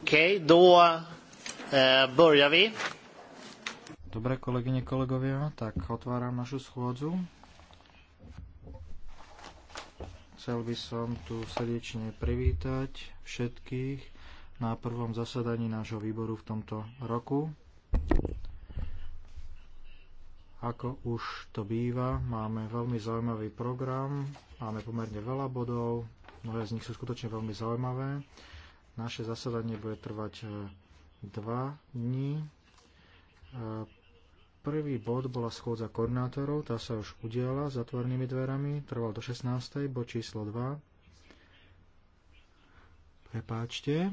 Okej, okay, då eh, börjar vi. Dobre, kolegyne, kolegovia, tak otváram našu schôdzu. Chcel by som tu srdečne privítať všetkých na prvom zasadaní nášho výboru v tomto roku. Ako už to býva, máme veľmi zaujímavý program, máme pomerne veľa bodov, mnohé z nich sú skutočne veľmi zaujímavé. Naše zasadanie bude trvať 2 e, dní. E, prvý bod bola schôdza koordinátorov, tá sa už udiala s zatvorenými dverami, trval do 16. bod číslo 2. Prepáčte,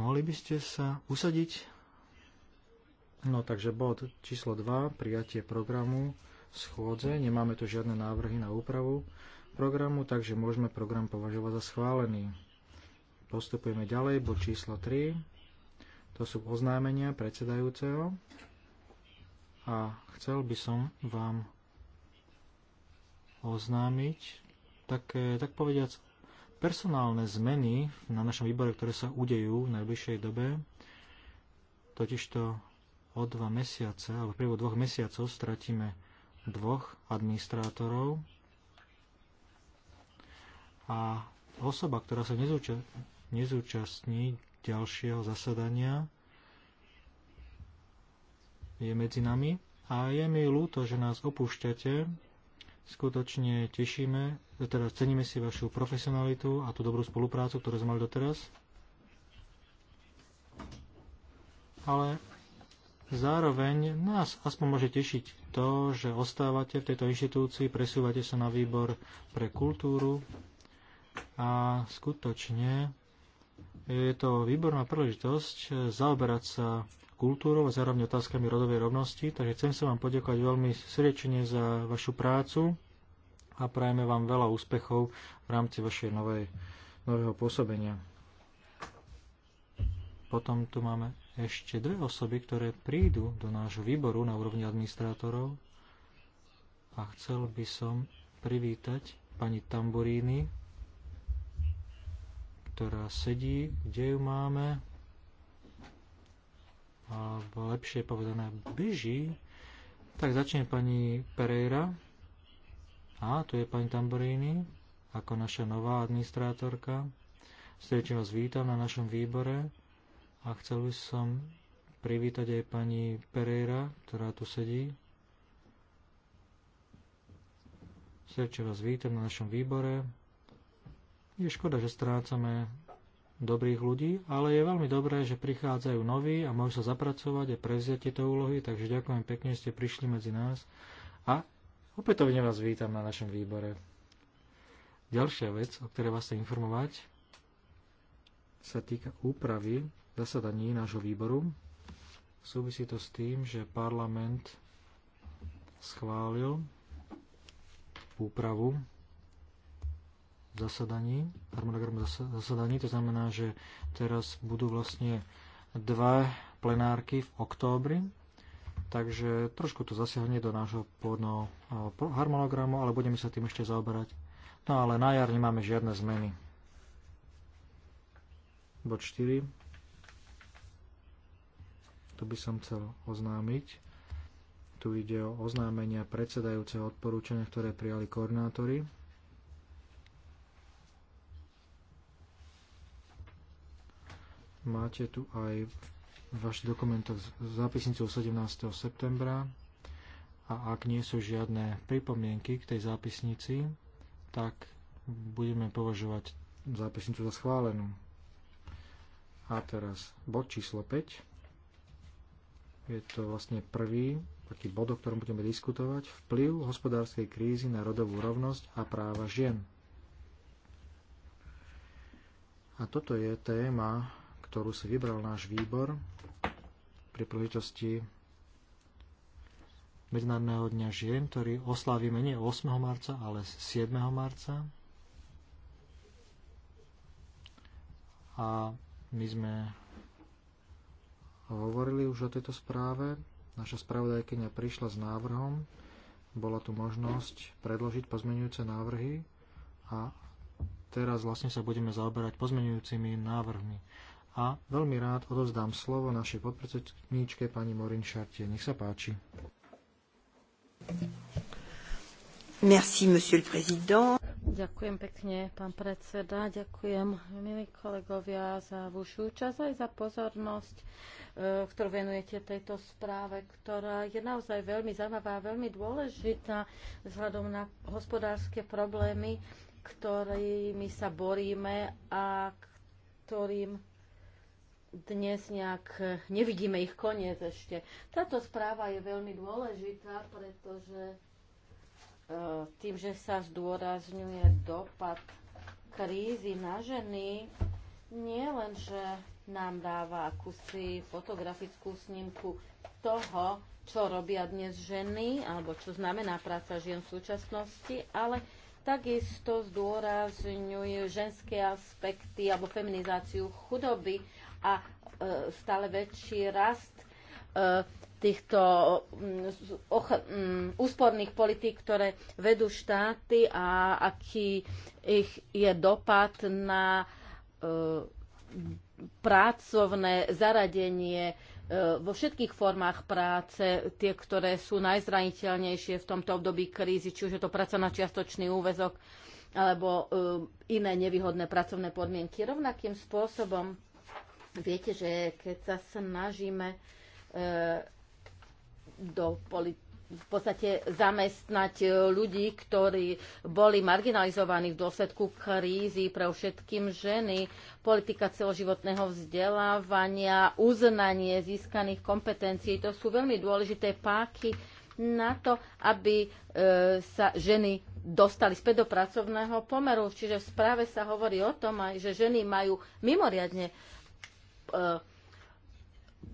mohli by ste sa usadiť? No takže bod číslo 2, prijatie programu schôdze, nemáme tu žiadne návrhy na úpravu programu, takže môžeme program považovať za schválený. Postupujeme ďalej, bod číslo 3. To sú oznámenia predsedajúceho. A chcel by som vám oznámiť také, tak povediac, personálne zmeny na našom výbore, ktoré sa udejú v najbližšej dobe. Totižto o dva mesiace, alebo priebehu dvoch mesiacov stratíme dvoch administrátorov a osoba, ktorá sa nezúčastní, nezúčastní ďalšieho zasadania, je medzi nami a je mi ľúto, že nás opúšťate. Skutočne tešíme, teda ceníme si vašu profesionalitu a tú dobrú spoluprácu, ktorú sme mali doteraz. Ale zároveň nás aspoň môže tešiť to, že ostávate v tejto inštitúcii, presúvate sa na výbor pre kultúru a skutočne je to výborná príležitosť eh, zaoberať sa kultúrou a zároveň otázkami rodovej rovnosti, takže chcem sa vám poďakovať veľmi srdečne za vašu prácu a prajeme vám veľa úspechov v rámci vašej novej, nového pôsobenia. Potom tu máme ešte dve osoby, ktoré prídu do nášho výboru na úrovni administrátorov a chcel by som privítať pani Tamburíny, ktorá sedí, kde ju máme, alebo lepšie povedané beží, tak začne pani Pereira. A tu je pani Tamborini, ako naša nová administrátorka. Srdečne vás vítam na našom výbore a chcel by som privítať aj pani Pereira, ktorá tu sedí, Srdečne vás vítam na našom výbore. Je škoda, že strácame dobrých ľudí, ale je veľmi dobré, že prichádzajú noví a môžu sa zapracovať a prevziať tieto úlohy, takže ďakujem pekne, že ste prišli medzi nás a opätovne vás vítam na našom výbore. Ďalšia vec, o ktorej vás chcem informovať, sa týka úpravy zasadaní nášho výboru. Súvisí to s tým, že parlament schválil úpravu zasadaní, harmonogram zasadaní, to znamená, že teraz budú vlastne dva plenárky v októbri, takže trošku to zasiahne do nášho pôvodného e, harmonogramu, ale budeme sa tým ešte zaoberať. No ale na jar nemáme žiadne zmeny. Bod 4. Tu by som chcel oznámiť. Tu ide o oznámenia predsedajúceho odporúčania, ktoré prijali koordinátori Máte tu aj v vašich dokumentoch zápisnicu 17. septembra a ak nie sú žiadne pripomienky k tej zápisnici, tak budeme považovať zápisnicu za schválenú. A teraz bod číslo 5. Je to vlastne prvý taký bod, o ktorom budeme diskutovať. Vplyv hospodárskej krízy na rodovú rovnosť a práva žien. A toto je téma, ktorú si vybral náš výbor pri príležitosti Medzinárodného dňa žien, ktorý oslávime nie 8. marca, ale 7. marca. A my sme hovorili už o tejto správe. Naša spravodajkynia prišla s návrhom. Bola tu možnosť predložiť pozmenujúce návrhy a teraz vlastne sa budeme zaoberať pozmenujúcimi návrhmi a veľmi rád odozdám slovo našej podpredsedníčke pani Morin Šartie. Nech sa páči. Merci, monsieur le président. Ďakujem pekne, pán predseda. Ďakujem, milí kolegovia, za vašu účasť aj za pozornosť, e, ktorú venujete tejto správe, ktorá je naozaj veľmi zaujímavá a veľmi dôležitá vzhľadom na hospodárske problémy, ktorými sa boríme a ktorým dnes nejak nevidíme ich koniec ešte. Táto správa je veľmi dôležitá, pretože e, tým, že sa zdôrazňuje dopad krízy na ženy, nie len, že nám dáva akúsi fotografickú snímku toho, čo robia dnes ženy, alebo čo znamená práca žien v súčasnosti, ale takisto zdôrazňuje ženské aspekty alebo feminizáciu chudoby a e, stále väčší rast e, týchto mm, mm, úsporných politík, ktoré vedú štáty a aký ich je dopad na e, pracovné zaradenie vo všetkých formách práce, tie, ktoré sú najzraniteľnejšie v tomto období krízy, či už je to práca na čiastočný úvezok alebo iné nevýhodné pracovné podmienky. Rovnakým spôsobom Viete, že keď sa snažíme e, do politiky v podstate zamestnať e, ľudí, ktorí boli marginalizovaní v dôsledku krízy, pre všetkým ženy, politika celoživotného vzdelávania, uznanie získaných kompetencií. To sú veľmi dôležité páky na to, aby e, sa ženy dostali späť do pracovného pomeru. Čiže v správe sa hovorí o tom, aj, že ženy majú mimoriadne E,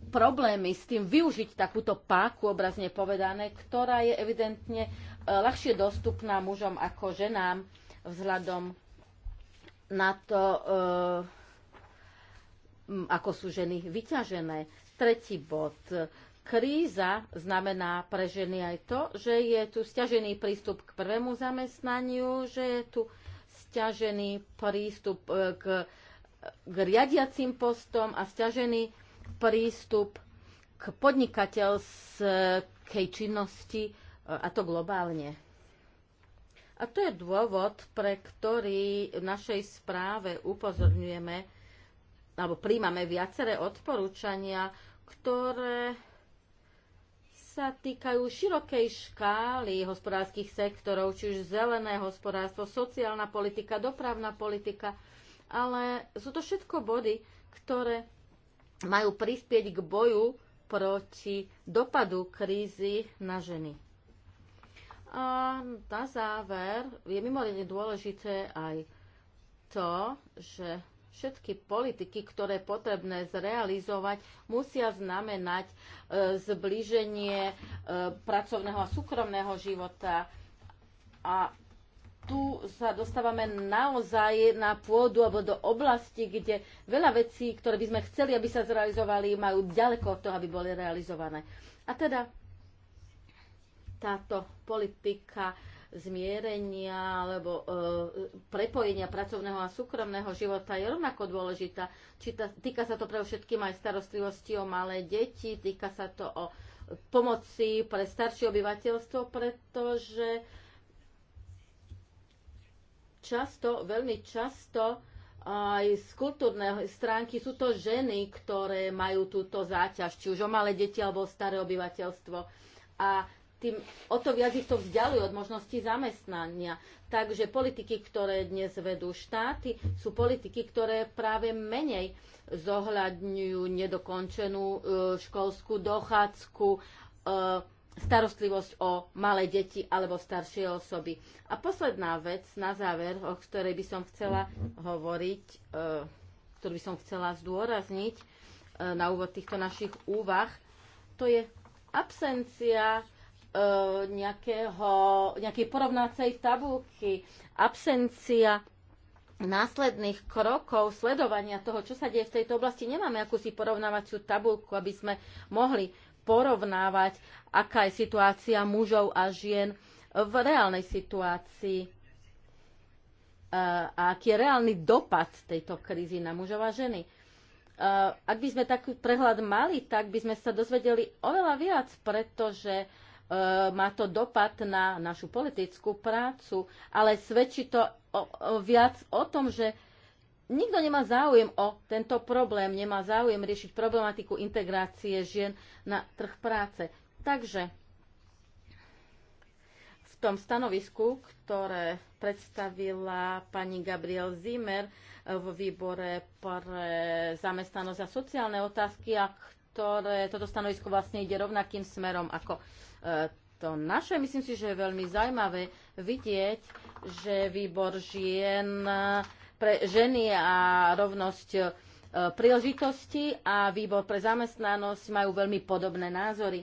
problémy s tým využiť takúto páku, obrazne povedané, ktorá je evidentne e, ľahšie dostupná mužom ako ženám vzhľadom na to, e, ako sú ženy vyťažené. Tretí bod. Kríza znamená pre ženy aj to, že je tu stiažený prístup k prvému zamestnaniu, že je tu stiažený prístup k k riadiacim postom a stiažený prístup k podnikateľskej činnosti, e, a to globálne. A to je dôvod, pre ktorý v našej správe upozorňujeme alebo príjmame viaceré odporúčania, ktoré sa týkajú širokej škály hospodárskych sektorov, či už zelené hospodárstvo, sociálna politika, dopravná politika, ale sú to všetko body, ktoré majú prispieť k boju proti dopadu krízy na ženy. A na záver je mimoriadne dôležité aj to, že všetky politiky, ktoré je potrebné zrealizovať, musia znamenať e, zblíženie e, pracovného a súkromného života a tu sa dostávame naozaj na pôdu alebo do oblasti, kde veľa vecí, ktoré by sme chceli, aby sa zrealizovali, majú ďaleko od toho, aby boli realizované. A teda táto politika zmierenia alebo e, prepojenia pracovného a súkromného života je rovnako dôležitá. Tá týka sa to pre všetkým aj starostlivosti o malé deti, týka sa to o pomoci pre staršie obyvateľstvo, pretože často, veľmi často aj z kultúrnej stránky sú to ženy, ktoré majú túto záťaž, či už o malé deti alebo o staré obyvateľstvo. A tým o to viac ich to vzdialujú od možnosti zamestnania. Takže politiky, ktoré dnes vedú štáty, sú politiky, ktoré práve menej zohľadňujú nedokončenú e, školskú dochádzku, e, starostlivosť o malé deti alebo staršie osoby. A posledná vec na záver, o ktorej by som chcela hovoriť, e, ktorú by som chcela zdôrazniť e, na úvod týchto našich úvah, to je absencia e, nejakého, nejakej porovnácej tabulky, absencia následných krokov sledovania toho, čo sa deje v tejto oblasti. Nemáme akúsi porovnávaciu tabulku, aby sme mohli porovnávať, aká je situácia mužov a žien v reálnej situácii a aký je reálny dopad tejto krízy na mužov a ženy. Ak by sme taký prehľad mali, tak by sme sa dozvedeli oveľa viac, pretože e, má to dopad na našu politickú prácu, ale svedčí to o, o, viac o tom, že nikto nemá záujem o tento problém, nemá záujem riešiť problematiku integrácie žien na trh práce. Takže v tom stanovisku, ktoré predstavila pani Gabriel Zimmer eh, v výbore pre zamestnanosť a sociálne otázky, a ktoré toto stanovisko vlastne ide rovnakým smerom ako eh, to naše. Myslím si, že je veľmi zaujímavé vidieť, že výbor žien eh, pre ženy a rovnosť e, príležitosti a výbor pre zamestnanosť majú veľmi podobné názory.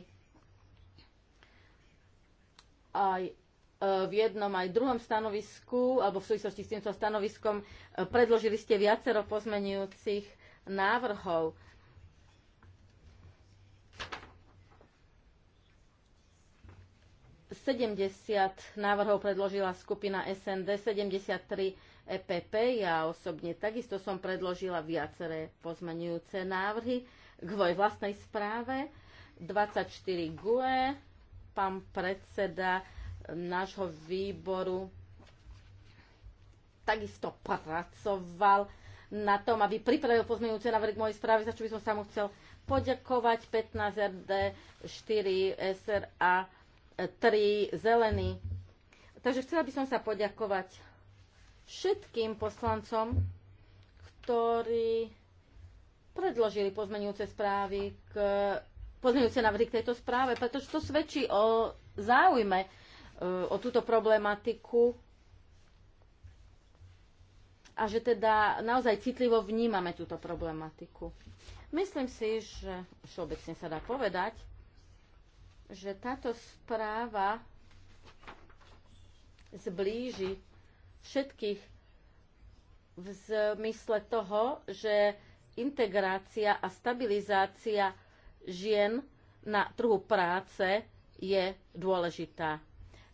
Aj e, v jednom aj druhom stanovisku, alebo v súvislosti s týmto stanoviskom, e, predložili ste viacero pozmenujúcich návrhov. Sedemdesiat návrhov predložila skupina SND, 73 EPP. Ja osobne takisto som predložila viaceré pozmenujúce návrhy k voj vlastnej správe. 24 GUE, pán predseda nášho výboru takisto pracoval na tom, aby pripravil pozmenujúce návrhy k mojej správe, za čo by som sa mu chcel poďakovať. 15 RD, 4 SRA, 3 zelený. Takže chcela by som sa poďakovať všetkým poslancom, ktorí predložili pozmenujúce správy k pozmenujúce návrhy k tejto správe, pretože to svedčí o záujme e, o túto problematiku a že teda naozaj citlivo vnímame túto problematiku. Myslím si, že všeobecne sa dá povedať, že táto správa zblíži všetkých v zmysle toho, že integrácia a stabilizácia žien na trhu práce je dôležitá.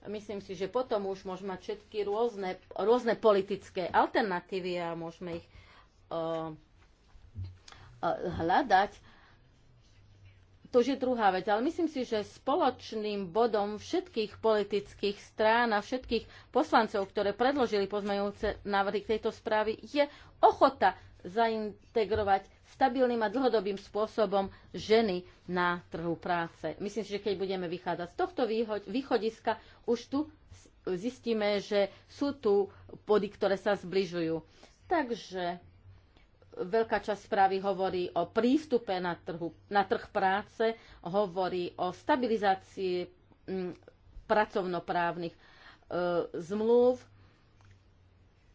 Myslím si, že potom už môžeme mať všetky rôzne, rôzne politické alternatívy a môžeme ich uh, uh, hľadať to už je druhá vec, ale myslím si, že spoločným bodom všetkých politických strán a všetkých poslancov, ktoré predložili pozmeňujúce návrhy k tejto správy, je ochota zaintegrovať stabilným a dlhodobým spôsobom ženy na trhu práce. Myslím si, že keď budeme vychádzať z tohto východiska, už tu zistíme, že sú tu body, ktoré sa zbližujú. Takže veľká časť správy hovorí o prístupe na, trhu, na trh práce, hovorí o stabilizácii m, mm, pracovnoprávnych e, zmluv,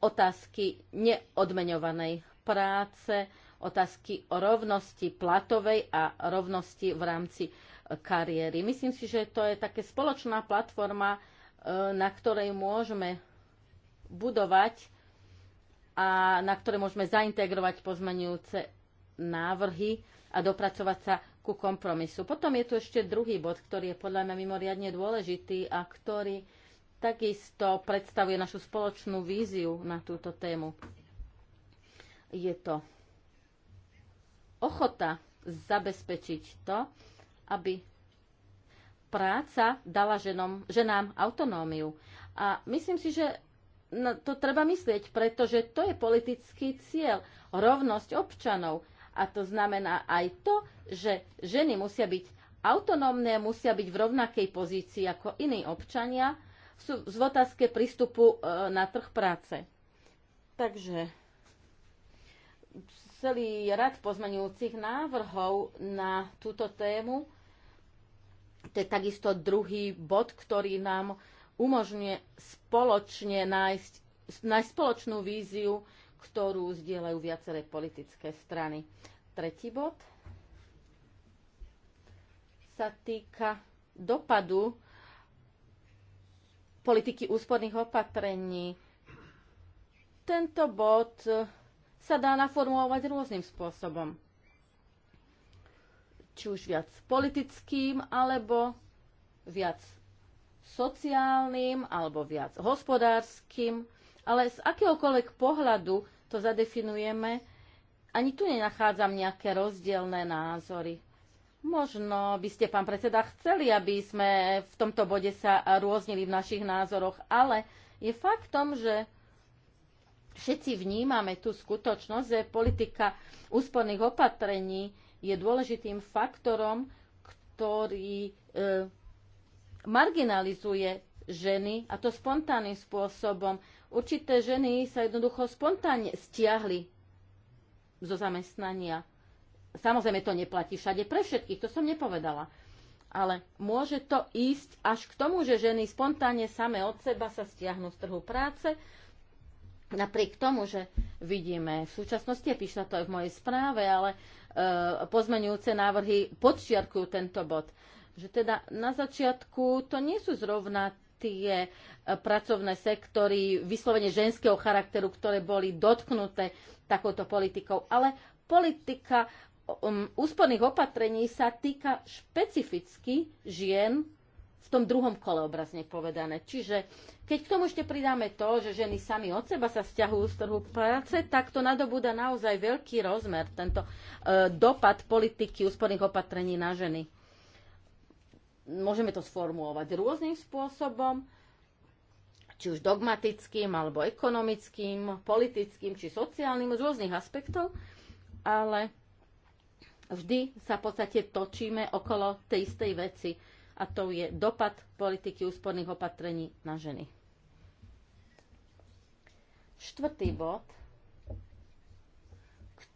otázky neodmeňovanej práce, otázky o rovnosti platovej a rovnosti v rámci e, kariéry. Myslím si, že to je také spoločná platforma, e, na ktorej môžeme budovať a na ktoré môžeme zaintegrovať pozmenujúce návrhy a dopracovať sa ku kompromisu. Potom je tu ešte druhý bod, ktorý je podľa mňa mimoriadne dôležitý a ktorý takisto predstavuje našu spoločnú víziu na túto tému. Je to ochota zabezpečiť to, aby práca dala ženom, ženám autonómiu. A myslím si, že na to treba myslieť, pretože to je politický cieľ. Rovnosť občanov. A to znamená aj to, že ženy musia byť autonómne, musia byť v rovnakej pozícii ako iní občania sú z otázke prístupu e, na trh práce. Takže celý rad pozmenujúcich návrhov na túto tému. To je takisto druhý bod, ktorý nám umožňuje spoločne nájsť, nájsť spoločnú víziu, ktorú zdieľajú viaceré politické strany. Tretí bod sa týka dopadu politiky úsporných opatrení. Tento bod sa dá naformulovať rôznym spôsobom. Či už viac politickým, alebo viac sociálnym alebo viac hospodárskym, ale z akéhokoľvek pohľadu to zadefinujeme, ani tu nenachádzam nejaké rozdielne názory. Možno by ste, pán predseda, chceli, aby sme v tomto bode sa rôznili v našich názoroch, ale je faktom, že všetci vnímame tú skutočnosť, že politika úsporných opatrení je dôležitým faktorom, ktorý e, marginalizuje ženy, a to spontánnym spôsobom. Určité ženy sa jednoducho spontánne stiahli zo zamestnania. Samozrejme, to neplatí všade pre všetkých, to som nepovedala. Ale môže to ísť až k tomu, že ženy spontánne same od seba sa stiahnu z trhu práce, napriek tomu, že vidíme v súčasnosti, píša to aj v mojej správe, ale e, pozmenujúce návrhy podčiarkujú tento bod že teda na začiatku to nie sú zrovna tie e, pracovné sektory vyslovene ženského charakteru, ktoré boli dotknuté takouto politikou. Ale politika um, úsporných opatrení sa týka špecificky žien v tom druhom kole obrazne povedané. Čiže keď k tomu ešte pridáme to, že ženy sami od seba sa stiahujú z trhu práce, tak to nadobúda naozaj veľký rozmer, tento e, dopad politiky úsporných opatrení na ženy môžeme to sformulovať rôznym spôsobom, či už dogmatickým, alebo ekonomickým, politickým, či sociálnym, z rôznych aspektov, ale vždy sa v podstate točíme okolo tej istej veci a to je dopad politiky úsporných opatrení na ženy. Štvrtý bod –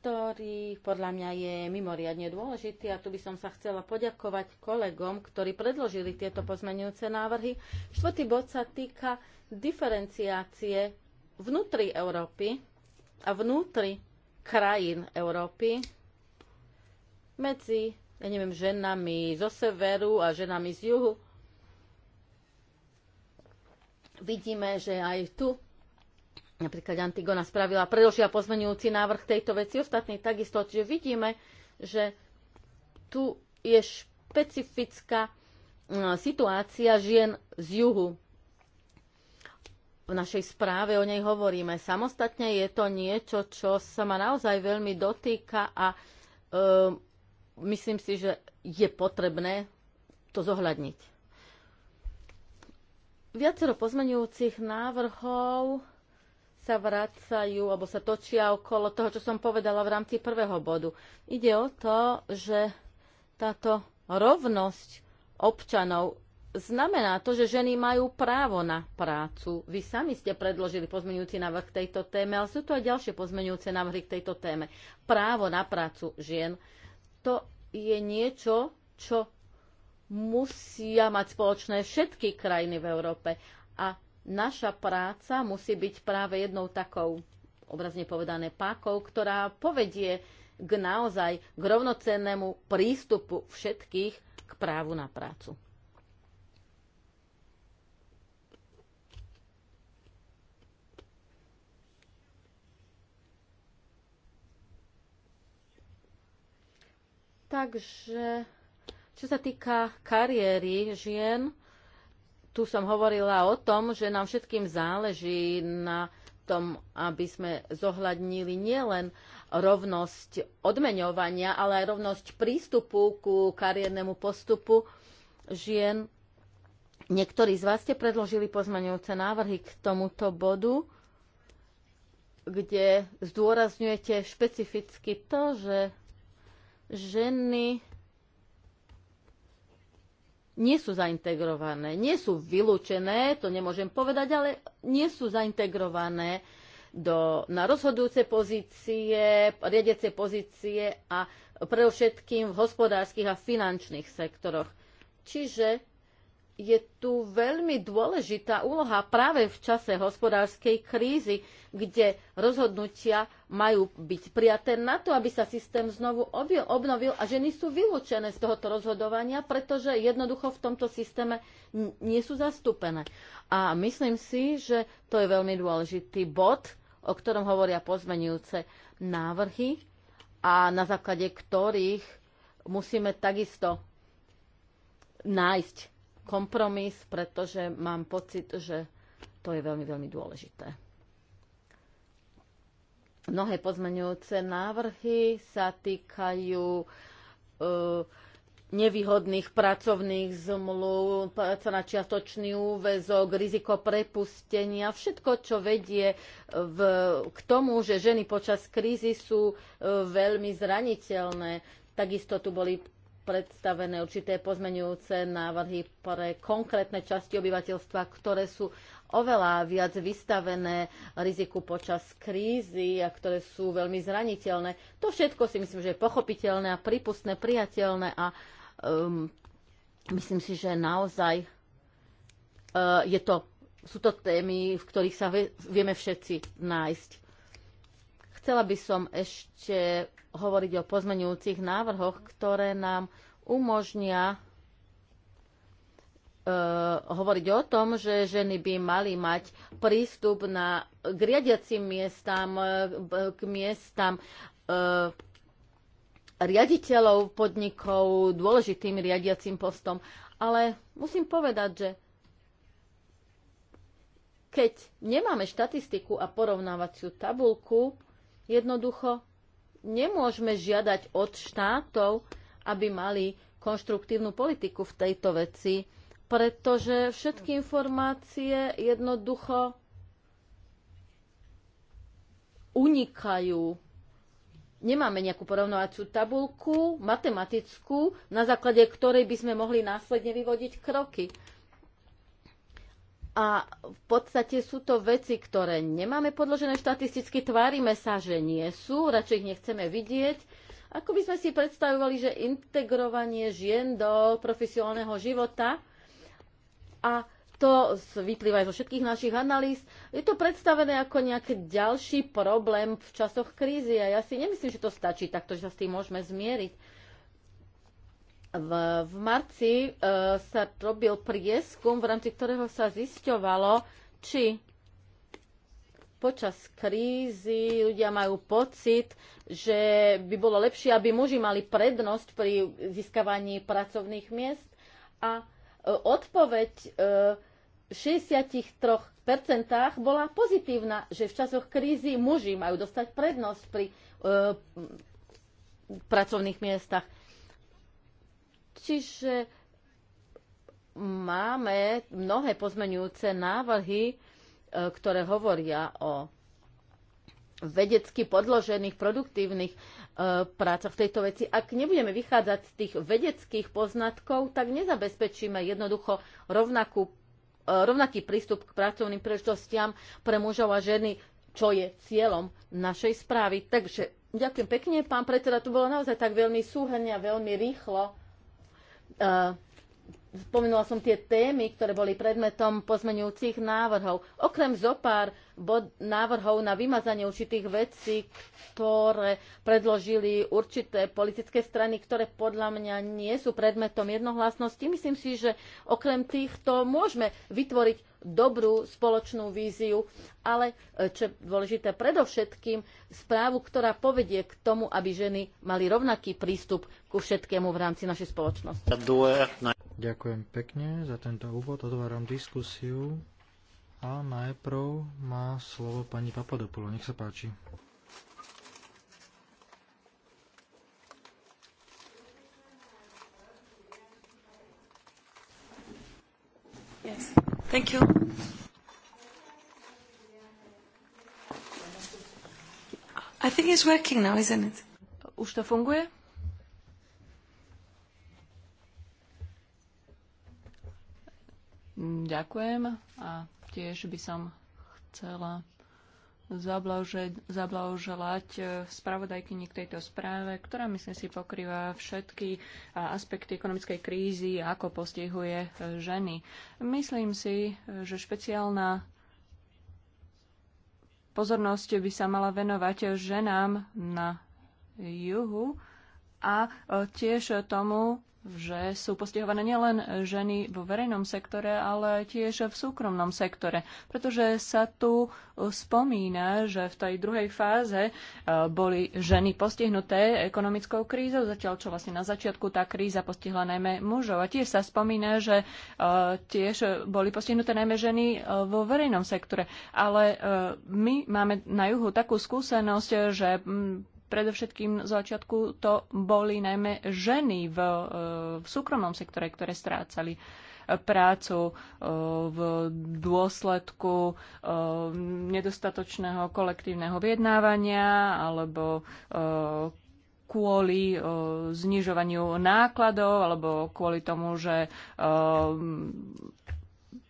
ktorý podľa mňa je mimoriadne dôležitý a tu by som sa chcela poďakovať kolegom, ktorí predložili tieto pozmenujúce návrhy. Štvrtý bod sa týka diferenciácie vnútri Európy a vnútri krajín Európy medzi, ja neviem, ženami zo severu a ženami z juhu. Vidíme, že aj tu Napríklad Antigona spravila, predložila pozmenujúci návrh tejto veci, ostatní takisto. že vidíme, že tu je špecifická e, situácia žien z juhu. V našej správe o nej hovoríme. Samostatne je to niečo, čo sa ma naozaj veľmi dotýka a e, myslím si, že je potrebné to zohľadniť. Viacero pozmenujúcich návrhov sa vracajú alebo sa točia okolo toho, čo som povedala v rámci prvého bodu. Ide o to, že táto rovnosť občanov znamená to, že ženy majú právo na prácu. Vy sami ste predložili pozmeňujúci návrh k tejto téme, ale sú tu aj ďalšie pozmeňujúce návrhy k tejto téme. Právo na prácu žien, to je niečo, čo musia mať spoločné všetky krajiny v Európe naša práca musí byť práve jednou takou, obrazne povedané, pákou, ktorá povedie k naozaj k rovnocennému prístupu všetkých k právu na prácu. Takže, čo sa týka kariéry žien, tu som hovorila o tom, že nám všetkým záleží na tom, aby sme zohľadnili nielen rovnosť odmeňovania, ale aj rovnosť prístupu ku kariérnemu postupu žien. Niektorí z vás ste predložili pozmaňujúce návrhy k tomuto bodu, kde zdôrazňujete špecificky to, že ženy nie sú zaintegrované. Nie sú vylúčené, to nemôžem povedať, ale nie sú zaintegrované do, na rozhodujúce pozície, riadiace pozície a predovšetkým v hospodárskych a finančných sektoroch. Čiže je tu veľmi dôležitá úloha práve v čase hospodárskej krízy, kde rozhodnutia majú byť prijaté na to, aby sa systém znovu obnovil a ženy sú vylúčené z tohoto rozhodovania, pretože jednoducho v tomto systéme nie sú zastúpené. A myslím si, že to je veľmi dôležitý bod, o ktorom hovoria pozmenujúce návrhy a na základe ktorých musíme takisto nájsť kompromis, pretože mám pocit, že to je veľmi, veľmi dôležité. Mnohé pozmeňujúce návrhy sa týkajú e, nevýhodných pracovných zmluv, práca na čiastočný úvezok, riziko prepustenia, všetko, čo vedie e, v, k tomu, že ženy počas krízy sú e, veľmi zraniteľné. Takisto tu boli predstavené určité pozmenujúce návrhy pre konkrétne časti obyvateľstva, ktoré sú oveľa viac vystavené riziku počas krízy a ktoré sú veľmi zraniteľné. To všetko si myslím, že je pochopiteľné a prípustné, priateľné a um, myslím si, že naozaj uh, je to, sú to témy, v ktorých sa vie, vieme všetci nájsť Chcela by som ešte hovoriť o pozmenujúcich návrhoch, ktoré nám umožnia e, hovoriť o tom, že ženy by mali mať prístup na, k riadiacim miestam, e, k miestam e, riaditeľov podnikov, dôležitým riadiacim postom. Ale musím povedať, že keď nemáme štatistiku a porovnávaciu tabulku, Jednoducho nemôžeme žiadať od štátov, aby mali konštruktívnu politiku v tejto veci, pretože všetky informácie jednoducho unikajú. Nemáme nejakú porovnovaciu tabulku matematickú, na základe ktorej by sme mohli následne vyvodiť kroky. A v podstate sú to veci, ktoré nemáme podložené štatisticky, tvárime sa, že nie sú, radšej ich nechceme vidieť. Ako by sme si predstavovali, že integrovanie žien do profesionálneho života a to vyplýva aj zo všetkých našich analýz, je to predstavené ako nejaký ďalší problém v časoch krízy a ja si nemyslím, že to stačí takto, že sa s tým môžeme zmieriť v, v marci e, sa robil prieskum, v rámci ktorého sa zisťovalo, či počas krízy ľudia majú pocit, že by bolo lepšie, aby muži mali prednosť pri získavaní pracovných miest. A e, odpoveď e, 63% bola pozitívna, že v časoch krízy muži majú dostať prednosť pri e, pracovných miestach. Čiže máme mnohé pozmenujúce návrhy, e, ktoré hovoria o vedecky podložených, produktívnych e, prácach v tejto veci. Ak nebudeme vychádzať z tých vedeckých poznatkov, tak nezabezpečíme jednoducho rovnakú, e, rovnaký prístup k pracovným príležitostiam pre mužov a ženy, čo je cieľom našej správy. Takže ďakujem pekne, pán predseda, tu bolo naozaj tak veľmi súhrne a veľmi rýchlo uh, Spomenula som tie témy, ktoré boli predmetom pozmenujúcich návrhov. Okrem zopár bod návrhov na vymazanie určitých vecí, ktoré predložili určité politické strany, ktoré podľa mňa nie sú predmetom jednohlasnosti, myslím si, že okrem týchto môžeme vytvoriť dobrú spoločnú víziu, ale e, čo je dôležité predovšetkým, správu, ktorá povedie k tomu, aby ženy mali rovnaký prístup ku všetkému v rámci našej spoločnosti. Ďakujem pekne za tento úvod. Otváram diskusiu a najprv má slovo pani Papadopulo. Nech sa páči. Yes. Thank you. I think it's working now, isn't it? Už to funguje? Mm, ďakujem a tiež by som chcela zablahoželať e, spravodajkyni k tejto správe, ktorá myslím si pokrýva všetky e, aspekty ekonomickej krízy ako postihuje e, ženy. Myslím si, že špeciálna pozornosť by sa mala venovať ženám na juhu a tiež tomu, že sú postihované nielen ženy vo verejnom sektore, ale tiež v súkromnom sektore. Pretože sa tu spomína, že v tej druhej fáze e, boli ženy postihnuté ekonomickou krízou, zatiaľ čo vlastne na začiatku tá kríza postihla najmä mužov. A tiež sa spomína, že e, tiež boli postihnuté najmä ženy e, vo verejnom sektore. Ale my máme na juhu takú skúsenosť, že predovšetkým z začiatku to boli najmä ženy v, e, v súkromnom sektore, ktoré strácali e, prácu e, v dôsledku nedostatočného kolektívneho vyjednávania alebo kvôli znižovaniu nákladov alebo kvôli tomu, že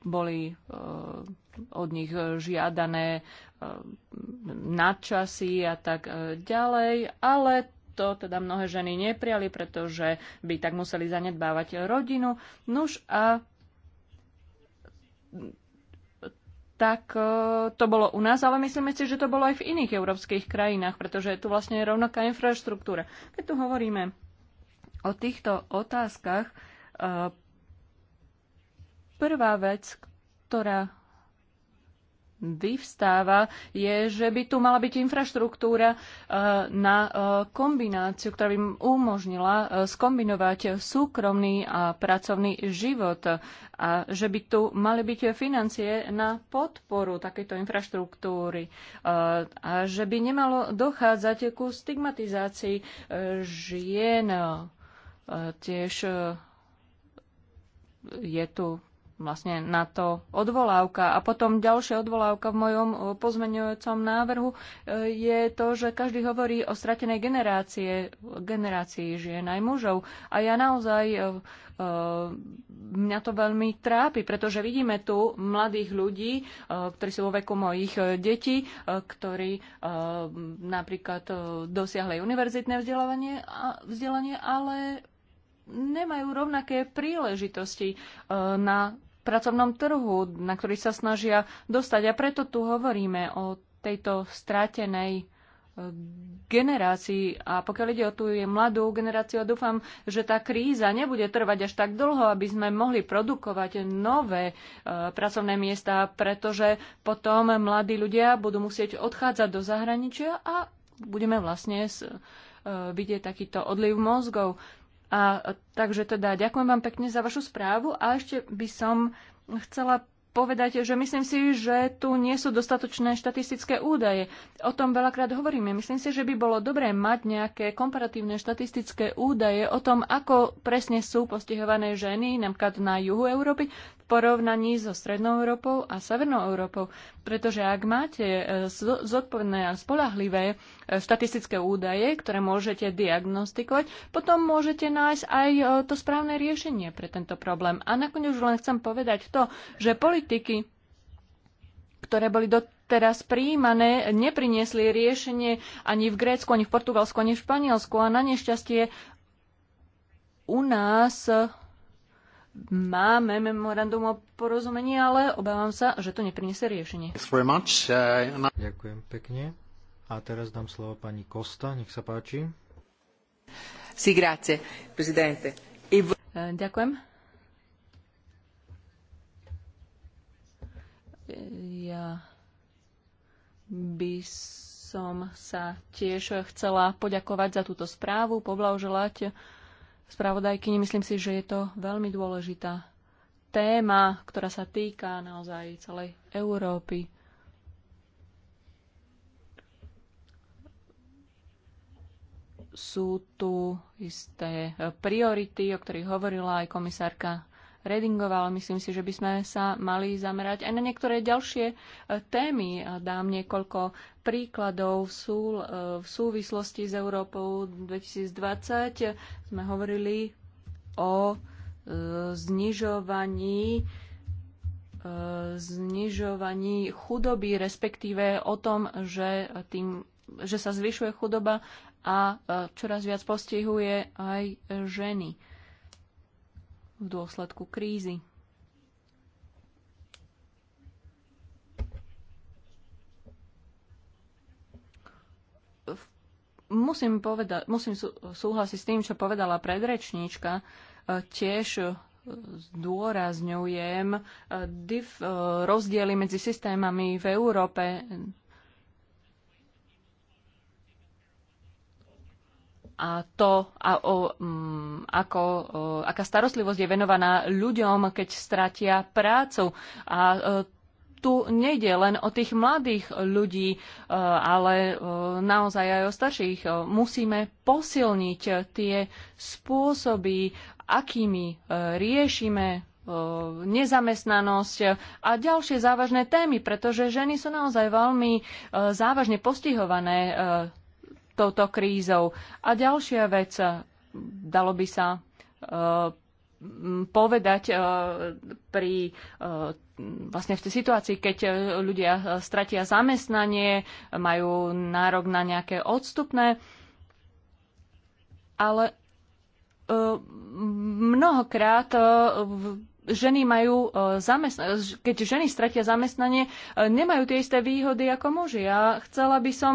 boli od nich žiadané Eh, nadčasy a tak eh, ďalej, ale to teda mnohé ženy neprijali, pretože by tak museli zanedbávať rodinu. Nuž a tak eh, to bolo u nás, ale myslíme si, že to bolo aj v iných európskych krajinách, pretože je tu vlastne rovnaká infraštruktúra. Keď tu hovoríme o týchto otázkach, prvá vec, ktorá vyvstáva, je, že by tu mala byť infraštruktúra eh, na eh, kombináciu, ktorá by umožnila eh, skombinovať súkromný a pracovný život a že by tu mali byť financie na podporu takejto infraštruktúry a že by nemalo dochádzať ku stigmatizácii žien tiež je tu vlastne na to odvolávka. A potom ďalšia odvolávka v mojom eh, pozmeňujúcom návrhu eh, je to, že každý hovorí o stratenej generácie, generácii žien aj mužov. A ja naozaj, eh, mňa to veľmi trápi, pretože vidíme tu mladých ľudí, ktorí sú vo veku mojich detí, ktorí napríklad dosiahli univerzitné vzdelanie, vzdelanie ale nemajú rovnaké príležitosti na pracovnom trhu, na ktorý sa snažia dostať. A preto tu hovoríme o tejto strátenej e, generácii A pokiaľ ide o tú mladú generáciu, dúfam, že tá kríza nebude trvať až tak dlho, aby sme mohli produkovať nové e, pracovné miesta, pretože potom mladí ľudia budú musieť odchádzať do zahraničia a budeme vlastne s, e, vidieť takýto odliv mozgov. A, takže teda ďakujem vám pekne za vašu správu a ešte by som chcela povedať, že myslím si, že tu nie sú dostatočné štatistické údaje. O tom veľakrát hovoríme. Myslím si, že by bolo dobré mať nejaké komparatívne štatistické údaje o tom, ako presne sú postihované ženy, napríklad na juhu Európy, porovnaní so Strednou Európou a Severnou Európou. Pretože ak máte e, zodpovedné a spolahlivé e, štatistické údaje, ktoré môžete diagnostikovať, potom môžete nájsť aj e, to správne riešenie pre tento problém. A nakoniec už len chcem povedať to, že politiky, ktoré boli do teraz príjmané, nepriniesli riešenie ani v Grécku, ani v Portugalsku, ani v Španielsku a na nešťastie u nás máme memorandum o porozumení, ale obávam sa, že to nepriniesie riešenie. Uh, ďakujem pekne. A teraz dám slovo pani Kosta, nech sa páči. Si grazie, prezidente. E e, ďakujem. E, ja by som sa tiež chcela poďakovať za túto správu, poblahoželať spravodajkyni. Myslím si, že je to veľmi dôležitá téma, ktorá sa týka naozaj celej Európy. Sú tu isté priority, o ktorých hovorila aj komisárka Redingová, ale myslím si, že by sme sa mali zamerať aj na niektoré ďalšie e, témy. Dám niekoľko príkladov v, sú, e, v súvislosti s Európou 2020. Sme hovorili o e, znižovaní znižovaní chudoby, respektíve o tom, že, tým, že sa zvyšuje chudoba a čoraz viac postihuje aj ženy v dôsledku krízy. Musím, povedať, musím súhlasiť s tým, čo povedala predrečníčka. E, tiež e, zdôrazňujem e, rozdiely medzi systémami v Európe a to, a, o, m, mm, ako, o, aká starostlivosť je venovaná ľuďom, keď stratia prácu. A o, e, tu nejde len o tých mladých ľudí, e, ale e, naozaj aj o starších. Musíme posilniť tie spôsoby, akými riešime nezamestnanosť a ďalšie závažné témy, pretože ženy sú naozaj veľmi závažne postihované touto krízou. A ďalšia vec, e, dalo by sa e, povedať e, pri vlastne v tej situácii, keď ľudia stratia zamestnanie, majú nárok na nejaké odstupné, ale mnohokrát ženy majú zamestnanie, keď ženy stratia zamestnanie, nemajú tie isté výhody ako muži. Ja chcela by som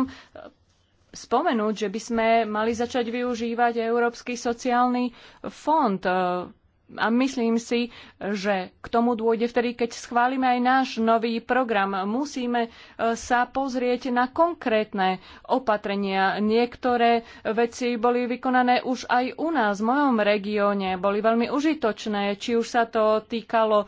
spomenúť, že by sme mali začať využívať Európsky sociálny fond a myslím si, že k tomu dôjde vtedy, keď schválime aj náš nový program. Musíme e, sa pozrieť na konkrétne opatrenia. Niektoré veci boli vykonané už aj u nás, v mojom regióne. Boli veľmi užitočné, či už sa to týkalo e,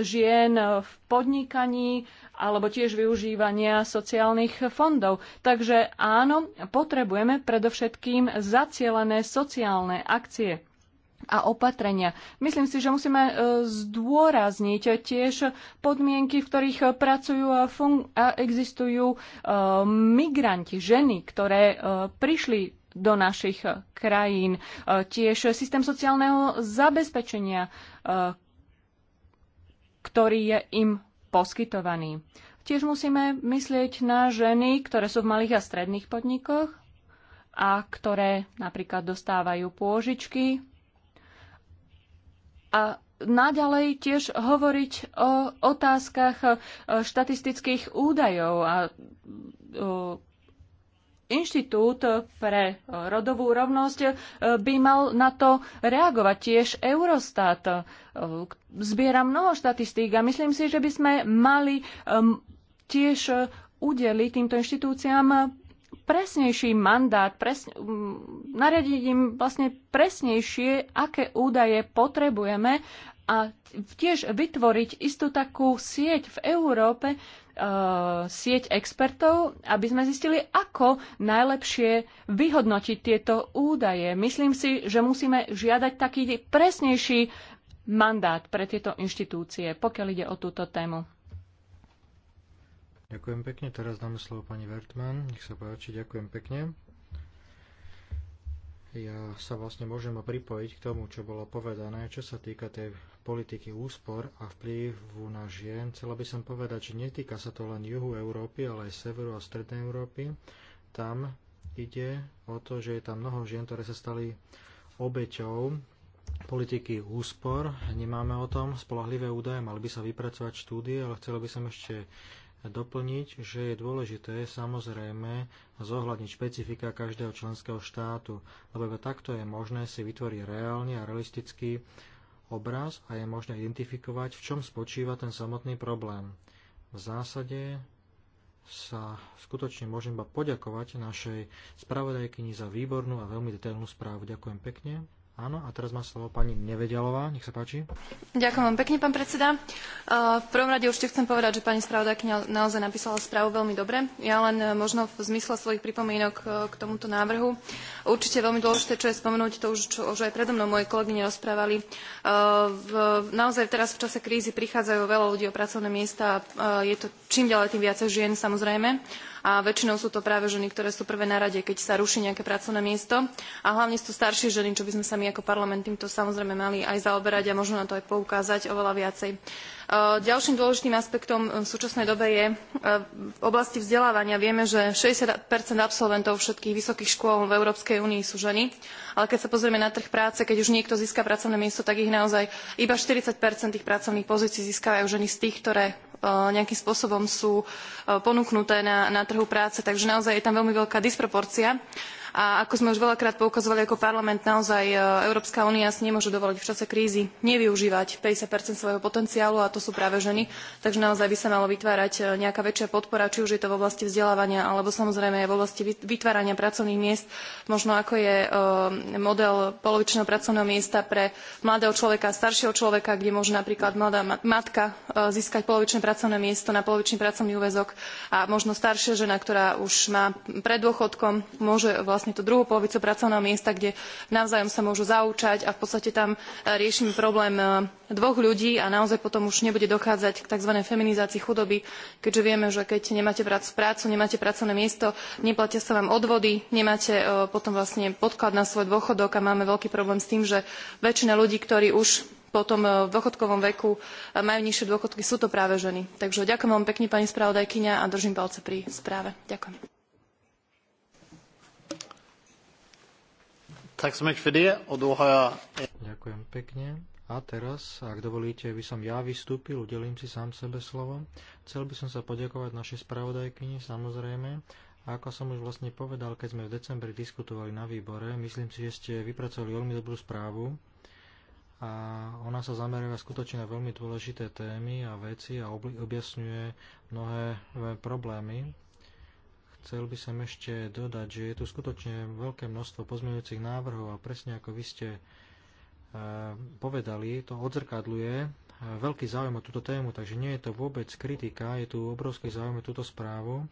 žien v podnikaní alebo tiež využívania sociálnych fondov. Takže áno, potrebujeme predovšetkým zacielené sociálne akcie a opatrenia. Myslím si, že musíme e, zdôrazniť tiež podmienky, v ktorých e, pracujú a, a existujú e, migranti, ženy, ktoré prišli do našich krajín. tiež systém sociálneho zabezpečenia, ktorý je im poskytovaný. Tiež musíme myslieť na ženy, ktoré sú v malých a stredných podnikoch a ktoré napríklad dostávajú pôžičky a naďalej tiež hovoriť o otázkach e, štatistických údajov a e, Inštitút pre rodovú rovnosť e, by mal na to reagovať tiež Eurostat. Zbiera mnoho štatistík a myslím si, že by sme mali tiež udeliť týmto inštitúciám presnejší mandát, presne, nariadiť im vlastne presnejšie, aké údaje potrebujeme a tiež vytvoriť istú takú sieť v Európe, e, sieť expertov, aby sme zistili, ako najlepšie vyhodnotiť tieto údaje. Myslím si, že musíme žiadať taký presnejší mandát pre tieto inštitúcie, pokiaľ ide o túto tému. Ďakujem pekne. Teraz dám slovo pani Vertman. Nech sa páči. Ďakujem pekne. Ja sa vlastne môžem pripojiť k tomu, čo bolo povedané, čo sa týka tej politiky úspor a vplyvu na žien. Chcela by som povedať, že netýka sa to len juhu Európy, ale aj severu a strednej Európy. Tam ide o to, že je tam mnoho žien, ktoré sa stali obeťou politiky úspor. Nemáme o tom spolahlivé údaje, mali by sa vypracovať štúdie, ale chcela by som ešte doplniť, že je dôležité samozrejme zohľadniť špecifika každého členského štátu, lebo iba takto je možné si vytvoriť reálny a realistický obraz a je možné identifikovať, v čom spočíva ten samotný problém. V zásade sa skutočne môžem iba poďakovať našej spravodajkyni za výbornú a veľmi detailnú správu. Ďakujem pekne. Áno, a teraz má slovo pani Nevedialová, nech sa páči. Ďakujem vám pekne, pán predseda. V prvom rade určite chcem povedať, že pani spravodajkňa naozaj napísala správu veľmi dobre. Ja len e, možno v zmysle svojich pripomienok e, k tomuto návrhu. Určite veľmi dôležité, čo je spomenúť, to už, čo už aj predo mnou moje kolegy rozprávali. E, naozaj teraz v čase krízy prichádzajú veľa ľudí o pracovné miesta a je to čím ďalej tým viacej žien samozrejme a väčšinou sú to práve ženy, ktoré sú prvé na rade, keď sa ruší nejaké pracovné miesto. A hlavne sú to staršie ženy, čo by sme sa my ako parlament týmto samozrejme mali aj zaoberať a možno na to aj poukázať oveľa viacej. E, ďalším dôležitým aspektom e, v súčasnej dobe je e, v oblasti vzdelávania. Vieme, že 60 absolventov všetkých vysokých škôl v Európskej únii sú ženy, ale keď sa pozrieme na trh práce, keď už niekto získa pracovné miesto, tak ich naozaj iba 40 tých pracovných pozícií získavajú ženy z tých, ktoré E, nejakým spôsobom sú e, ponúknuté na, na trhu práce. Takže naozaj je tam veľmi veľká disproporcia. A ako sme už veľakrát poukazovali ako parlament, naozaj e, Európska únia si nemôže dovoliť v čase krízy nevyužívať 50 svojho potenciálu a to sú práve ženy. Takže naozaj by sa malo vytvárať e, nejaká väčšia podpora, či už je to v oblasti vzdelávania alebo samozrejme aj v oblasti vytvárania pracovných miest, možno ako je e, model polovičného pracovného miesta pre mladého človeka a staršieho človeka, kde môže napríklad mladá matka získať polovičné pracovné miesto na polovičný pracovný úväzok a možno staršia žena, ktorá už má pred dôchodkom, môže vlastne vlastne tú druhú polovicu pracovného miesta, kde navzájom sa môžu zaučať a v podstate tam e, riešime problém e, dvoch ľudí a naozaj potom už nebude dochádzať k tzv. feminizácii chudoby, keďže vieme, že keď nemáte prácu, nemáte pracovné miesto, neplatia sa vám odvody, nemáte e, potom vlastne podklad na svoj dôchodok a máme veľký problém s tým, že väčšina ľudí, ktorí už potom v dôchodkovom veku majú nižšie dôchodky, sú to práve ženy. Takže ďakujem veľmi pekne, pani spravodajkyňa, a držím palce pri správe. Ďakujem. Ďakujem pekne. A teraz, ak dovolíte, by som ja vystúpil, udelím si sám sebe slovo. Chcel by som sa poďakovať našej spravodajkyni, samozrejme. A ako som už vlastne povedal, keď sme v decembri diskutovali na výbore, myslím si, že ste vypracovali veľmi dobrú správu. A ona sa zameriava skutočne na veľmi dôležité témy a veci a objasňuje mnohé e, problémy, Chcel by som ešte dodať, že je tu skutočne veľké množstvo pozmeňujúcich návrhov a presne ako vy ste eh, povedali, to odzrkadluje eh, veľký záujem o túto tému, takže nie je to vôbec kritika, je tu obrovský záujem o túto správu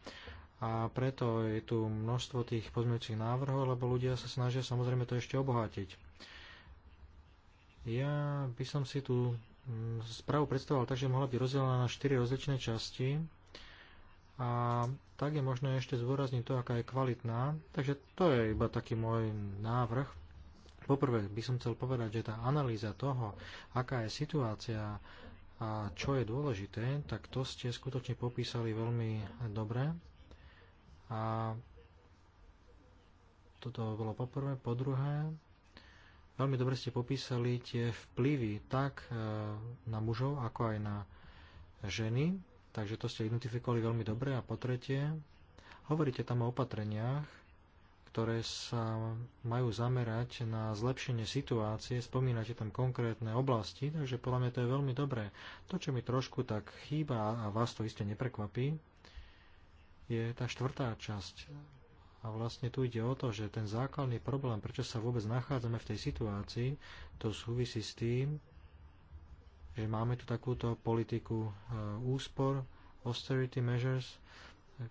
a preto je tu množstvo tých pozmeňujúcich návrhov, lebo ľudia sa snažia samozrejme to ešte obohatiť. Ja by som si tú mm, správu predstavoval tak, že mohla byť rozdelená na 4 rozličné časti a tak je možné ešte zvorazniť to, aká je kvalitná. Takže to je iba taký môj návrh. Poprvé by som chcel povedať, že tá analýza toho, aká je situácia a čo je dôležité, tak to ste skutočne popísali veľmi dobre. A toto bolo poprvé. Po druhé, veľmi dobre ste popísali tie vplyvy tak e, na mužov, ako aj na ženy takže to ste identifikovali veľmi dobre. A po tretie, hovoríte tam o opatreniach, ktoré sa majú zamerať na zlepšenie situácie, spomínate tam konkrétne oblasti, takže podľa mňa to je veľmi dobré. To, čo mi trošku tak chýba a vás to iste neprekvapí, je tá štvrtá časť. A vlastne tu ide o to, že ten základný problém, prečo sa vôbec nachádzame v tej situácii, to súvisí s tým, že máme tu takúto politiku e, úspor, austerity measures,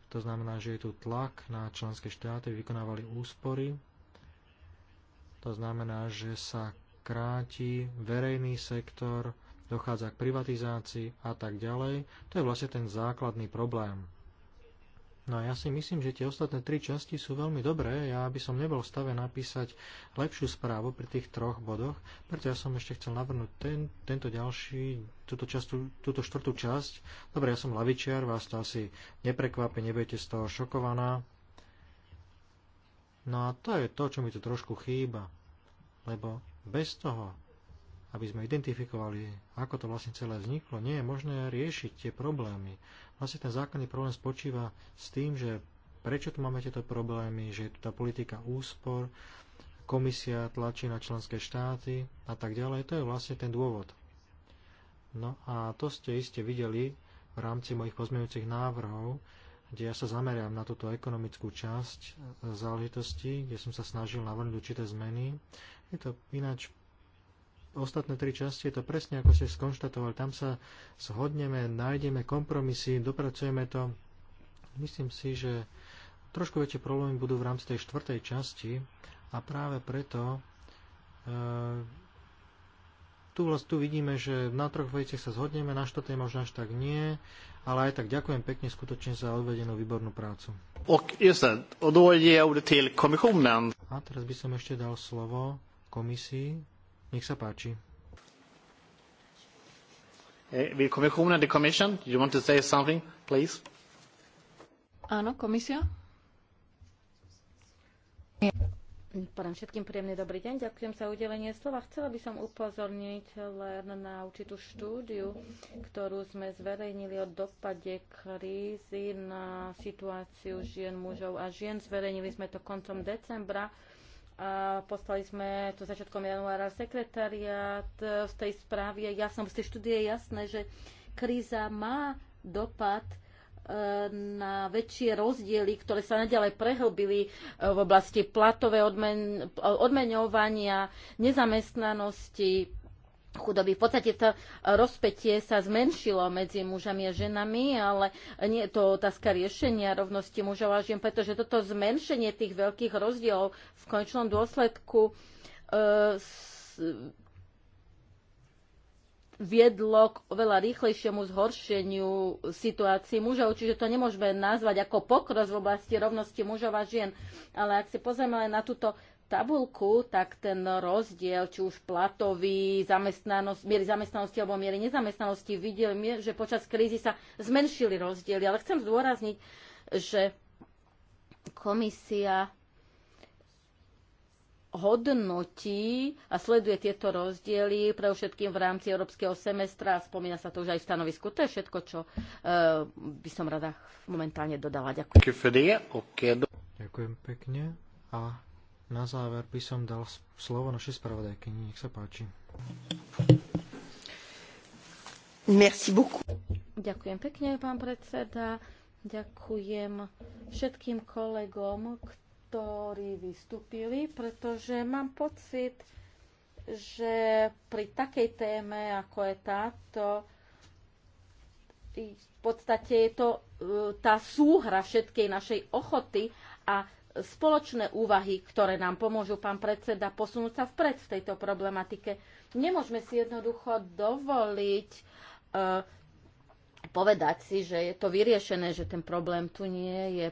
to znamená, že je tu tlak na členské štáty, vykonávali úspory, to znamená, že sa kráti verejný sektor, dochádza k privatizácii a tak ďalej. To je vlastne ten základný problém. No a ja si myslím, že tie ostatné tri časti sú veľmi dobré. Ja by som nebol v stave napísať lepšiu správu pri tých troch bodoch, preto ja som ešte chcel navrhnúť ten, tento ďalší, túto, častu, túto štvrtú časť. Dobre, ja som lavičiar, vás to asi neprekvapí, nebudete z toho šokovaná. No a to je to, čo mi tu trošku chýba. Lebo bez toho, aby sme identifikovali, ako to vlastne celé vzniklo, nie je možné riešiť tie problémy. Vlastne ten základný problém spočíva s tým, že prečo tu máme tieto problémy, že je tu tá politika úspor, komisia tlačí na členské štáty a tak ďalej. To je vlastne ten dôvod. No a to ste iste videli v rámci mojich pozmeňujúcich návrhov, kde ja sa zameriam na túto ekonomickú časť záležitosti, kde som sa snažil navrhnúť určité zmeny. Je to ináč ostatné tri časti je to presne, ako ste skonštatovali. Tam sa zhodneme, nájdeme kompromisy, dopracujeme to. Myslím si, že trošku väčšie problémy budú v rámci tej štvrtej časti a práve preto e, tu, vlast, tu vidíme, že na troch veciach sa zhodneme, na štvrtej možno až tak nie, ale aj tak ďakujem pekne skutočne za odvedenú výbornú prácu. Och, just Och då ger jag ordet till kommissionen. A teraz by som ešte dal slovo komisii. Nech sa páči. Eh, Áno, komisia. Prajem všetkým príjemný dobrý deň. Ďakujem za udelenie slova. Chcela by som upozorniť len na určitú štúdiu, ktorú sme zverejnili o dopade krízy na situáciu žien, mužov a žien. Zverejnili sme to koncom decembra a poslali sme to začiatkom januára sekretariat. V e, tej správe Ja som z tej štúdie jasné, že kríza má dopad e, na väčšie rozdiely, ktoré sa naďalej prehlbili e, v oblasti platové odmen, odmenovania, nezamestnanosti, chudoby. V podstate to eh, rozpetie sa zmenšilo medzi mužami a ženami, ale nie je to otázka riešenia rovnosti mužov a žien, pretože toto zmenšenie tých veľkých rozdielov v končnom dôsledku e, s, viedlo k oveľa rýchlejšiemu zhoršeniu situácií mužov, čiže to nemôžeme nazvať ako pokros v oblasti rovnosti mužov a žien. Ale ak si pozrieme na túto tabulku, tak ten rozdiel, či už platový, zamestnanosť, miery zamestnanosti alebo miery nezamestnanosti, videl, že počas krízy sa zmenšili rozdiely. Ale chcem zdôrazniť, že komisia hodnotí a sleduje tieto rozdiely pre všetkým v rámci európskeho semestra. Spomína sa to už aj v stanovisku. To je všetko, čo uh, by som rada momentálne dodala. Ďakujem. Ďakujem pekne. A na záver by som dal slovo našej spravodajky. Nech sa páči. Merci beaucoup. Ďakujem pekne, pán predseda. Ďakujem všetkým kolegom, ktorí vystúpili, pretože mám pocit, že pri takej téme, ako je táto, v podstate je to e, tá súhra všetkej našej ochoty a spoločné úvahy, ktoré nám pomôžu, pán predseda, posunúť sa vpred v tejto problematike. Nemôžeme si jednoducho dovoliť eh, povedať si, že je to vyriešené, že ten problém tu nie je.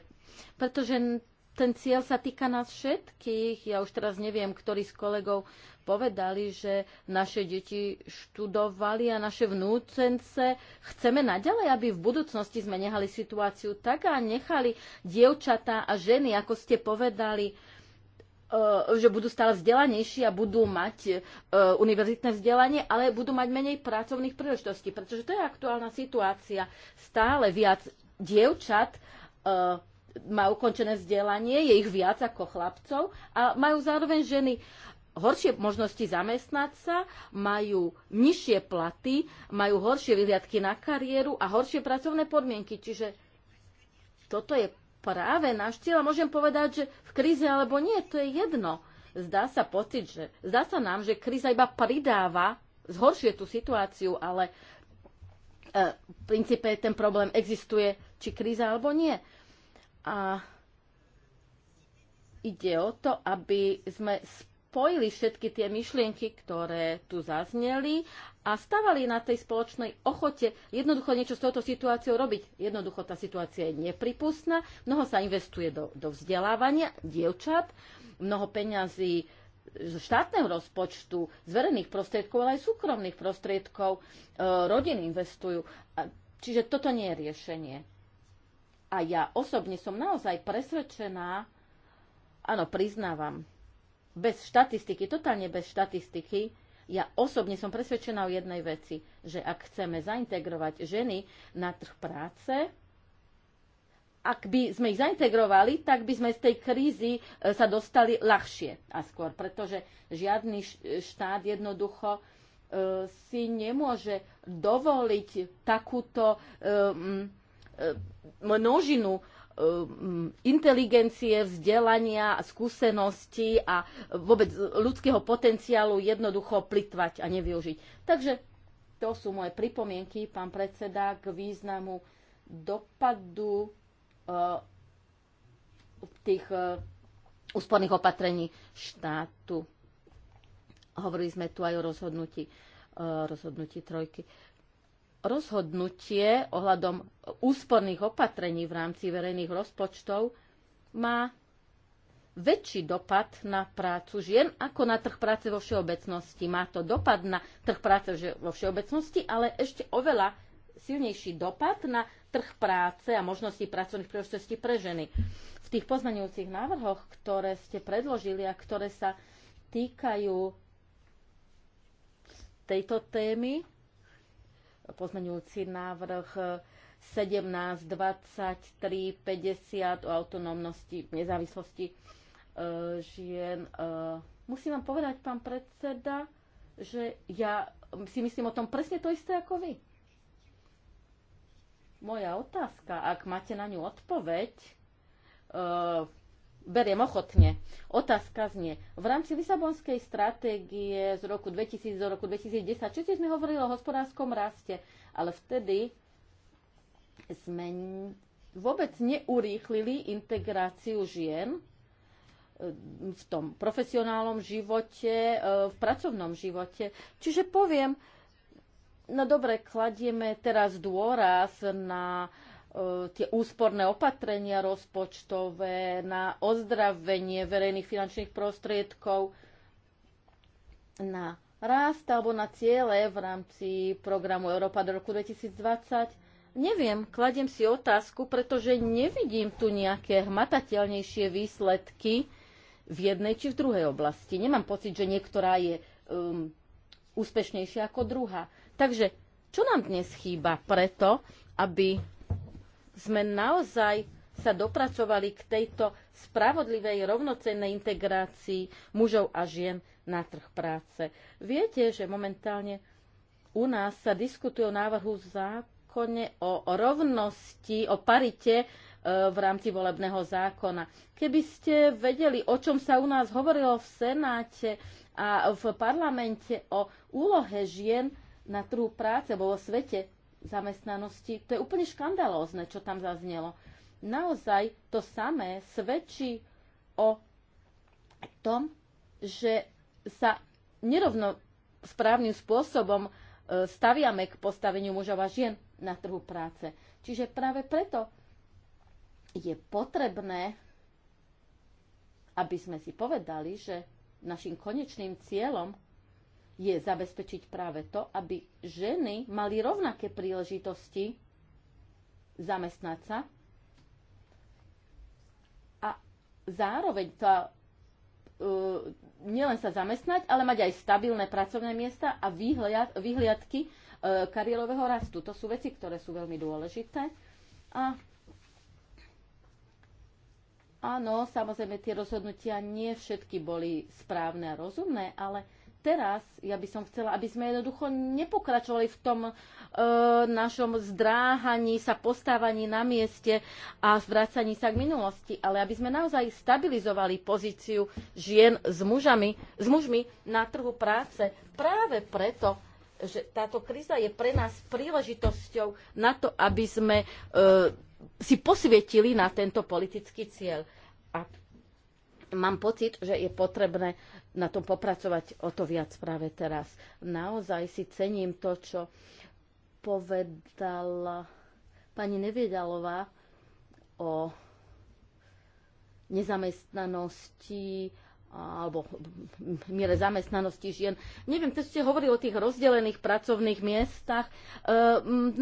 Pretože ten cieľ sa týka nás všetkých. Ja už teraz neviem, ktorý z kolegov povedali, že naše deti študovali a naše vnúcence chceme naďalej, aby v budúcnosti sme nehali situáciu tak a nechali dievčatá a ženy, ako ste povedali, eh, že budú stále vzdelanejší a budú mať eh, univerzitné vzdelanie, ale budú mať menej pracovných príležitostí, pretože to je aktuálna situácia. Stále viac dievčat eh, má ukončené vzdelanie, je ich viac ako chlapcov a majú zároveň ženy horšie možnosti zamestnať sa, majú nižšie platy, majú horšie vyhliadky na kariéru a horšie pracovné podmienky. Čiže toto je práve náš cieľ a môžem povedať, že v kríze alebo nie, to je jedno. Zdá sa pocit, že zdá sa nám, že kríza iba pridáva, zhoršuje tú situáciu, ale e, v princípe ten problém existuje, či kríza alebo nie. A ide o to, aby sme spojili všetky tie myšlienky, ktoré tu zazneli a stavali na tej spoločnej ochote jednoducho niečo s touto situáciou robiť. Jednoducho tá situácia je nepripustná, mnoho sa investuje do, do vzdelávania dievčat, mnoho peňazí z štátneho rozpočtu, z verejných prostriedkov, ale aj súkromných prostriedkov, e, rodiny investujú. A, čiže toto nie je riešenie. A ja osobne som naozaj presvedčená, áno, priznávam, bez štatistiky, totálne bez štatistiky, ja osobne som presvedčená o jednej veci, že ak chceme zaintegrovať ženy na trh práce, ak by sme ich zaintegrovali, tak by sme z tej krízy e, sa dostali ľahšie a skôr, pretože žiadny štát jednoducho e, si nemôže dovoliť takúto e, množinu Eh, inteligencie, vzdelania, skúsenosti a vôbec ľudského potenciálu jednoducho plitvať a nevyužiť. Takže to sú moje pripomienky, pán predseda, k významu dopadu uh, tých uh, úsporných opatrení štátu. Hovorili sme tu aj o rozhodnutí, uh, rozhodnutí trojky. Uh, rozhodnutie ohľadom úsporných opatrení v rámci verejných rozpočtov má väčší dopad na prácu žien ako na trh práce vo všeobecnosti. Má to dopad na trh práce vo všeobecnosti, ale ešte oveľa silnejší dopad na trh práce a možnosti pracovných príležitostí pre ženy. V tých poznaniujúcich návrhoch, ktoré ste predložili a ktoré sa týkajú tejto témy, pozmeňujúci návrh 17, 23, 50 o autonómnosti, nezávislosti e, žien. E, musím vám povedať, pán predseda, že ja si myslím o tom presne to isté ako vy. Moja otázka, ak máte na ňu odpoveď, e, beriem ochotne. Otázka znie. V rámci Lisabonskej stratégie z roku 2000 do roku 2010 všetci sme hovorili o hospodárskom raste, ale vtedy sme vôbec neurýchlili integráciu žien eh, v tom profesionálnom živote, eh, v pracovnom živote. Čiže poviem, no dobre, kladieme teraz dôraz na E, tie úsporné opatrenia rozpočtové, na ozdravenie verejných finančných prostriedkov, na rast alebo na ciele v rámci programu Európa do roku 2020? Neviem, kladiem si otázku, pretože nevidím tu nejaké hmatateľnejšie výsledky v jednej či v druhej oblasti. Nemám pocit, že niektorá je um, úspešnejšia ako druhá. Takže čo nám dnes chýba preto, aby sme naozaj sa dopracovali k tejto spravodlivej rovnocennej integrácii mužov a žien na trh práce. Viete, že momentálne u nás sa diskutuje o návrhu zákone o rovnosti, o parite e, v rámci volebného zákona. Keby ste vedeli, o čom sa u nás hovorilo v Senáte a v parlamente o úlohe žien na trhu práce vo svete zamestnanosti. To je úplne škandalózne, čo tam zaznelo. Naozaj to samé svedčí o tom, že sa nerovno správnym spôsobom e, staviame k postaveniu mužov a žien na trhu práce. Čiže práve preto je potrebné, aby sme si povedali, že našim konečným cieľom je zabezpečiť práve to, aby ženy mali rovnaké príležitosti zamestnať sa a zároveň to Uh, e, nielen sa zamestnať, ale mať aj stabilné pracovné miesta a vyhliad, vyhliadky uh, kariérového rastu. To sú veci, ktoré sú veľmi dôležité. A áno, samozrejme tie rozhodnutia nie všetky boli správne a rozumné, ale teraz ja by som chcela, aby sme jednoducho nepokračovali v tom e, našom zdráhaní sa, postávaní na mieste a zvracaní sa k minulosti, ale aby sme naozaj stabilizovali pozíciu žien s, mužami, s mužmi na trhu práce práve preto, že táto kríza je pre nás príležitosťou na to, aby sme e, si posvietili na tento politický cieľ. A mám pocit, že je potrebné na tom popracovať o to viac práve teraz. Naozaj si cením to, čo povedala pani Neviedalová o nezamestnanosti, alebo miere zamestnanosti žien. Neviem, keď ste hovorili o tých rozdelených pracovných miestach, e,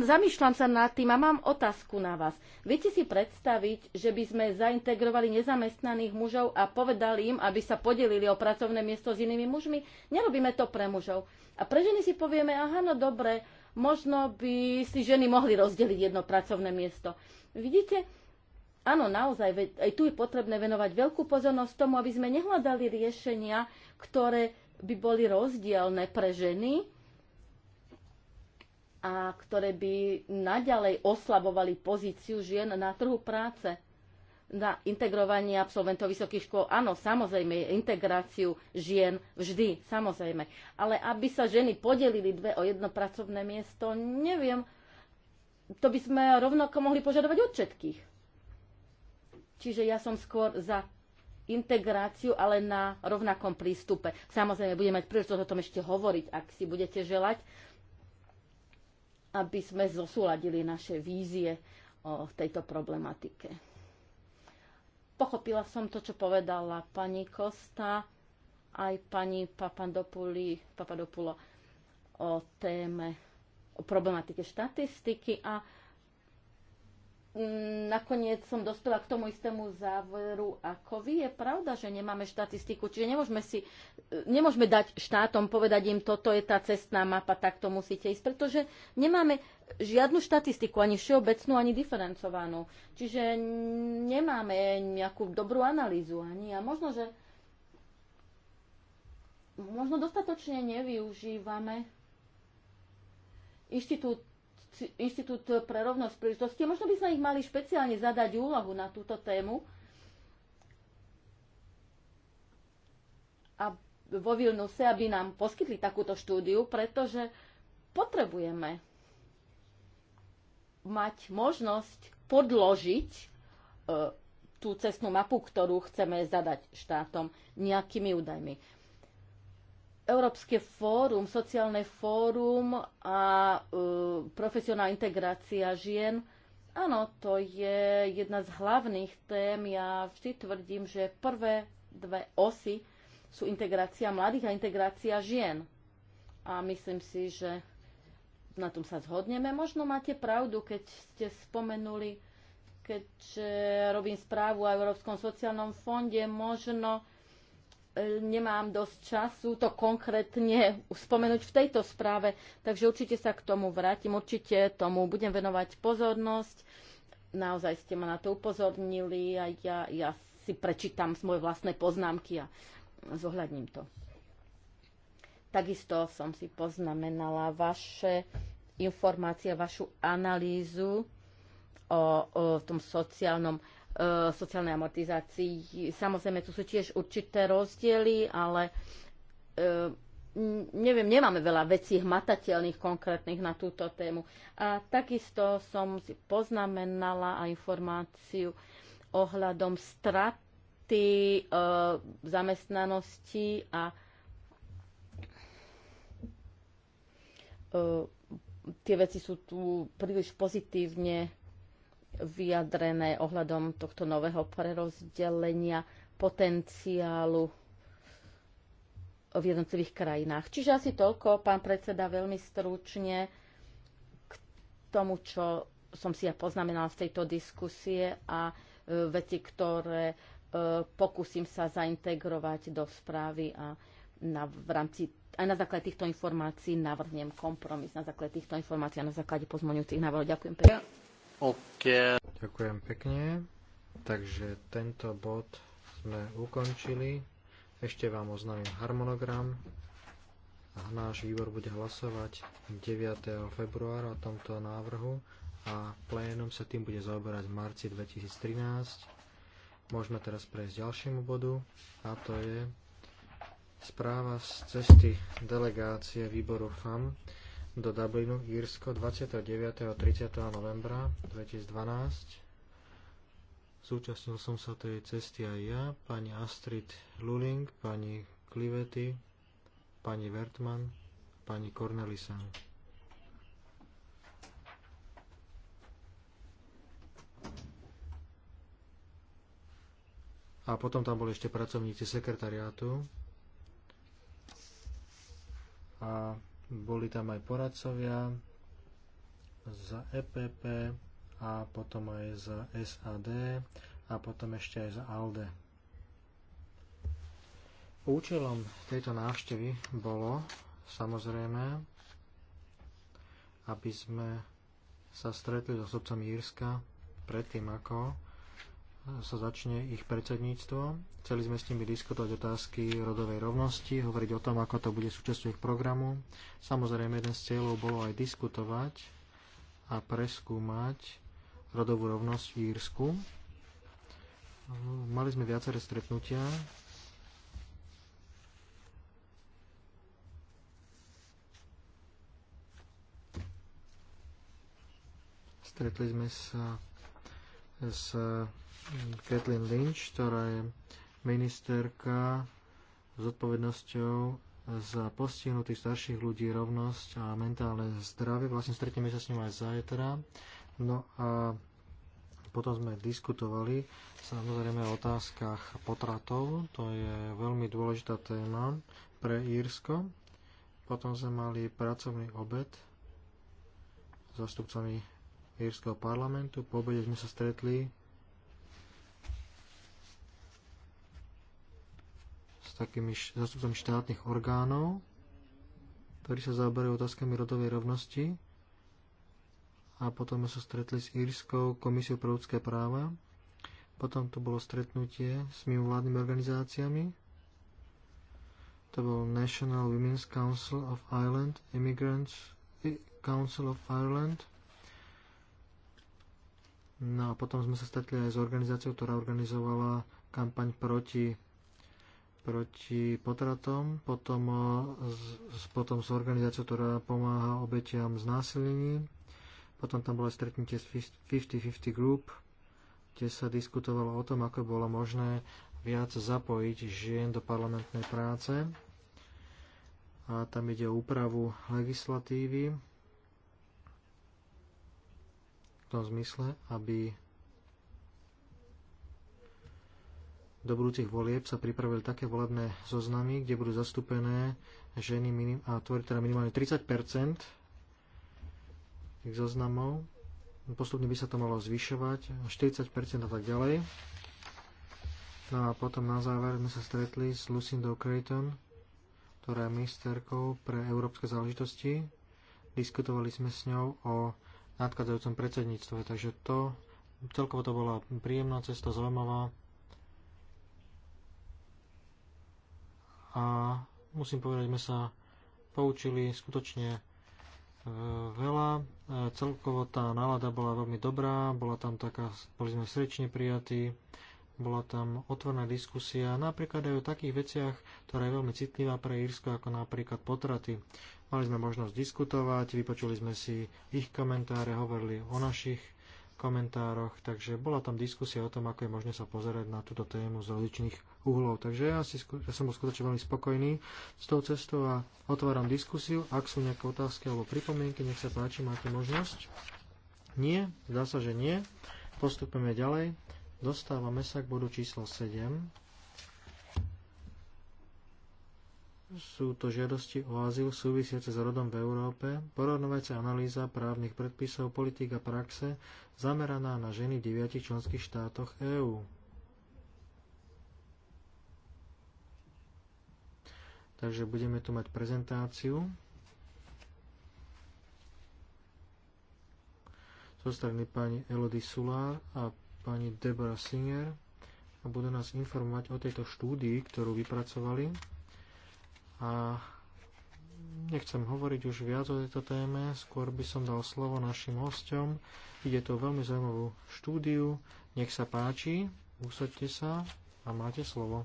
zamýšľam sa nad tým a mám otázku na vás. Viete si predstaviť, že by sme zaintegrovali nezamestnaných mužov a povedali im, aby sa podelili o pracovné miesto s inými mužmi? Nerobíme to pre mužov. A pre ženy si povieme, aha, no dobre, možno by si ženy mohli rozdeliť jedno pracovné miesto. Vidíte, áno, naozaj, aj tu je potrebné venovať veľkú pozornosť tomu, aby sme nehľadali riešenia, ktoré by boli rozdielne pre ženy a ktoré by naďalej oslabovali pozíciu žien na trhu práce na integrovanie absolventov vysokých škôl. Áno, samozrejme, integráciu žien vždy, samozrejme. Ale aby sa ženy podelili dve o jedno pracovné miesto, neviem, to by sme rovnako mohli požadovať od všetkých Čiže ja som skôr za integráciu, ale na rovnakom prístupe. Samozrejme, budeme mať príležitosť o tom ešte hovoriť, ak si budete želať, aby sme zosúladili naše vízie o tejto problematike. Pochopila som to, čo povedala pani Kosta, aj pani Papadopuli, Papadopulo o téme, o problematike štatistiky a Mm, nakoniec som dospela k tomu istému záveru ako vy. Je pravda, že nemáme štatistiku, čiže nemôžeme, si, nemôžeme dať štátom povedať im, toto je tá cestná mapa, tak to musíte ísť, pretože nemáme žiadnu štatistiku, ani všeobecnú, ani diferencovanú. Čiže nemáme nejakú dobrú analýzu ani a možno, že možno dostatočne nevyužívame inštitút Inštitút pre rovnosť príležitosti. Možno by sme ich mali špeciálne zadať úlohu na túto tému. A vo Vilnuse, aby nám poskytli takúto štúdiu, pretože potrebujeme mať možnosť podložiť e, tú cestnú mapu, ktorú chceme zadať štátom nejakými údajmi. Európske fórum, sociálne fórum a e, profesionálna integrácia žien. Áno, to je jedna z hlavných tém. Ja vždy tvrdím, že prvé dve osy sú integrácia mladých a integrácia žien. A myslím si, že na tom sa zhodneme. Možno máte pravdu, keď ste spomenuli, keďže robím správu o Európskom sociálnom fonde, možno nemám dosť času to konkrétne spomenúť v tejto správe, takže určite sa k tomu vrátim, určite tomu budem venovať pozornosť. Naozaj ste ma na to upozornili a ja, ja si prečítam z moje vlastné poznámky a zohľadním to. Takisto som si poznamenala vaše informácie, vašu analýzu o, o tom sociálnom Eh, sociálnej amortizácii. Samozrejme, tu sú tiež určité rozdiely, ale eh, neviem, nemáme veľa vecí hmatateľných, konkrétnych na túto tému. A takisto som si poznamenala aj informáciu ohľadom straty e, zamestnanosti a e, tie veci sú tu príliš pozitívne vyjadrené ohľadom tohto nového prerozdelenia potenciálu v jednotlivých krajinách. Čiže asi toľko, pán predseda, veľmi stručne k tomu, čo som si ja poznamenala z tejto diskusie a e, veci, ktoré e, pokúsim sa zaintegrovať do správy a na, v rámci aj na základe týchto informácií navrhnem kompromis na základe týchto informácií a na základe pozmoňujúcich návrhov. Ďakujem pekne. Okay. Ďakujem pekne. Takže tento bod sme ukončili. Ešte vám oznámim harmonogram. A náš výbor bude hlasovať 9. februára o tomto návrhu a plénom sa tým bude zaoberať v marci 2013. Môžeme teraz prejsť ďalšiemu bodu a to je správa z cesty delegácie výboru FAM do Dublinu, Írsko 29. a 30. novembra 2012. Zúčastnil som sa tej cesty aj ja, pani Astrid Luling, pani Klivety, pani Vertman, pani Cornelisa. A potom tam boli ešte pracovníci sekretariátu. A boli tam aj poradcovia za EPP a potom aj za SAD a potom ešte aj za ALDE. Účelom tejto návštevy bolo samozrejme, aby sme sa stretli so sobcom Írska predtým, ako sa začne ich predsedníctvo. Chceli sme s nimi diskutovať otázky rodovej rovnosti, hovoriť o tom, ako to bude súčasťou ich programu. Samozrejme, jeden z cieľov bolo aj diskutovať a preskúmať rodovú rovnosť v Írsku. Mali sme viaceré stretnutia. Stretli sme sa s Kathleen Lynch, ktorá je ministerka s odpovednosťou za postihnutých starších ľudí, rovnosť a mentálne zdravie. Vlastne stretneme sa s ňou aj zajtra. No a potom sme diskutovali samozrejme o otázkach potratov, to je veľmi dôležitá téma pre Írsko. Potom sme mali pracovný obed s zastupcami Írskeho parlamentu. Po obede sme sa stretli takými zastupcami štátnych orgánov, ktorí sa zaoberajú otázkami rodovej rovnosti. A potom sme sa stretli s Írskou komisiou pre ľudské práva. Potom to bolo stretnutie s mimovládnymi organizáciami. To bol National Women's Council of Ireland, Immigrants Council of Ireland. No a potom sme sa stretli aj s organizáciou, ktorá organizovala kampaň proti proti potratom, potom, e, potom s organizáciou, ktorá pomáha obetiam násilení, Potom tam bolo stretnutie s 50-50 Group, kde sa diskutovalo o tom, ako bolo možné viac zapojiť žien do parlamentnej práce. A tam ide o úpravu legislatívy v tom zmysle, aby do budúcich volieb sa pripravili také volebné zoznamy, kde budú zastúpené ženy minim, a tvorí teda minimálne 30 tých zoznamov. Postupne by sa to malo zvyšovať, 40 a tak ďalej. No a potom na záver sme sa stretli s Lucindou Creighton, ktorá je ministerkou pre európske záležitosti. Diskutovali sme s ňou o nadchádzajúcom predsedníctve, takže to celkovo to bola príjemná cesta, zaujímavá a musím povedať, že sme sa poučili skutočne e, veľa. E, celkovo tá nálada bola veľmi dobrá, bola tam taká, boli sme srdečne prijatí, bola tam otvorná diskusia, napríklad aj o takých veciach, ktorá je veľmi citlivá pre Írsko, ako napríklad potraty. Mali sme možnosť diskutovať, vypočuli sme si ich komentáre, hovorili o našich komentároch, takže bola tam diskusia o tom, ako je možné sa pozerať na túto tému z rozličných uhlov. Takže ja, si, ja som bol skutočne veľmi spokojný s tou cestou a otváram diskusiu. Ak sú nejaké otázky alebo pripomienky, nech sa páči, máte možnosť. Nie, zdá sa, že nie. Postupujeme ďalej. Dostávame sa k bodu číslo 7. sú to žiadosti o azyl súvisiace s rodom v Európe, porovnávacia analýza právnych predpisov, politik a praxe zameraná na ženy v deviatich členských štátoch EÚ. Takže budeme tu mať prezentáciu zo strany pani Elodie Sulár a pani Deborah Singer a budú nás informovať o tejto štúdii, ktorú vypracovali. A nechcem hovoriť už viac o tejto téme, skôr by som dal slovo našim hostom. Ide to veľmi zaujímavú štúdiu. Nech sa páči, usadte sa a máte slovo.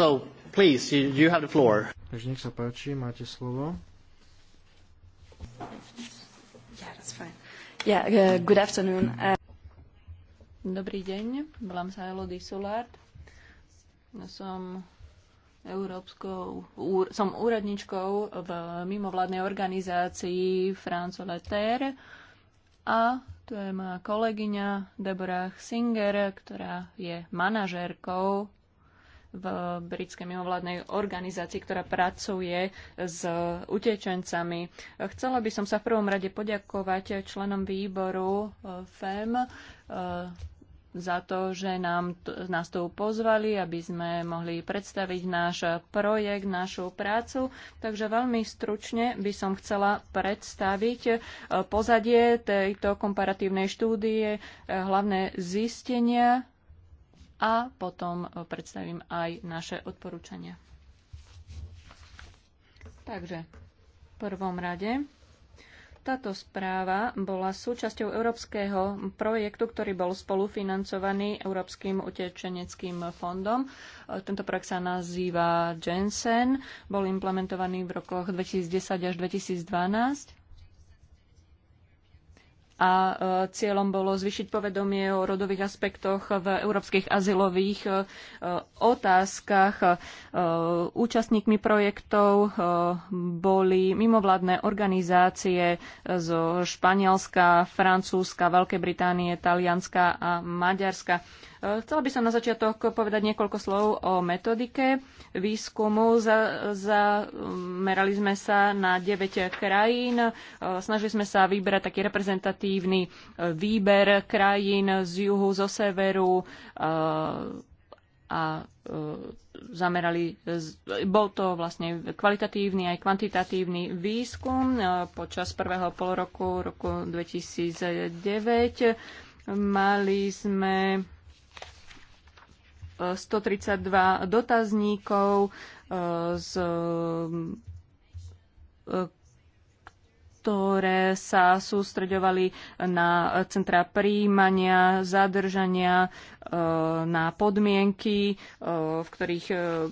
So, please, you, you have the floor. Takže nech sa páči, máte slovo. Yeah, that's fine. Yeah, uh, good afternoon. Uh... Dobrý deň, volám sa Elodie Soulard. Som európskou, som úradničkou v mimovládnej organizácii France Leter a tu je moja kolegyňa Deborah Singer, ktorá je manažérkou v britskej mimovládnej organizácii, ktorá pracuje s utečencami. Chcela by som sa v prvom rade poďakovať členom výboru e, FEM e, za to, že nám, nás tu pozvali, aby sme mohli predstaviť náš projekt, našu prácu. Takže veľmi stručne by som chcela predstaviť e, pozadie tejto komparatívnej štúdie, hlavné zistenia a potom eh, predstavím aj naše odporúčania. Takže v prvom rade táto správa bola súčasťou európskeho projektu, ktorý bol spolufinancovaný Európskym utečeneckým fondom. Eh, tento projekt sa nazýva Jensen. Bol implementovaný v rokoch 2010 až 2012 a e, cieľom bolo zvyšiť povedomie o rodových aspektoch v európskych azylových e, otázkach. E, účastníkmi projektov boli mimovládne organizácie zo Španielska, Francúzska, Veľkej Británie, Talianska a Maďarska Chcela by som na začiatok povedať niekoľko slov o metodike výskumu. Zamerali sme sa na 9 krajín. Snažili sme sa vybrať taký reprezentatívny e, výber krajín z juhu, zo severu e, a e, zamerali, bol to vlastne kvalitatívny aj kvantitatívny výskum počas prvého roku, roku 2009. Mali sme 132 dotazníkov e, z e, ktoré sa sústreďovali na centra príjmania, zadržania, e, na podmienky, v ktorých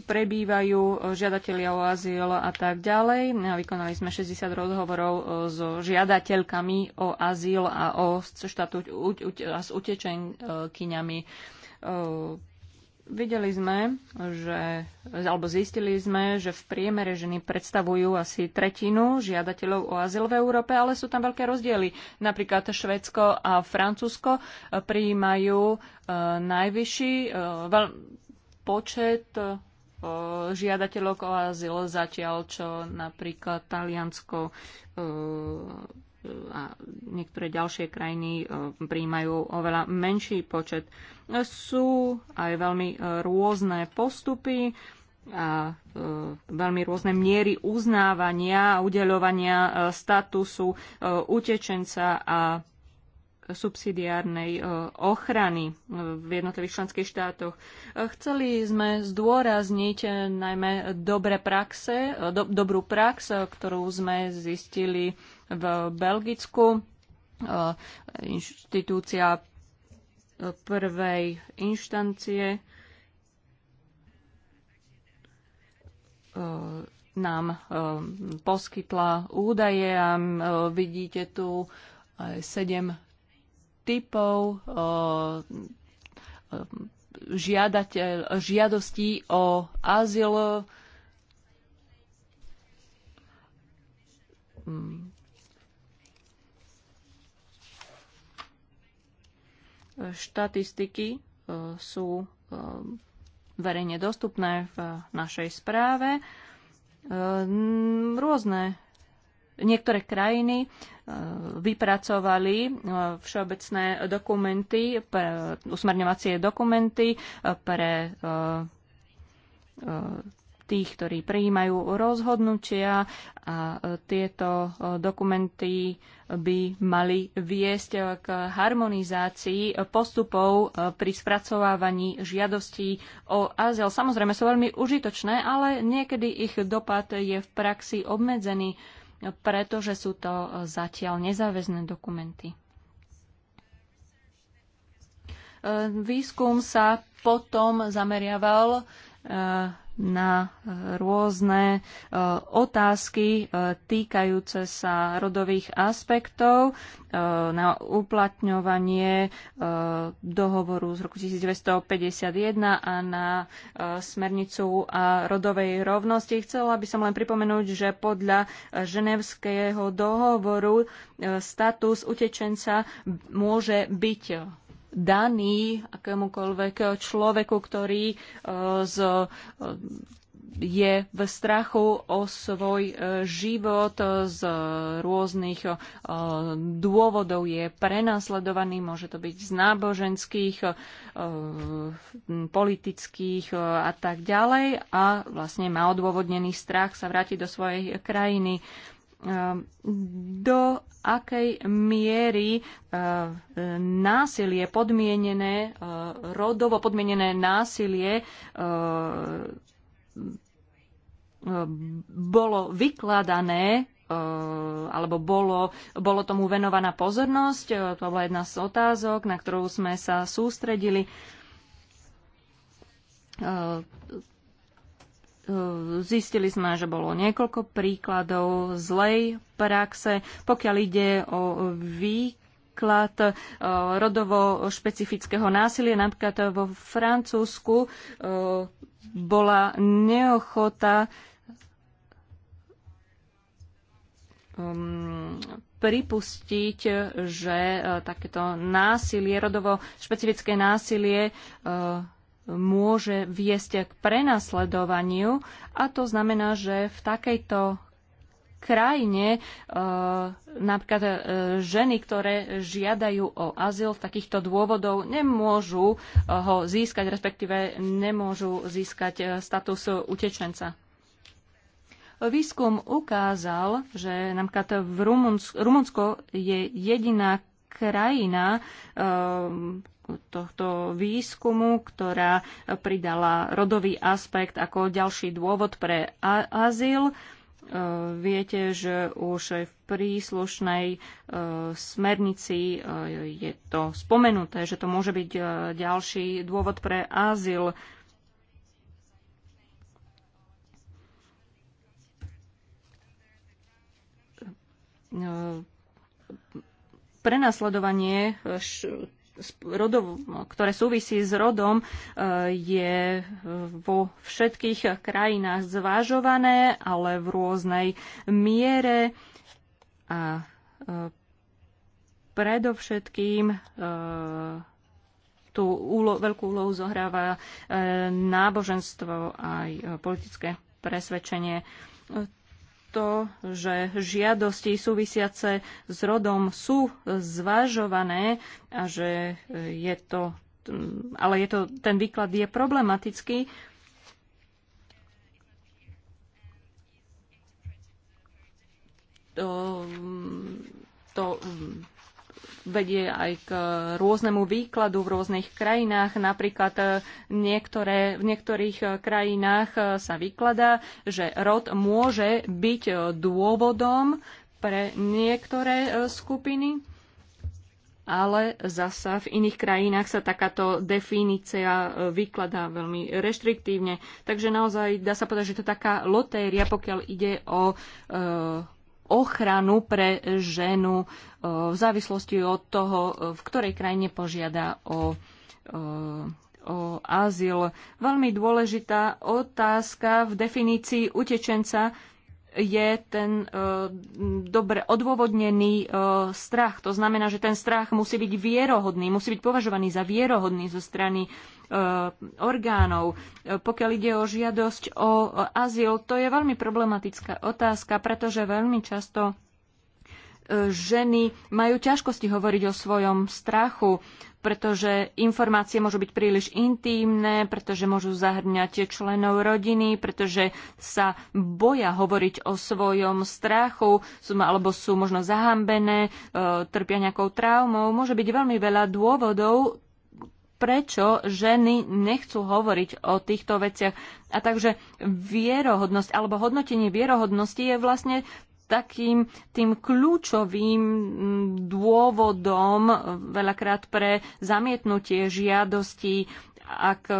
prebývajú žiadatelia o azyl a tak ďalej. No vykonali sme 60 rozhovorov so žiadateľkami o azyl a o štatút a s utečenkyňami Videli sme, že, alebo zistili sme, že v priemere ženy predstavujú asi tretinu žiadateľov o azyl v Európe, ale sú tam veľké rozdiely. Napríklad Švedsko a Francúzsko eh, prijímajú e, najvyšší e, veľ, počet e, žiadateľov o azyl, zatiaľ čo napríklad Taliansko e, a niektoré ďalšie krajiny e, príjmajú oveľa menší počet. Sú aj veľmi e, rôzne postupy a e, veľmi rôzne miery uznávania a udeľovania statusu utečenca a subsidiárnej e, ochrany e, v jednotlivých členských štátoch. E, chceli sme zdôrazniť najmä dobré praxe, do, dobrú prax, ktorú sme zistili v Belgicku. Inštitúcia prvej inštancie nám poskytla údaje a vidíte tu sedem typov žiadateľ, žiadostí o azyl mm. štatistiky sú verejne dostupné v našej správe. Rôzne niektoré krajiny e, vypracovali e, všeobecné dokumenty, pre, usmerňovacie dokumenty e, pre tých, ktorí prijímajú rozhodnutia a tieto dokumenty by mali viesť k harmonizácii postupov pri spracovávaní žiadostí o azyl. Samozrejme sú veľmi užitočné, ale niekedy ich dopad je v praxi obmedzený pretože sú to e, zatiaľ nezáväzné dokumenty. E, výskum sa potom zameriaval na rôzne e, otázky e, týkajúce sa rodových aspektov e, na uplatňovanie dohovoru z roku 1951 a na smernicu a rodovej rovnosti. Chcela by som len pripomenúť, že podľa ženevského dohovoru status utečenca môže byť daný akémukoľvek človeku, ktorý e, z e, je v strachu o svoj e, život z rôznych dôvodov, je prenasledovaný, môže to byť z náboženských, politických a tak ďalej a vlastne má odôvodnený strach sa vrátiť do svojej krajiny. Ehm, do akej miery ehm, násilie podmienené, ehm, rodovo podmienené násilie bolo vykladané alebo bolo, bolo tomu venovaná pozornosť. To bola jedna z otázok, na ktorú sme sa sústredili Zistili sme, že bolo niekoľko príkladov zlej praxe, pokiaľ ide o výklad e, rodovo špecifického násilia. Napríklad vo Francúzsku e, bola neochota um, pripustiť, že e, takéto násilie, rodovo špecifické násilie môže viesť k prenasledovaniu a to znamená, že v takejto krajine e, napríklad e, ženy, ktoré žiadajú o azyl v takýchto dôvodov, nemôžu e, ho získať, respektíve nemôžu získať status utečenca. Výskum ukázal, že napríklad v Rumunsko, Rumunsko je jediná krajina, tohto výskumu, ktorá pridala rodový aspekt ako ďalší dôvod pre azyl. E, viete, že už aj v príslušnej e, smernici e, je to spomenuté, že to môže byť ďalší dôvod pre azyl. Prenasledovanie rodov, ktoré súvisí s rodom, e, je vo všetkých krajinách zvážované, ale v rôznej miere a e, predovšetkým e, tú úlo, veľkú úlohu zohráva náboženstvo aj politické presvedčenie to, že žiadosti súvisiace s rodom sú zvažované a že je to, ale je to, ten výklad je problematický. To, to vedie aj k rôznemu výkladu v rôznych krajinách. Napríklad eh, niektoré, v niektorých eh, krajinách eh, sa vykladá, že rod môže byť dôvodom pre niektoré skupiny, ale zasa v iných krajinách sa takáto definícia vykladá veľmi reštriktívne. Takže naozaj dá sa povedať, že to je taká lotéria, pokiaľ ide o e, ochranu pre ženu e, v závislosti od toho, e, v ktorej krajine požiada o, e, o azyl. Veľmi dôležitá otázka v definícii utečenca je ten e, dobre odôvodnený e, strach. To znamená, že ten strach musí byť vierohodný, musí byť považovaný za vierohodný zo strany e, orgánov. Pokiaľ ide o žiadosť o azyl, to je veľmi problematická otázka, pretože veľmi často ženy majú ťažkosti hovoriť o svojom strachu, pretože informácie môžu byť príliš intímne, pretože môžu zahrňať členov rodiny, pretože sa boja hovoriť o svojom strachu, sú, alebo sú možno zahambené, e, trpia nejakou traumou. Môže byť veľmi veľa dôvodov, prečo ženy nechcú hovoriť o týchto veciach. A takže vierohodnosť alebo hodnotenie vierohodnosti je vlastne takým tým kľúčovým dôvodom veľakrát pre zamietnutie žiadosti, ak e,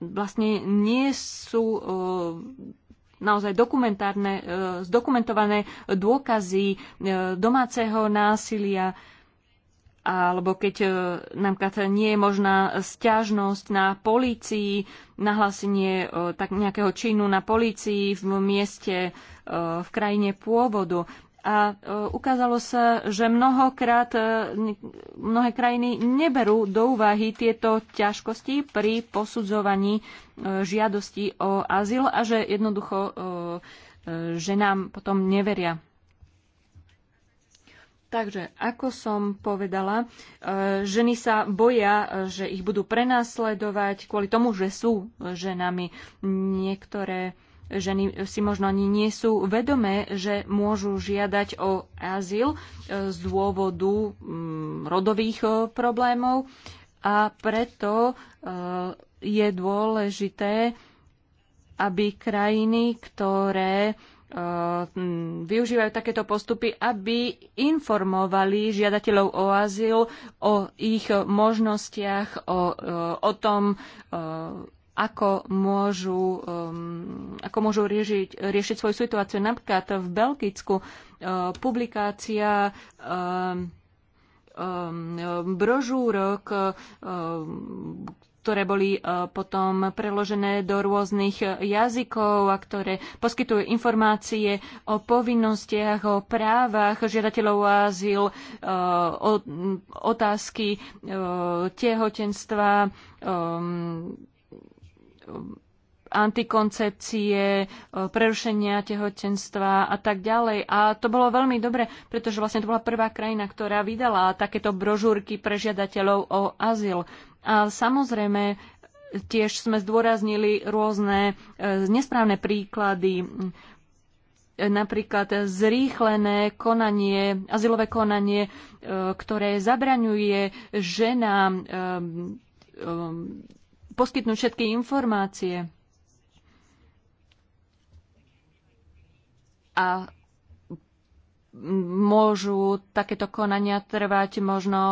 vlastne nie sú e, naozaj dokumentárne, e, zdokumentované dôkazy domáceho násilia, alebo keď e, napríklad nie je možná stiažnosť na polícii, nahlásenie e, tak nejakého činu na polícii v mieste, e, v krajine pôvodu. A ukázalo sa, že mnohokrát mnohé krajiny neberú do úvahy tieto ťažkosti pri posudzovaní žiadosti o azyl a že jednoducho že nám potom neveria. Takže, ako som povedala, e, ženy sa boja, e, že ich budú prenasledovať kvôli tomu, že sú ženami. Niektoré ženy si možno ani nie sú vedomé, že môžu žiadať o azyl e, z dôvodu mm, rodových problémov a preto je dôležité, aby krajiny, ktoré Eh, využívajú takéto postupy, aby informovali žiadateľov o azyl o ich možnostiach, o, eh, o tom, eh, ako môžu, ako môžu riešiť, riešiť svoju situáciu. Napríklad v Belgicku publikácia brožúrok, ktoré boli e, potom preložené do rôznych e, jazykov a ktoré poskytujú informácie o povinnostiach, o právach žiadateľov o azyl, e, o otázky tehotenstva, antikoncepcie, prerušenia tehotenstva a tak ďalej. A to bolo veľmi dobre, pretože vlastne to bola prvá krajina, ktorá vydala takéto brožúrky pre žiadateľov o azyl. A samozrejme, tiež sme zdôraznili rôzne e, nesprávne príklady, napríklad zrýchlené konanie, azylové konanie, e, ktoré zabraňuje ženám e, poskytnúť všetky informácie. A môžu takéto konania trvať možno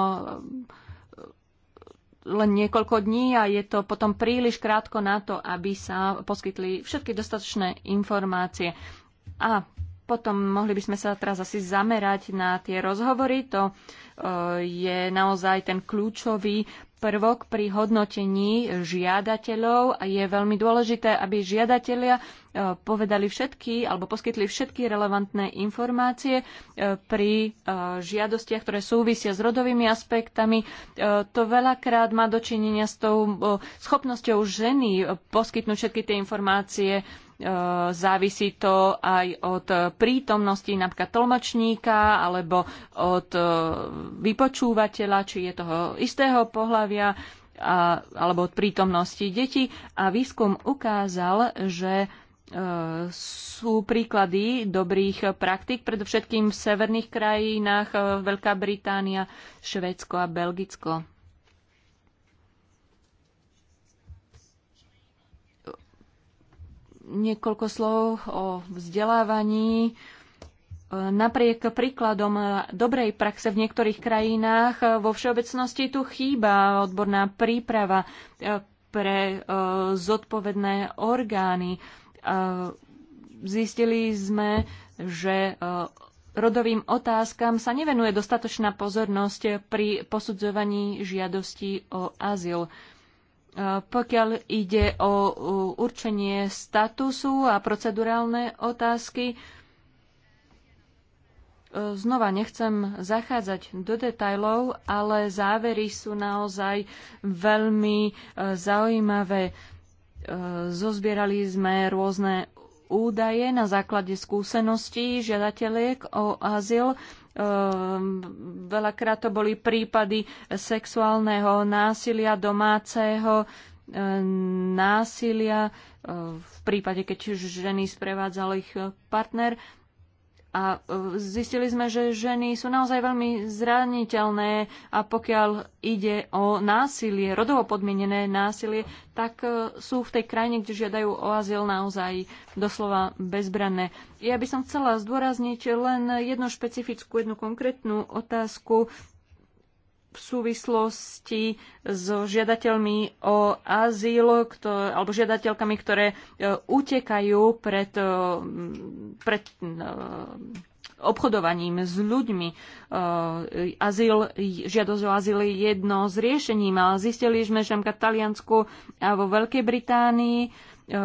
len niekoľko dní a je to potom príliš krátko na to, aby sa poskytli všetky dostatočné informácie. A potom mohli by sme sa teraz asi zamerať na tie rozhovory. To e, je naozaj ten kľúčový prvok pri hodnotení žiadateľov. a Je veľmi dôležité, aby žiadatelia e, povedali všetky alebo poskytli všetky relevantné informácie e, pri e, žiadostiach, ktoré súvisia s rodovými aspektami. To veľakrát má dočinenia s tou schopnosťou ženy poskytnúť všetky tie informácie Eh, závisí to aj od eh, prítomnosti napríklad tlmočníka alebo od eh, vypočúvateľa, či je toho istého pohľavia alebo od prítomnosti detí. A výskum ukázal, že sú príklady dobrých praktík, predovšetkým v severných krajinách Veľká Británia, Švédsko a Belgicko. Niekoľko slov o vzdelávaní. E, napriek príkladom dobrej praxe v niektorých krajinách e, vo všeobecnosti tu chýba odborná príprava e, pre zodpovedné orgány. Zistili sme, že rodovým otázkam sa nevenuje dostatočná pozornosť pri posudzovaní žiadosti o azyl. E, pokiaľ ide o určenie statusu a procedurálne otázky, e, znova nechcem zachádzať do detajlov, ale závery sú naozaj veľmi e, zaujímavé. Zozbierali sme rôzne údaje na základe skúseností žiadateľiek o azyl Ehm, veľakrát to boli prípady sexuálneho násilia, domáceho ehm, násilia, ehm, v prípade, keď ženy sprevádzal ich partner. A e, zistili sme, že ženy sú naozaj veľmi zraniteľné a pokiaľ ide o násilie, rodovo podmienené násilie, tak e, sú v tej krajine, kde žiadajú o azyl naozaj doslova bezbranné. Ja by som chcela zdôrazniť len jednu špecifickú, jednu konkrétnu otázku v súvislosti so žiadateľmi o azyl alebo žiadateľkami, ktoré e, utekajú pred, e, pred e, obchodovaním s ľuďmi. Azyl, žiadosť o azyl je jedno z riešením, ale zistili sme, že v Taliansku a vo Veľkej Británii E,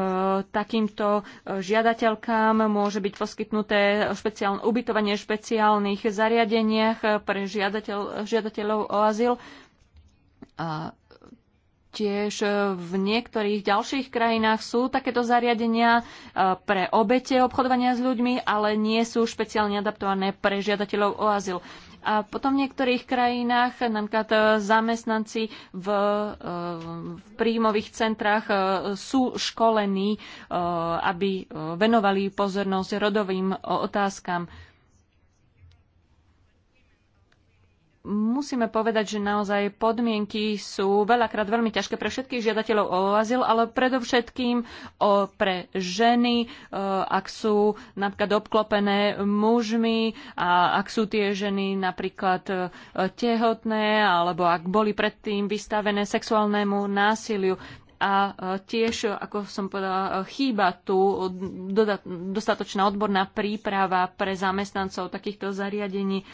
takýmto e, žiadateľkám môže byť poskytnuté špeciálne ubytovanie v špeciálnych zariadeniach pre žiadateľ, žiadateľov o azyl. A tiež v niektorých ďalších krajinách sú takéto zariadenia e, pre obete obchodovania s ľuďmi, ale nie sú špeciálne adaptované pre žiadateľov o azyl. A potom v niektorých krajinách, napríklad e, zamestnanci v, e, v príjmových centrách e, sú školení, aby venovali pozornosť rodovým otázkam. musíme povedať, že naozaj podmienky sú veľakrát veľmi ťažké pre všetkých žiadateľov o azyl, ale predovšetkým o, pre ženy, e, ak sú napríklad obklopené mužmi a ak sú tie ženy napríklad e, tehotné alebo ak boli predtým vystavené sexuálnemu násiliu a e, tiež, ako som povedala, e, chýba tu dostatočná odborná príprava pre zamestnancov takýchto zariadení. E,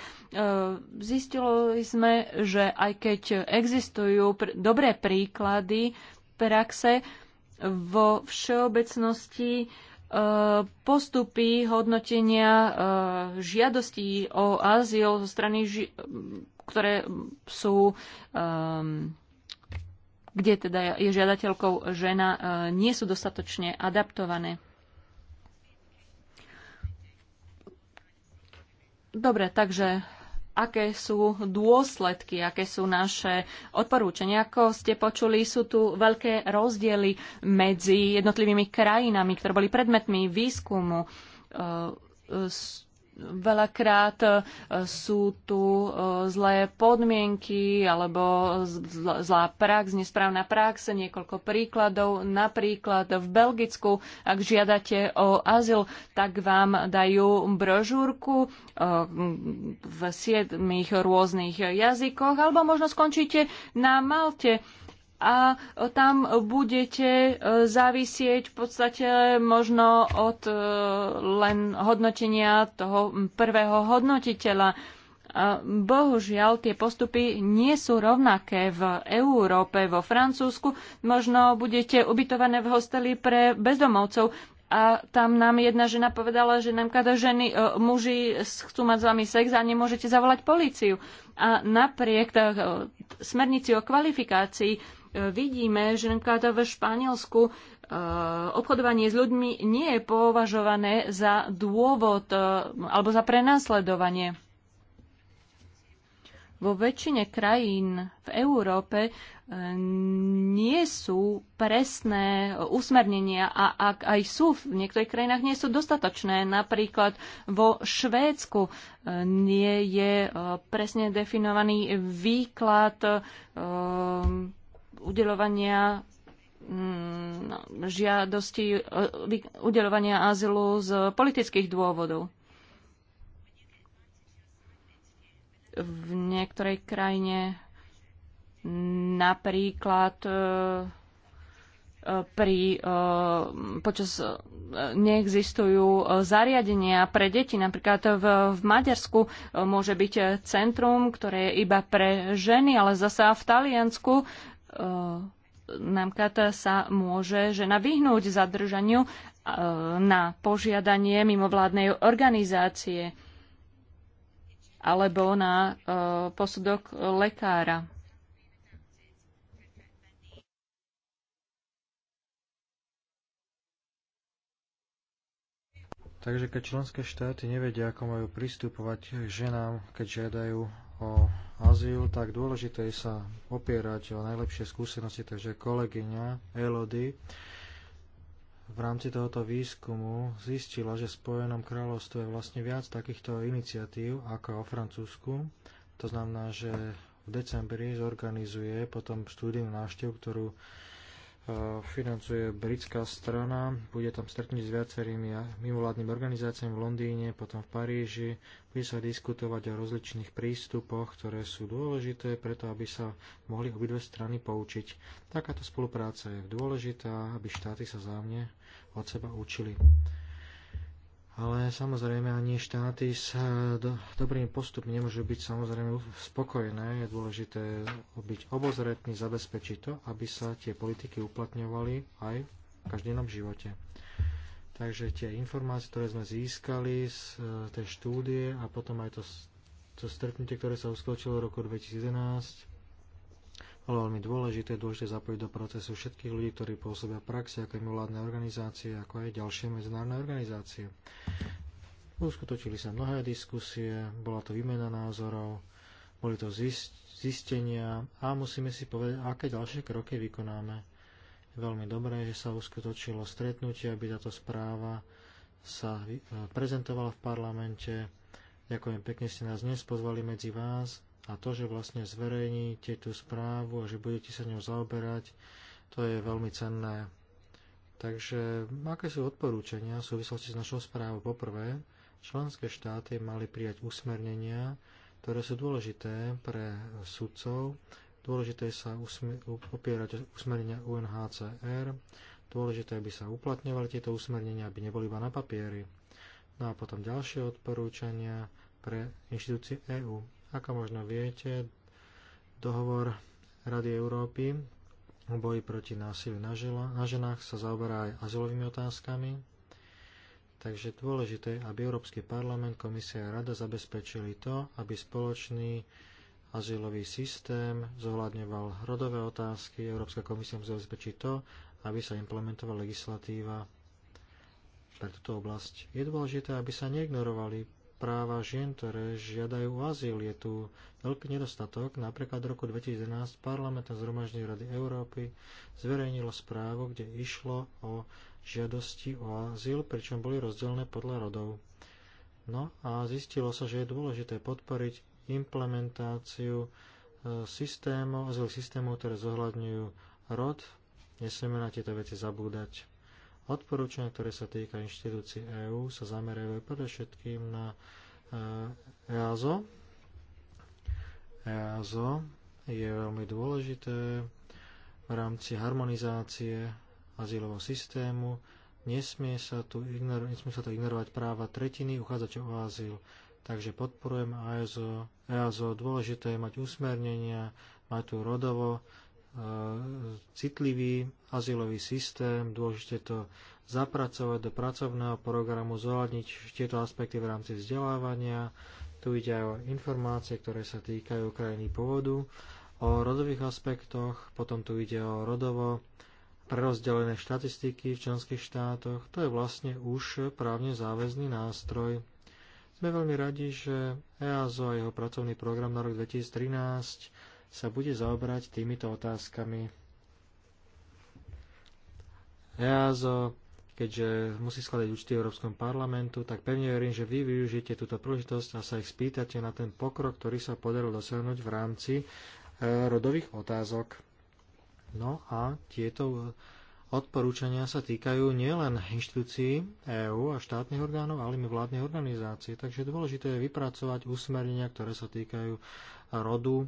Zistilo sme, že aj keď existujú dobré príklady praxe, vo všeobecnosti postupy hodnotenia žiadostí o azyl zo strany, ktoré sú kde teda je žiadateľkou žena, e, nie sú dostatočne adaptované. Dobre, takže aké sú dôsledky, aké sú naše odporúčania. Ako ste počuli, sú tu veľké rozdiely medzi jednotlivými krajinami, ktoré boli predmetmi výskumu. E, Veľakrát e, sú tu e, zlé podmienky alebo zlá prax, nesprávna prax. Niekoľko príkladov. Napríklad v Belgicku, ak žiadate o azyl, tak vám dajú brožúrku e, v siedmých rôznych jazykoch alebo možno skončíte na Malte a tam budete e, závisieť v podstate možno od e, len hodnotenia toho prvého hodnotiteľa. E, bohužiaľ, tie postupy nie sú rovnaké v Európe, vo Francúzsku. Možno budete ubytované v hosteli pre bezdomovcov a tam nám jedna žena povedala, že nám kada ženy, muži chcú mať s vami sex a nemôžete zavolať políciu. A napriek smernici o kvalifikácii E, vidíme, že napríklad v Španielsku e, obchodovanie s ľuďmi nie je považované za dôvod e, alebo za prenasledovanie. Vo väčšine krajín v Európe nie sú presné usmernenia a ak aj sú, v niektorých krajinách nie sú dostatočné. Napríklad vo Švédsku nie je presne definovaný výklad udelovania mm, žiadosti e, udelovania azylu z politických dôvodov. V niektorej krajine napríklad e, e, pri, počas neexistujú zariadenia pre deti. Napríklad v, v Maďarsku môže byť centrum, ktoré je iba pre ženy, ale zasa v Taliansku E, NAMKAT sa môže žena vyhnúť zadržaniu e, na požiadanie mimovládnej organizácie alebo na e, posudok lekára. Takže keď členské štáty nevedia, ako majú pristupovať k ženám, keď žiadajú o azyl, tak dôležité je sa opierať o najlepšie skúsenosti. Takže kolegyňa Elody v rámci tohoto výskumu zistila, že v Spojenom kráľovstve je vlastne viac takýchto iniciatív ako o Francúzsku. To znamená, že v decembri zorganizuje potom štúdiu návštev, ktorú E, financuje britská strana. Bude tam stretnúť s viacerými mimovládnymi organizáciami v Londýne, potom v Paríži. Bude sa diskutovať o rozličných prístupoch, ktoré sú dôležité preto, aby sa mohli obidve strany poučiť. Takáto spolupráca je dôležitá, aby štáty sa zájomne od seba učili ale samozrejme ani štáty s eh, dobrým postupom nemôžu byť samozrejme spokojné. Je dôležité byť obozretný, zabezpečiť to, aby sa tie politiky uplatňovali aj v každodennom živote. Takže tie informácie, ktoré sme získali z eh, tej štúdie a potom aj to, to stretnutie, ktoré sa uskočilo v roku 2011, bolo veľmi dôležité, dôležité zapojiť do procesu všetkých ľudí, ktorí pôsobia v praxi, ako aj mimovládne organizácie, ako aj ďalšie medzinárodné organizácie. Uskutočili sa mnohé diskusie, bola to výmena názorov, boli to zistenia a musíme si povedať, aké ďalšie kroky vykonáme. veľmi dobré, že sa uskutočilo stretnutie, aby táto správa sa prezentovala v parlamente. Ďakujem pekne, ste nás dnes pozvali medzi vás a to, že vlastne zverejníte tú správu a že budete sa ňou zaoberať, to je veľmi cenné. Takže aké sú odporúčania v súvislosti s našou správou? Poprvé, členské štáty mali prijať usmernenia, ktoré sú dôležité pre sudcov. Dôležité je sa opierať usmernenia UNHCR. Dôležité, aby sa uplatňovali tieto usmernenia, aby neboli iba na papieri. No a potom ďalšie odporúčania pre inštitúcie EÚ ako možno viete, dohovor Rady Európy o boji proti násiliu na, žila, na ženách sa zaoberá aj azylovými otázkami, takže dôležité, aby Európsky parlament, komisia a rada zabezpečili to, aby spoločný azylový systém zohľadňoval rodové otázky, Európska komisia musí zabezpečiť to, aby sa implementovala legislatíva pre túto oblasť. Je dôležité, aby sa neignorovali práva žien, ktoré žiadajú o azyl. Je tu veľký nedostatok. Napríklad v roku 2011 parlamentné zhromaždenie Rady Európy zverejnilo správu, kde išlo o žiadosti o azyl, pričom boli rozdelené podľa rodov. No a zistilo sa, že je dôležité podporiť implementáciu e, systémov, azyl systémov, ktoré zohľadňujú rod. Nesmieme na tieto veci zabúdať. Odporúčania, ktoré sa týka inštitúcií EÚ, sa zamerajú predovšetkým na EASO. Eh, e EASO je veľmi dôležité v rámci harmonizácie azylového systému. Nesmie sa, tu ignoro, nesmie sa tu ignorovať práva tretiny uchádzačov o azyl, takže podporujem EASO. EASO dôležité je mať usmernenia, mať tu rodovo citlivý azylový systém, dôležité to zapracovať do pracovného programu, zohľadniť tieto aspekty v rámci vzdelávania. Tu ide aj o informácie, ktoré sa týkajú krajiny pôvodu, o rodových aspektoch, potom tu ide o rodovo prerozdelené štatistiky v členských štátoch. To je vlastne už právne záväzný nástroj. Sme veľmi radi, že EASO a jeho pracovný program na rok 2013 sa bude zaobrať týmito otázkami. EASO, keďže musí skladať účty v Európskom parlamentu, tak pevne verím, že vy využijete túto príležitosť a sa ich spýtate na ten pokrok, ktorý sa podaril dosiahnuť v rámci e, rodových otázok. No a tieto odporúčania sa týkajú nielen inštitúcií EÚ a štátnych orgánov, ale aj vládnych organizácií. Takže dôležité je vypracovať usmernenia, ktoré sa týkajú rodu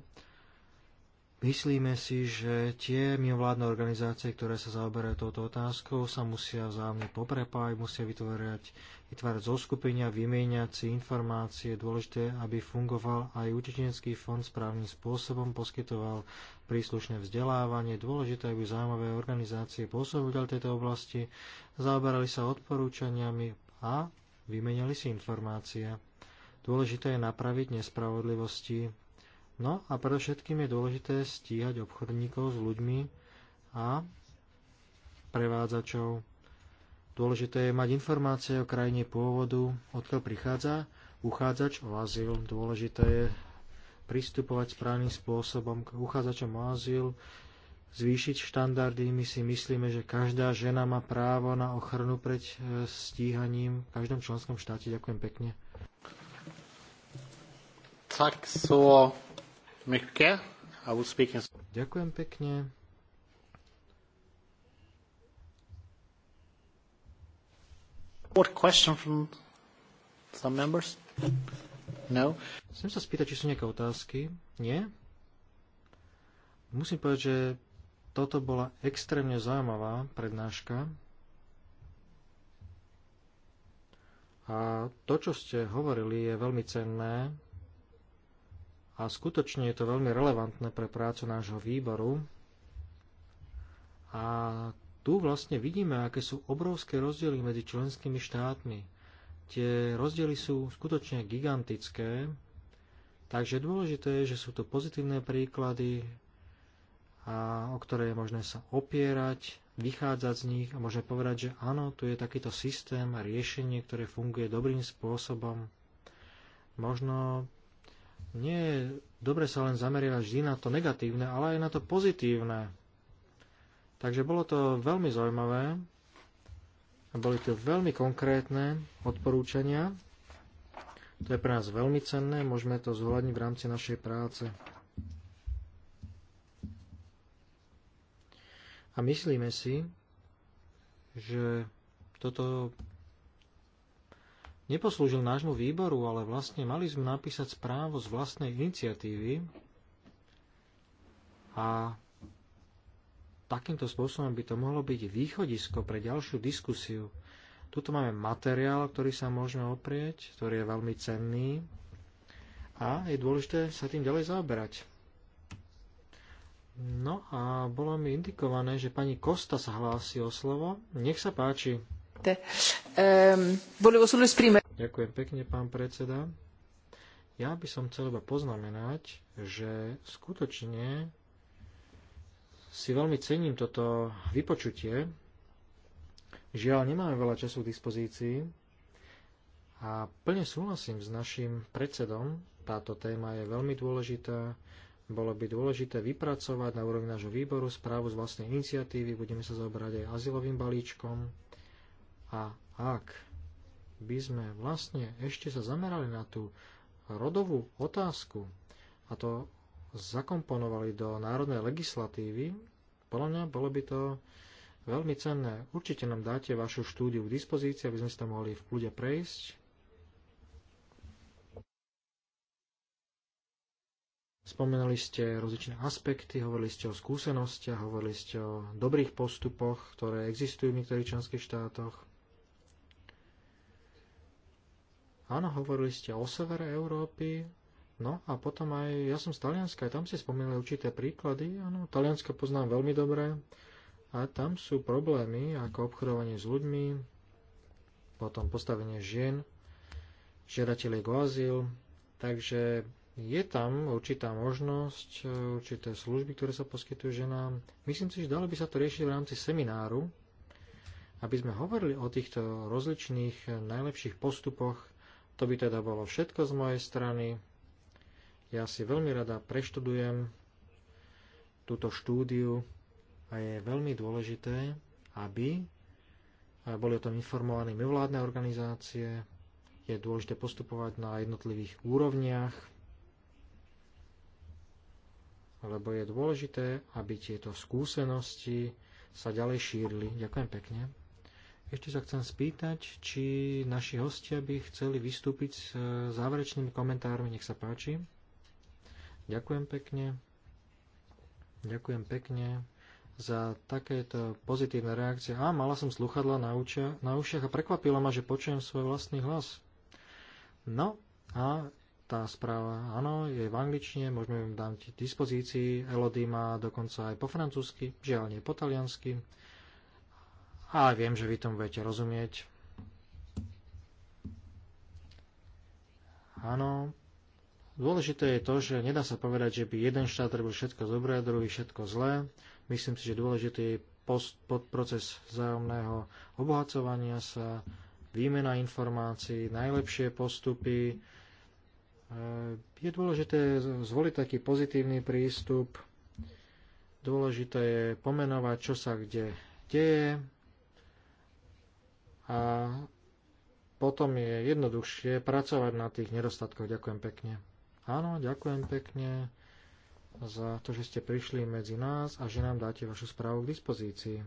Myslíme si, že tie mimovládne organizácie, ktoré sa zaoberajú touto otázkou, sa musia vzájomne poprepájať, musia vytvárať, vytvárať skupenia, vymieňať si informácie. Dôležité, aby fungoval aj utečenecký fond správnym spôsobom, poskytoval príslušné vzdelávanie. Dôležité, aby zaujímavé organizácie pôsobili v tejto oblasti, zaoberali sa odporúčaniami a vymenili si informácie. Dôležité je napraviť nespravodlivosti No a predovšetkým je dôležité stíhať obchodníkov s ľuďmi a prevádzačov. Dôležité je mať informácie o krajine pôvodu, odkiaľ prichádza uchádzač o azyl. Dôležité je pristupovať správnym spôsobom k uchádzačom o azyl, zvýšiť štandardy. My si myslíme, že každá žena má právo na ochranu pred e, stíhaním v každom členskom štáte. Ďakujem pekne. Tak so Ďakujem pekne. No. Chcem sa spýtať, či sú nejaké otázky. Nie? Musím povedať, že toto bola extrémne zaujímavá prednáška. A to, čo ste hovorili, je veľmi cenné. A skutočne je to veľmi relevantné pre prácu nášho výboru. A tu vlastne vidíme, aké sú obrovské rozdiely medzi členskými štátmi. Tie rozdiely sú skutočne gigantické, takže dôležité je, že sú to pozitívne príklady, a o ktoré je možné sa opierať, vychádzať z nich a môžeme povedať, že áno, tu je takýto systém a riešenie, ktoré funguje dobrým spôsobom. Možno nie je dobre sa len zameriavať vždy na to negatívne, ale aj na to pozitívne. Takže bolo to veľmi zaujímavé. Boli to veľmi konkrétne odporúčania. To je pre nás veľmi cenné, môžeme to zohľadniť v rámci našej práce. A myslíme si, že toto neposlúžil nášmu výboru, ale vlastne mali sme napísať správu z vlastnej iniciatívy a takýmto spôsobom by to mohlo byť východisko pre ďalšiu diskusiu. Tuto máme materiál, ktorý sa môžeme oprieť, ktorý je veľmi cenný a je dôležité sa tým ďalej zaoberať. No a bolo mi indikované, že pani Kosta sa hlási o slovo. Nech sa páči. Ehm, Ďakujem pekne, pán predseda. Ja by som chcel iba poznamenať, že skutočne si veľmi cením toto vypočutie. Žiaľ, nemáme veľa času k dispozícii a plne súhlasím s našim predsedom. Táto téma je veľmi dôležitá. Bolo by dôležité vypracovať na úrovni nášho výboru správu z vlastnej iniciatívy. Budeme sa zaoberať aj azylovým balíčkom a ak by sme vlastne ešte sa zamerali na tú rodovú otázku a to zakomponovali do národnej legislatívy, podľa mňa bolo by to veľmi cenné. Určite nám dáte vašu štúdiu k dispozícii, aby sme si to mohli v kľude prejsť. Spomenuli ste rozličné aspekty, hovorili ste o skúsenostiach, hovorili ste o dobrých postupoch, ktoré existujú v niektorých členských štátoch. Áno, hovorili ste o severe Európy, no a potom aj, ja som z Talianska, aj tam si spomínali určité príklady, áno, Talianska poznám veľmi dobre, a tam sú problémy ako obchodovanie s ľuďmi, potom postavenie žien, žiadateľiek o azyl, takže je tam určitá možnosť, e, určité služby, ktoré sa poskytujú ženám. Myslím si, že dalo by sa to riešiť v rámci semináru, aby sme hovorili o týchto rozličných e, najlepších postupoch to by teda bolo všetko z mojej strany. Ja si veľmi rada preštudujem túto štúdiu a je veľmi dôležité, aby boli o tom informovaní mimovládne organizácie, je dôležité postupovať na jednotlivých úrovniach, lebo je dôležité, aby tieto skúsenosti sa ďalej šírili. Ďakujem pekne. Ešte sa chcem spýtať, či naši hostia by chceli vystúpiť s e, záverečnými komentármi. Nech sa páči. Ďakujem pekne. Ďakujem pekne za takéto pozitívne reakcie. A mala som sluchadla na, učia, na ušiach a prekvapilo ma, že počujem svoj vlastný hlas. No a tá správa, áno, je v angličtine, môžeme ju dať k dispozícii. Elodie má dokonca aj po francúzsky, žiaľ nie po taliansky ale viem, že vy tomu budete rozumieť. Áno, dôležité je to, že nedá sa povedať, že by jeden štát robil všetko dobré, druhý všetko zlé. Myslím si, že dôležitý je post, pod proces vzájomného obohacovania sa, výmena informácií, najlepšie postupy. E, je dôležité zvoliť taký pozitívny prístup. Dôležité je pomenovať, čo sa kde deje, a potom je jednoduchšie pracovať na tých nedostatkoch. Ďakujem pekne. Áno, ďakujem pekne za to, že ste prišli medzi nás a že nám dáte vašu správu k dispozícii.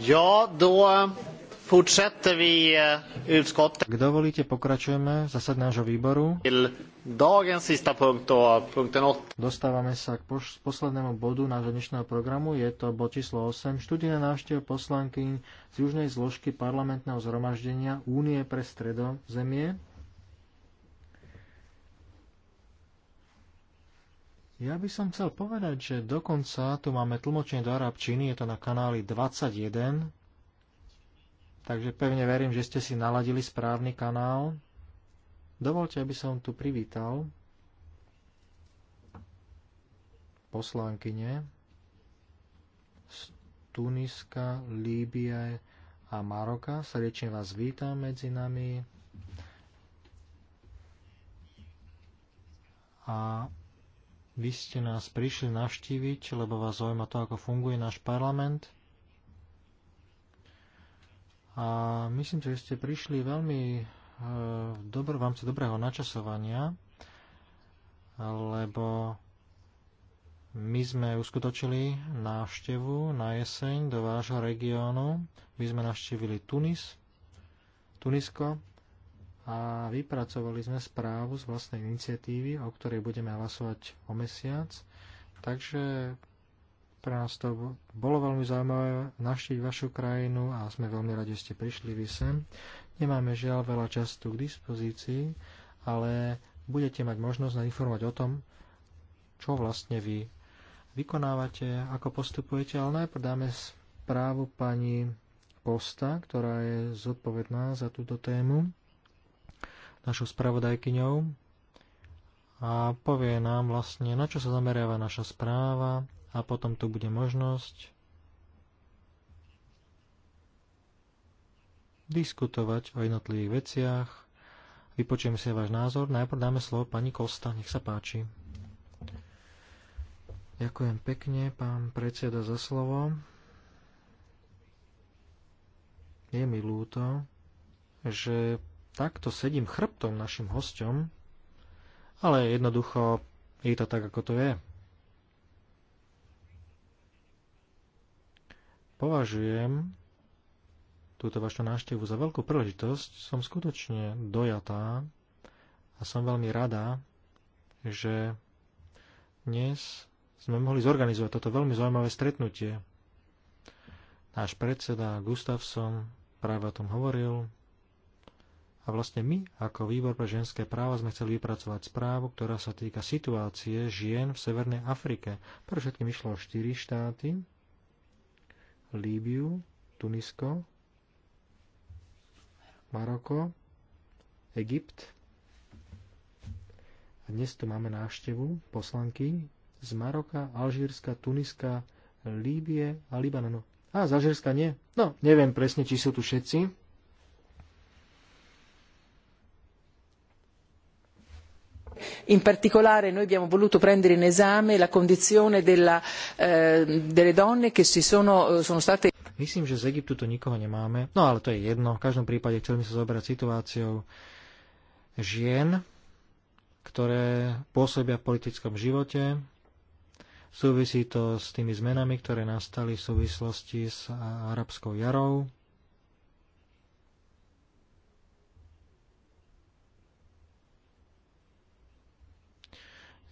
Ja, fortsätter vi eh, utskottet. Ak dovolíte, pokračujeme zasad nášho výboru. Dostávame sa k poslednému bodu nášho dnešného programu. Je to bod číslo 8. Študijná návštev poslanky z južnej zložky parlamentného zhromaždenia Únie pre stredozemie. Ja by som chcel povedať, že dokonca tu máme tlmočenie do arabčiny, je to na kanáli 21, takže pevne verím, že ste si naladili správny kanál. Dovolte, aby som tu privítal poslankyne z Tuniska, Líbie a Maroka. Srdečne vás vítam medzi nami. A vy ste nás prišli navštíviť, lebo vás zaujíma to, ako funguje náš parlament. A myslím, že ste prišli veľmi e, v rámci dobrého načasovania, lebo my sme uskutočili návštevu na jeseň do vášho regiónu. My sme navštívili Tunis, Tunisko a vypracovali sme správu z vlastnej iniciatívy, o ktorej budeme hlasovať o mesiac. Takže pre nás to bolo veľmi zaujímavé naštiť vašu krajinu a sme veľmi radi, že ste prišli vy sem. Nemáme žiaľ veľa času k dispozícii, ale budete mať možnosť na informovať o tom, čo vlastne vy vykonávate, ako postupujete, ale najprv dáme správu pani Posta, ktorá je zodpovedná za túto tému našou spravodajkyňou a povie nám vlastne, na čo sa zameriava naša správa a potom tu bude možnosť diskutovať o jednotlivých veciach. Vypočujem si váš názor. Najprv dáme slovo pani Kosta. Nech sa páči. Ďakujem pekne, pán predseda, za slovo. Je mi ľúto, že takto sedím chrbtom našim hosťom, ale jednoducho je to tak, ako to je. Považujem túto vašu návštevu za veľkú príležitosť. Som skutočne dojatá a som veľmi rada, že dnes sme mohli zorganizovať toto veľmi zaujímavé stretnutie. Náš predseda Gustavson práve o tom hovoril. A vlastne my, ako Výbor pre ženské práva, sme chceli vypracovať správu, ktorá sa týka situácie žien v Severnej Afrike. Pre všetkým išlo o štyri štáty. Líbiu, Tunisko, Maroko, Egypt. A dnes tu máme návštevu poslanky z Maroka, Alžírska, Tuniska, Líbie a Libanonu. A z Alžírska nie. No, neviem presne, či sú tu všetci. in particolare noi abbiamo voluto prendere in esame la condizione della, eh, delle donne che si sono, eh, sono state Myslím, že z Egyptu tu nikoho nemáme, no ale to je jedno. V každom prípade chceli sme sa zoberať situáciou žien, ktoré pôsobia v politickom živote. Súvisí to s tými zmenami, ktoré nastali v súvislosti s arabskou jarou.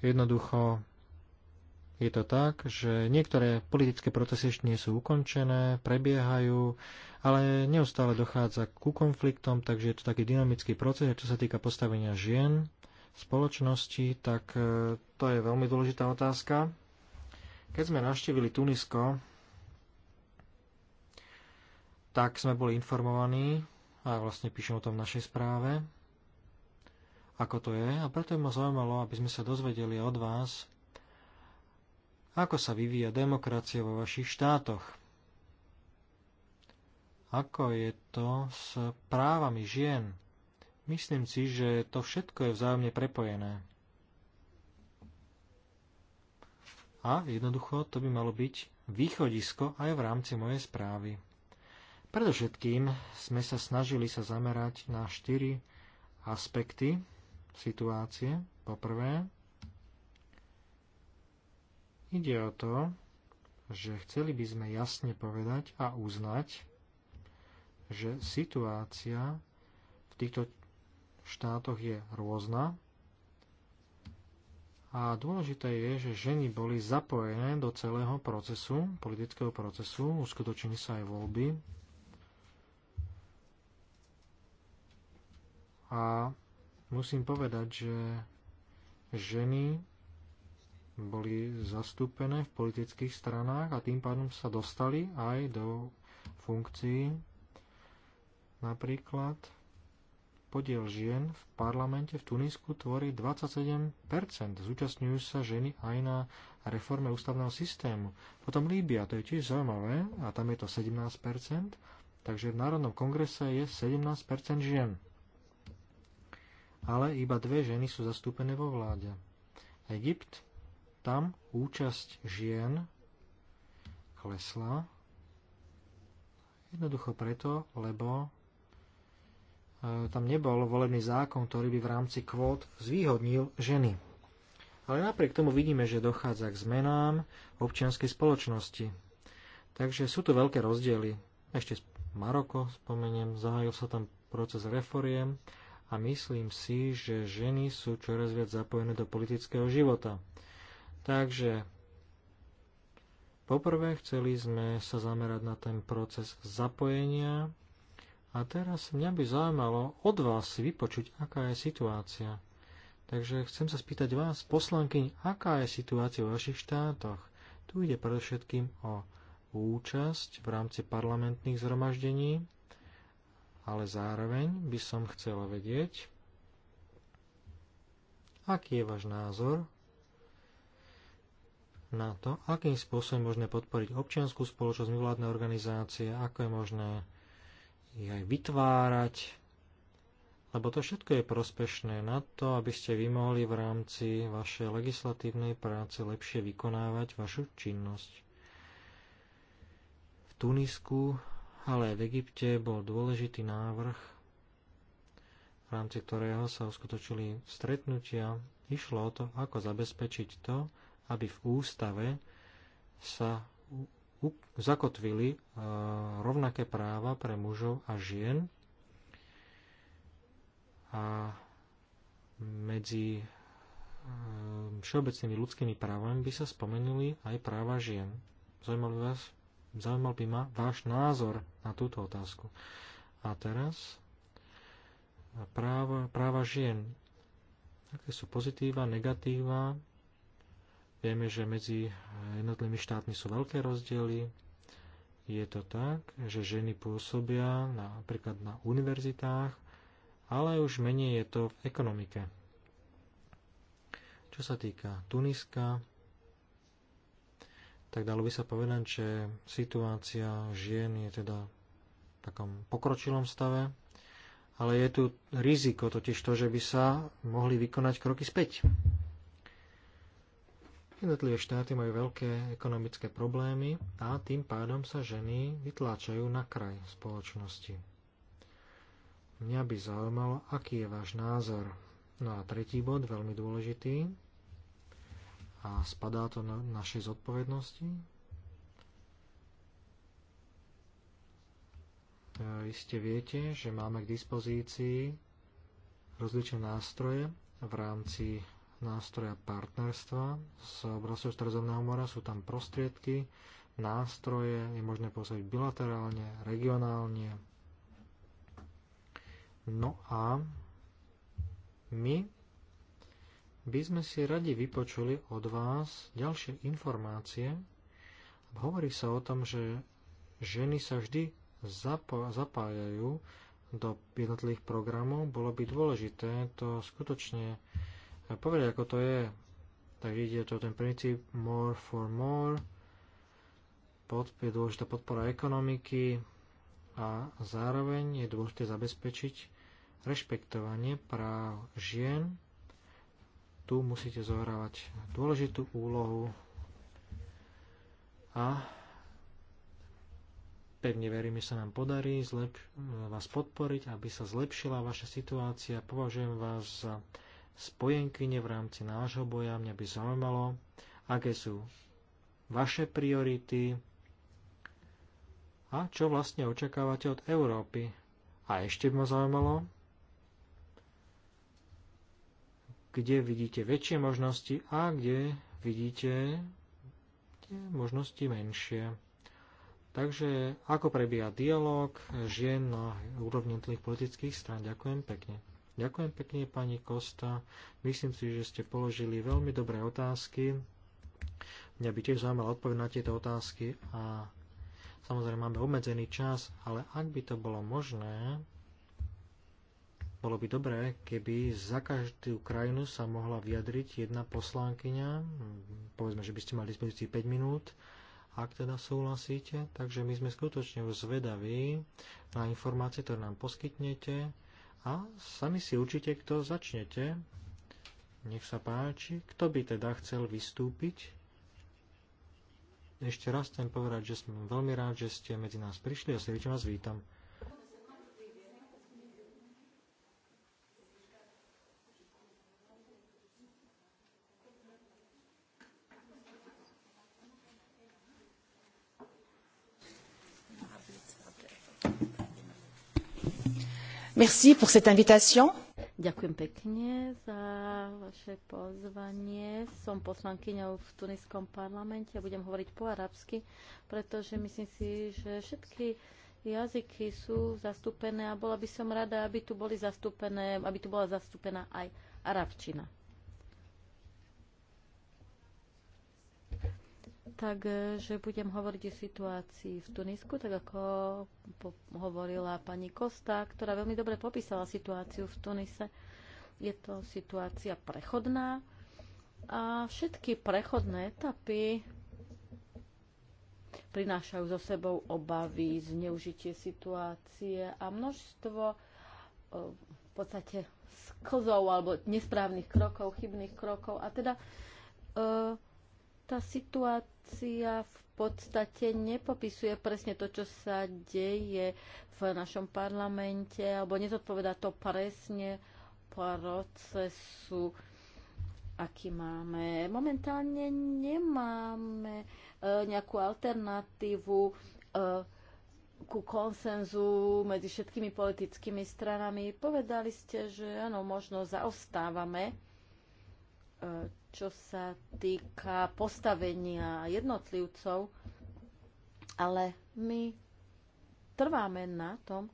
Jednoducho je to tak, že niektoré politické procesy ešte nie sú ukončené, prebiehajú, ale neustále dochádza ku konfliktom, takže je to taký dynamický proces, čo sa týka postavenia žien v spoločnosti, tak e, to je veľmi dôležitá otázka. Keď sme navštívili Tunisko, tak sme boli informovaní, a vlastne píšem o tom v našej správe, ako to je. A preto by ma zaujímalo, aby sme sa dozvedeli od vás, ako sa vyvíja demokracia vo vašich štátoch. Ako je to s právami žien? Myslím si, že to všetko je vzájomne prepojené. A jednoducho to by malo byť východisko aj v rámci mojej správy. Predovšetkým sme sa snažili sa zamerať na štyri aspekty situácie. prvé, ide o to, že chceli by sme jasne povedať a uznať, že situácia v týchto štátoch je rôzna a dôležité je, že ženy boli zapojené do celého procesu, politického procesu, uskutočili sa aj voľby a Musím povedať, že ženy boli zastúpené v politických stranách a tým pádom sa dostali aj do funkcií. Napríklad podiel žien v parlamente v Tunisku tvorí 27%. Zúčastňujú sa ženy aj na reforme ústavného systému. Potom Líbia, to je tiež zaujímavé, a tam je to 17%, takže v Národnom kongrese je 17% žien ale iba dve ženy sú zastúpené vo vláde. Egypt, tam účasť žien klesla. Jednoducho preto, lebo e, tam nebol volebný zákon, ktorý by v rámci kvót zvýhodnil ženy. Ale napriek tomu vidíme, že dochádza k zmenám občianskej spoločnosti. Takže sú tu veľké rozdiely. Ešte Maroko, spomeniem, zahájil sa tam proces reforiem a myslím si, že ženy sú čoraz viac zapojené do politického života. Takže poprvé chceli sme sa zamerať na ten proces zapojenia a teraz mňa by zaujímalo od vás si vypočuť, aká je situácia. Takže chcem sa spýtať vás, poslankyň, aká je situácia vo vašich štátoch? Tu ide predovšetkým o účasť v rámci parlamentných zhromaždení, ale zároveň by som chcela vedieť, aký je váš názor na to, akým spôsobom možné podporiť občianskú spoločnosť, mimovládne organizácie, ako je možné ich aj vytvárať, lebo to všetko je prospešné na to, aby ste vy mohli v rámci vašej legislatívnej práce lepšie vykonávať vašu činnosť. V Tunisku ale aj v Egypte bol dôležitý návrh, v rámci ktorého sa uskutočili stretnutia. Išlo o to, ako zabezpečiť to, aby v ústave sa zakotvili e, rovnaké práva pre mužov a žien a medzi e, všeobecnými ľudskými právami by sa spomenuli aj práva žien. Zaujímalo vás, Zaujímal by ma váš názor na túto otázku. A teraz práva, práva žien. Aké sú pozitíva, negatíva? Vieme, že medzi jednotlivými štátmi sú veľké rozdiely. Je to tak, že ženy pôsobia napríklad na univerzitách, ale už menej je to v ekonomike. Čo sa týka Tuniska, tak dalo by sa povedať, že situácia žien je teda v takom pokročilom stave, ale je tu riziko totiž to, že by sa mohli vykonať kroky späť. Jednotlivé štáty majú veľké ekonomické problémy a tým pádom sa ženy vytláčajú na kraj spoločnosti. Mňa by zaujímalo, aký je váš názor. No a tretí bod, veľmi dôležitý, a spadá to na našej zodpovednosti? Iste viete, že máme k dispozícii rozličné nástroje v rámci nástroja partnerstva z oblasti Stredozemného mora. Sú tam prostriedky, nástroje, je možné pôsobiť bilaterálne, regionálne. No a my by sme si radi vypočuli od vás ďalšie informácie. Hovorí sa o tom, že ženy sa vždy zapájajú do jednotlivých programov. Bolo by dôležité to skutočne povedať, ako to je. Tak ide to ten princíp more for more, pod, je dôležitá podpora ekonomiky a zároveň je dôležité zabezpečiť rešpektovanie práv žien tu musíte zohrávať dôležitú úlohu a pevne verím, že sa nám podarí zlep- vás podporiť, aby sa zlepšila vaša situácia. Považujem vás za spojenkyne v rámci nášho boja. Mňa by zaujímalo, aké sú vaše priority a čo vlastne očakávate od Európy. A ešte by ma zaujímalo, kde vidíte väčšie možnosti a kde vidíte tie možnosti menšie. Takže ako prebieha dialog žien na úrovni tých politických strán? Ďakujem pekne. Ďakujem pekne, pani Kosta. Myslím si, že ste položili veľmi dobré otázky. Mňa by tiež zaujímalo odpovedať na tieto otázky a samozrejme máme obmedzený čas, ale ak by to bolo možné, bolo by dobré, keby za každú krajinu sa mohla vyjadriť jedna poslankyňa, povedzme, že by ste mali dispozícii 5 minút, ak teda súhlasíte. Takže my sme skutočne už zvedaví na informácie, ktoré nám poskytnete a sami si určite, kto začnete. Nech sa páči, kto by teda chcel vystúpiť. Ešte raz chcem povedať, že som veľmi rád, že ste medzi nás prišli a srdečne vás vítam. Merci pour cette invitation. Ďakujem pekne za vaše pozvanie. Som poslankyňou v tuniskom parlamente a budem hovoriť po arabsky, pretože myslím si, že všetky jazyky sú zastúpené a bola by som rada, aby tu boli zastúpené, aby tu bola zastúpená aj arabčina. Takže e, budem hovoriť o situácii v Tunisku, tak ako hovorila pani Kosta, ktorá veľmi dobre popísala situáciu v Tunise. Je to situácia prechodná a všetky prechodné etapy prinášajú so sebou obavy, zneužitie situácie a množstvo e, v podstate sklzov alebo nesprávnych krokov, chybných krokov. A teda e, tá situácia v podstate nepopisuje presne to, čo sa deje v našom parlamente, alebo nezodpoveda to presne procesu, aký máme. Momentálne nemáme e, nejakú alternatívu e, ku konsenzu medzi všetkými politickými stranami. Povedali ste, že áno, možno zaostávame, e, čo sa týka postavenia jednotlivcov, ale my trváme na tom,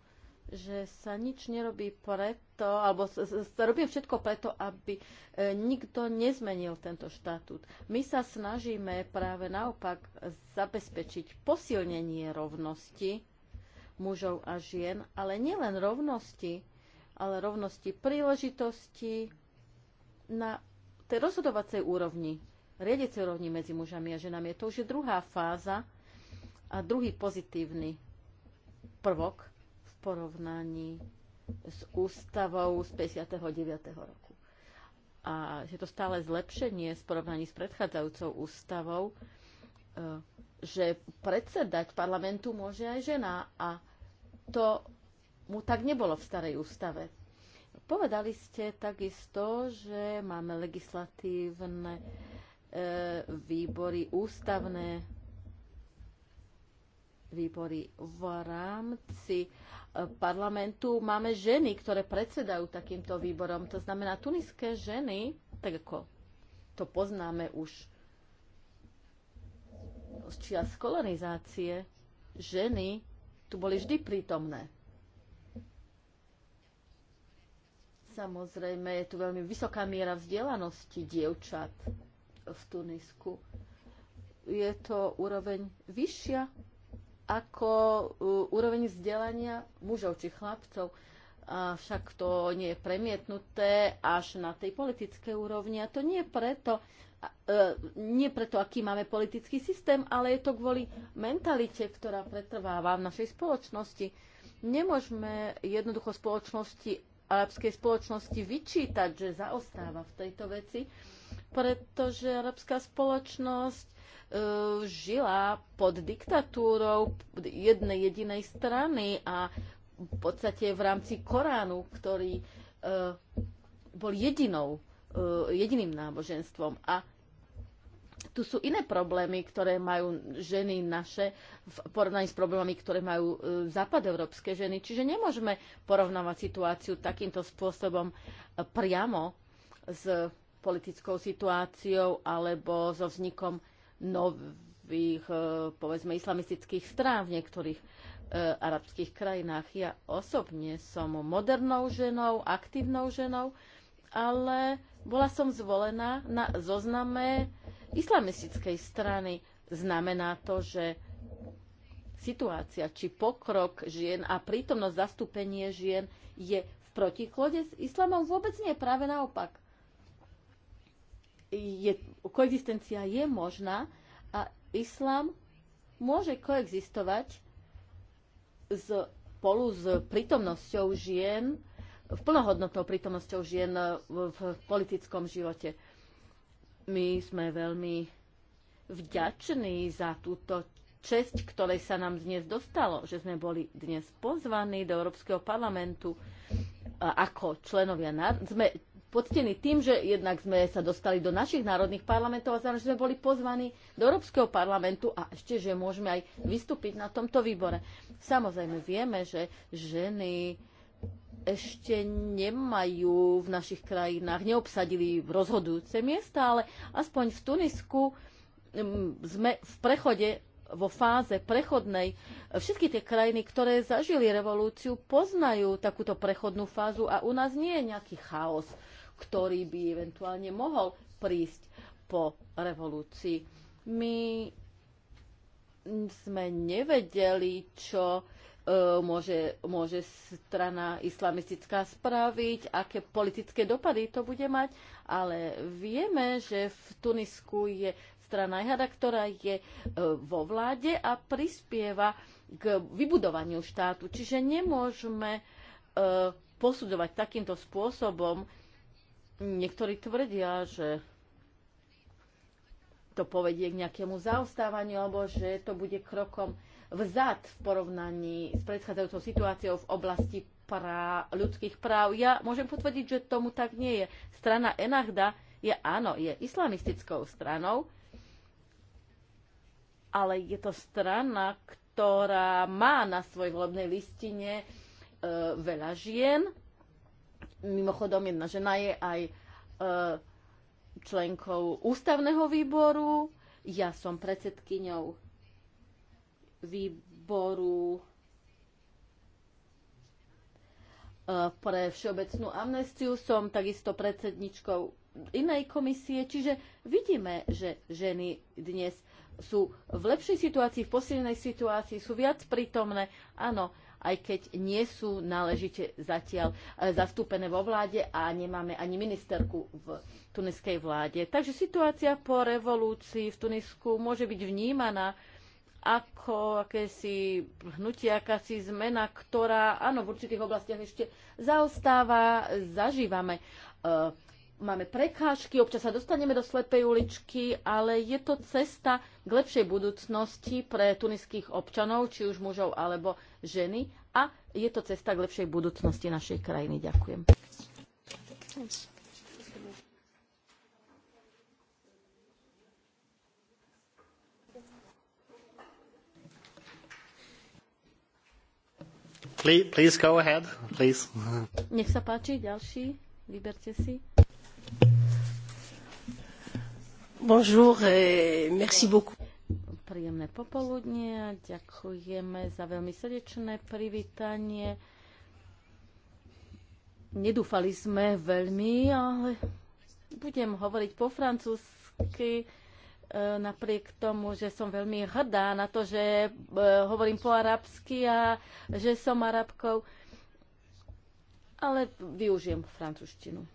že sa nič nerobí preto, alebo robí všetko preto, aby e, nikto nezmenil tento štatút. My sa snažíme práve naopak zabezpečiť posilnenie rovnosti mužov a žien, ale nielen rovnosti, ale rovnosti príležitosti na tej rozhodovacej úrovni, riadiacej úrovni medzi mužami a ženami. Je to už je druhá fáza a druhý pozitívny prvok v porovnaní s ústavou z 59. roku. A je to stále zlepšenie v porovnaní s predchádzajúcou ústavou, eh, že predsedať parlamentu môže aj žena a to mu tak nebolo v starej ústave Povedali ste takisto, že máme legislatívne e, výbory, ústavné výbory v rámci e, parlamentu. Máme ženy, ktoré predsedajú takýmto výborom. To znamená, tuniské ženy, tak ako to poznáme už z čias kolonizácie, ženy tu boli vždy prítomné. Samozrejme, je tu veľmi vysoká miera vzdelanosti dievčat v Tunisku. Je to úroveň vyššia ako e, úroveň vzdelania mužov či chlapcov. Však to nie je premietnuté až na tej politickej úrovni. A to nie preto, e, nie preto, aký máme politický systém, ale je to kvôli mentalite, ktorá pretrváva v našej spoločnosti. Nemôžeme jednoducho spoločnosti arabskej spoločnosti vyčítať, že zaostáva v tejto veci, pretože arabská spoločnosť e, žila pod diktatúrou jednej jedinej strany a v podstate v rámci Koránu, ktorý e, bol jedinou, e, jediným náboženstvom. A tu sú iné problémy, ktoré majú ženy naše v porovnaní s problémami, ktoré majú e, západeurópske ženy. Čiže nemôžeme porovnávať situáciu takýmto spôsobom e, priamo s politickou situáciou alebo so vznikom nových, e, povedzme, islamistických strán v niektorých e, arabských krajinách. Ja osobne som modernou ženou, aktívnou ženou, ale bola som zvolená na zozname islamistickej strany. Znamená to, že situácia či pokrok žien a prítomnosť zastúpenie žien je v protiklode s islamom? Vôbec nie, práve naopak. Je, koexistencia je možná a islám môže koexistovať spolu s prítomnosťou žien, v plnohodnotnou prítomnosťou žien v politickom živote. My sme veľmi vďační za túto česť, ktorej sa nám dnes dostalo, že sme boli dnes pozvaní do Európskeho parlamentu ako členovia. Sme poctení tým, že jednak sme sa dostali do našich národných parlamentov a zároveň sme boli pozvaní do Európskeho parlamentu a ešte, že môžeme aj vystúpiť na tomto výbore. Samozrejme vieme, že ženy ešte nemajú v našich krajinách, neobsadili rozhodujúce miesta, ale aspoň v Tunisku mm, sme v prechode vo fáze prechodnej. Všetky tie krajiny, ktoré zažili revolúciu, poznajú takúto prechodnú fázu a u nás nie je nejaký chaos, ktorý by eventuálne mohol prísť po revolúcii. My sme nevedeli, čo E, môže, môže strana islamistická spraviť, aké politické dopady to bude mať, ale vieme, že v Tunisku je strana Jada, ktorá je e, vo vláde a prispieva k vybudovaniu štátu. Čiže nemôžeme e, posudzovať takýmto spôsobom. Niektorí tvrdia, že to povedie k nejakému zaostávaniu alebo že to bude krokom vzad v porovnaní s predchádzajúcou situáciou v oblasti pra, ľudských práv. Ja môžem potvrdiť, že tomu tak nie je. Strana Enahda je áno, je islamistickou stranou, ale je to strana, ktorá má na svojej volebnej listine e, veľa žien. Mimochodom, jedna žena je aj e, členkou ústavného výboru. Ja som predsedkyňou výboru e, pre všeobecnú amnestiu, som takisto predsedničkou inej komisie, čiže vidíme, že ženy dnes sú v lepšej situácii, v posilnej situácii, sú viac prítomné, áno, aj keď nie sú náležite zatiaľ e, zastúpené vo vláde a nemáme ani ministerku v tuniskej vláde. Takže situácia po revolúcii v Tunisku môže byť vnímaná ako akési hnutie, akási zmena, ktorá áno, v určitých oblastiach ešte zaostáva, zažívame. E, máme prekážky, občas sa dostaneme do slepej uličky, ale je to cesta k lepšej budúcnosti pre tuniských občanov, či už mužov alebo ženy. A je to cesta k lepšej budúcnosti našej krajiny. Ďakujem. Thanks. Please, please go ahead, please. Nech sa páči, ďalší, vyberte si. Bonjour merci beaucoup. Príjemné popoludnie a ďakujeme za veľmi srdečné privítanie. Nedúfali sme veľmi, ale budem hovoriť po francúzsky E, napriek tomu, že som veľmi hrdá na to, že e, hovorím po arabsky a že som arabkou, ale využijem francúzštinu.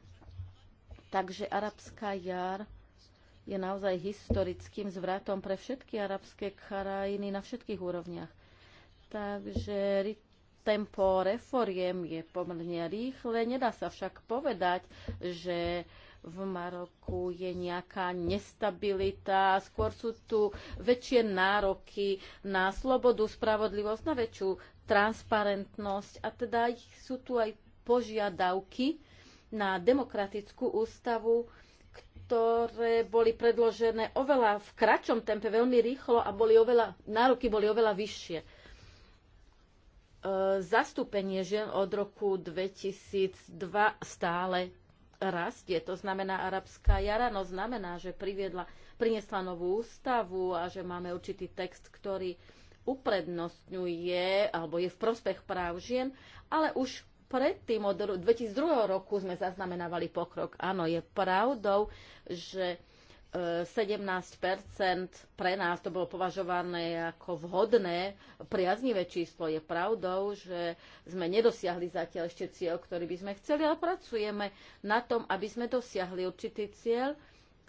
Takže arabská jar je naozaj historickým zvratom pre všetky arabské krajiny na všetkých úrovniach. Takže tempo reforiem je pomerne rýchle. Nedá sa však povedať, že v Maroku je nejaká nestabilita, skôr sú tu väčšie nároky na slobodu, spravodlivosť, na väčšiu transparentnosť a teda sú tu aj požiadavky na demokratickú ústavu, ktoré boli predložené oveľa v kračom tempe, veľmi rýchlo a boli oveľa, nároky boli oveľa vyššie. E, zastúpenie žien od roku 2002 stále rastie. To znamená, arabská jara no znamená, že priviedla, priniesla novú ústavu a že máme určitý text, ktorý uprednostňuje alebo je v prospech práv žien, ale už predtým od 2002 roku sme zaznamenávali pokrok. Áno, je pravdou, že 17 pre nás to bolo považované ako vhodné, priaznivé číslo. Je pravdou, že sme nedosiahli zatiaľ ešte cieľ, ktorý by sme chceli, ale pracujeme na tom, aby sme dosiahli určitý cieľ,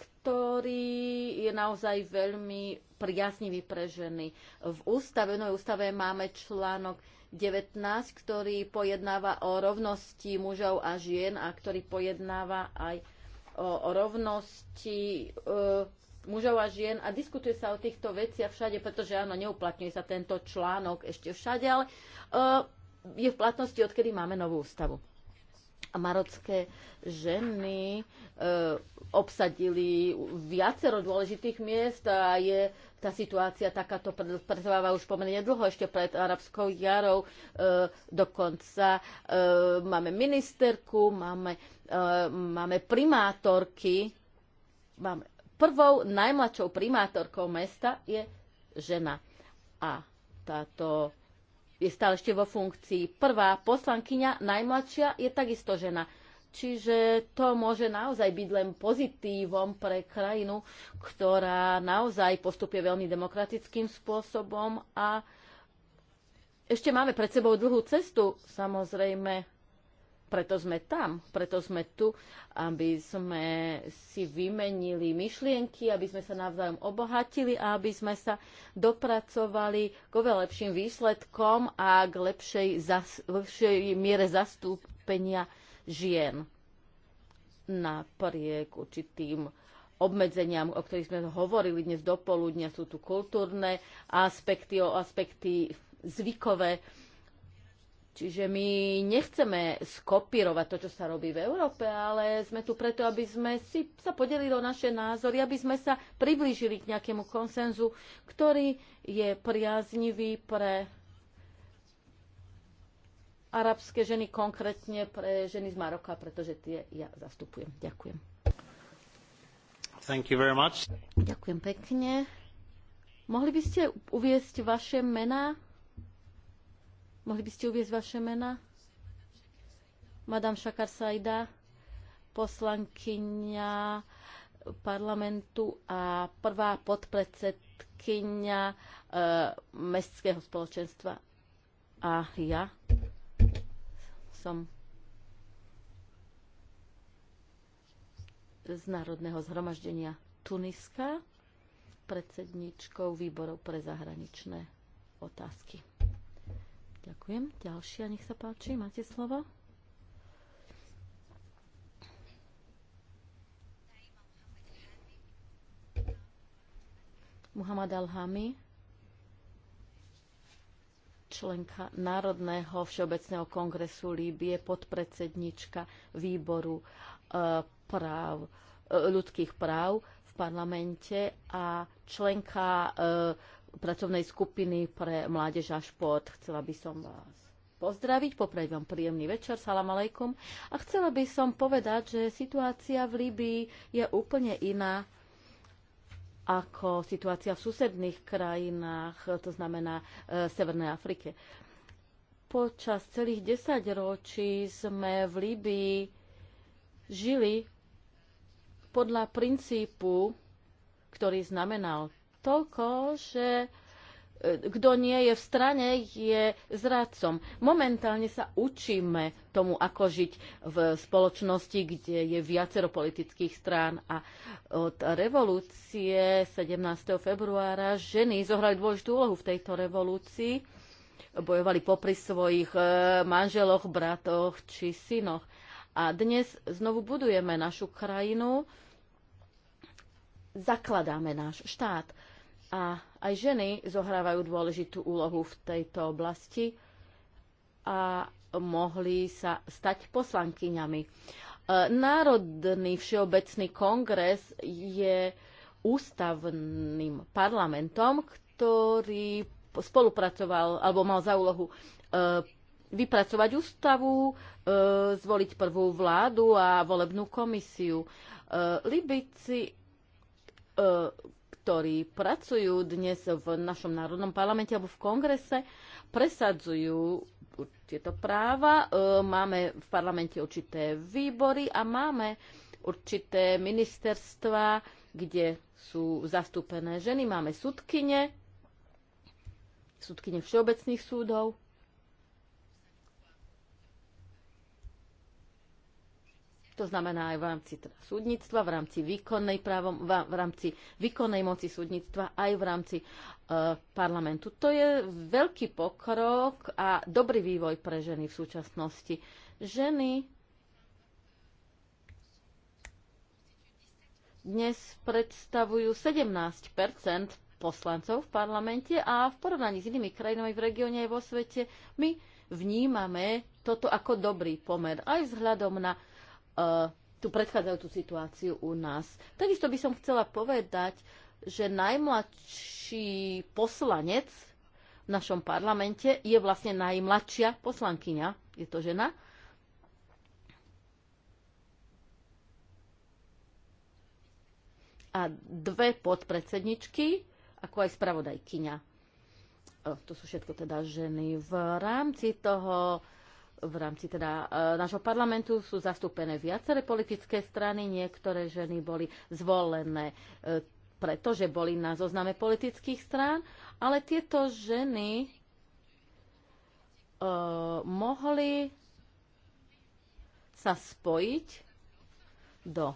ktorý je naozaj veľmi priaznivý pre ženy. V ústave, v ústave máme článok 19, ktorý pojednáva o rovnosti mužov a žien a ktorý pojednáva aj o, o rovnosti e, mužov a žien a diskutuje sa o týchto veciach všade, pretože áno, neuplatňuje sa tento článok ešte všade, ale e, je v platnosti, odkedy máme novú ústavu. A marocké ženy e, obsadili viacero dôležitých miest a je tá situácia takáto pretrváva už pomerne dlho, ešte pred arabskou jarou. E, dokonca e, máme ministerku, máme Ehm, máme primátorky, máme prvou najmladšou primátorkou mesta je žena. A táto je stále ešte vo funkcii. Prvá poslankyňa, najmladšia, je takisto žena. Čiže to môže naozaj byť len pozitívom pre krajinu, ktorá naozaj postupuje veľmi demokratickým spôsobom a ešte máme pred sebou dlhú cestu, samozrejme, preto sme tam, preto sme tu, aby sme si vymenili myšlienky, aby sme sa navzájom obohatili a aby sme sa dopracovali k oveľa lepším výsledkom a k lepšej, zas, lepšej miere zastúpenia žien napriek určitým obmedzeniam, o ktorých sme hovorili dnes do poludnia, sú tu kultúrne aspekty, o aspekty zvykové, Čiže my nechceme skopírovať to, čo sa robí v Európe, ale sme tu preto, aby sme si sa podelili o naše názory, aby sme sa priblížili k nejakému konsenzu, ktorý je priaznivý pre arabské ženy, konkrétne pre ženy z Maroka, pretože tie ja zastupujem. Ďakujem. Thank you very much. Ďakujem pekne. Mohli by ste uviesť vaše mená? Mohli by ste uviezť vaše mena? Madame Shakar Saida, poslankyňa parlamentu a prvá podpredsedkyňa e, mestského spoločenstva. A ja som z Národného zhromaždenia Tuniska, predsedničkou výborov pre zahraničné otázky. Ďakujem. Ďalšia, nech sa páči, máte slovo. Muhammad Alhami, členka Národného všeobecného kongresu Líbie, podpredsednička výboru e, práv, e, ľudských práv v parlamente a členka e, pracovnej skupiny pre mládež a šport. Chcela by som vás pozdraviť, popraviť vám príjemný večer, salam aleikum. A chcela by som povedať, že situácia v Líbii je úplne iná ako situácia v susedných krajinách, to znamená e, Severnej Afrike. Počas celých ročí sme v Líbii žili podľa princípu, ktorý znamenal toľko, že e, kto nie je v strane, je zradcom. Momentálne sa učíme tomu, ako žiť v spoločnosti, kde je viacero politických strán a od revolúcie 17. februára ženy zohrali dôležitú úlohu v tejto revolúcii. Bojovali popri svojich e, manželoch, bratoch či synoch. A dnes znovu budujeme našu krajinu, zakladáme náš štát a aj ženy zohrávajú dôležitú úlohu v tejto oblasti a mohli sa stať poslankyňami. E, Národný všeobecný kongres je ústavným parlamentom, ktorý spolupracoval alebo mal za úlohu e, vypracovať ústavu, e, zvoliť prvú vládu a volebnú komisiu. Libici ktorí pracujú dnes v našom národnom parlamente alebo v kongrese, presadzujú tieto práva. E, máme v parlamente určité výbory a máme určité ministerstva, kde sú zastúpené ženy. Máme súdkyne, súdkyne všeobecných súdov, To znamená aj v rámci teda súdnictva, v rámci výkonnej právom, v rámci výkonnej moci súdnictva, aj v rámci e, parlamentu. To je veľký pokrok a dobrý vývoj pre ženy v súčasnosti. Ženy dnes predstavujú 17 poslancov v parlamente a v porovnaní s inými krajinami v regióne aj vo svete my vnímame toto ako dobrý pomer aj vzhľadom na Eh, tú predchádzajúcu situáciu u nás. Takisto by som chcela povedať, že najmladší poslanec v našom parlamente je vlastne najmladšia poslankyňa, je to žena. A dve podpredsedničky, ako aj spravodajkyňa. Eh, to sú všetko teda ženy. V rámci toho v rámci teda e, nášho parlamentu sú zastúpené viaceré politické strany, niektoré ženy boli zvolené e, pretože boli na zozname politických strán, ale tieto ženy e, mohli sa spojiť do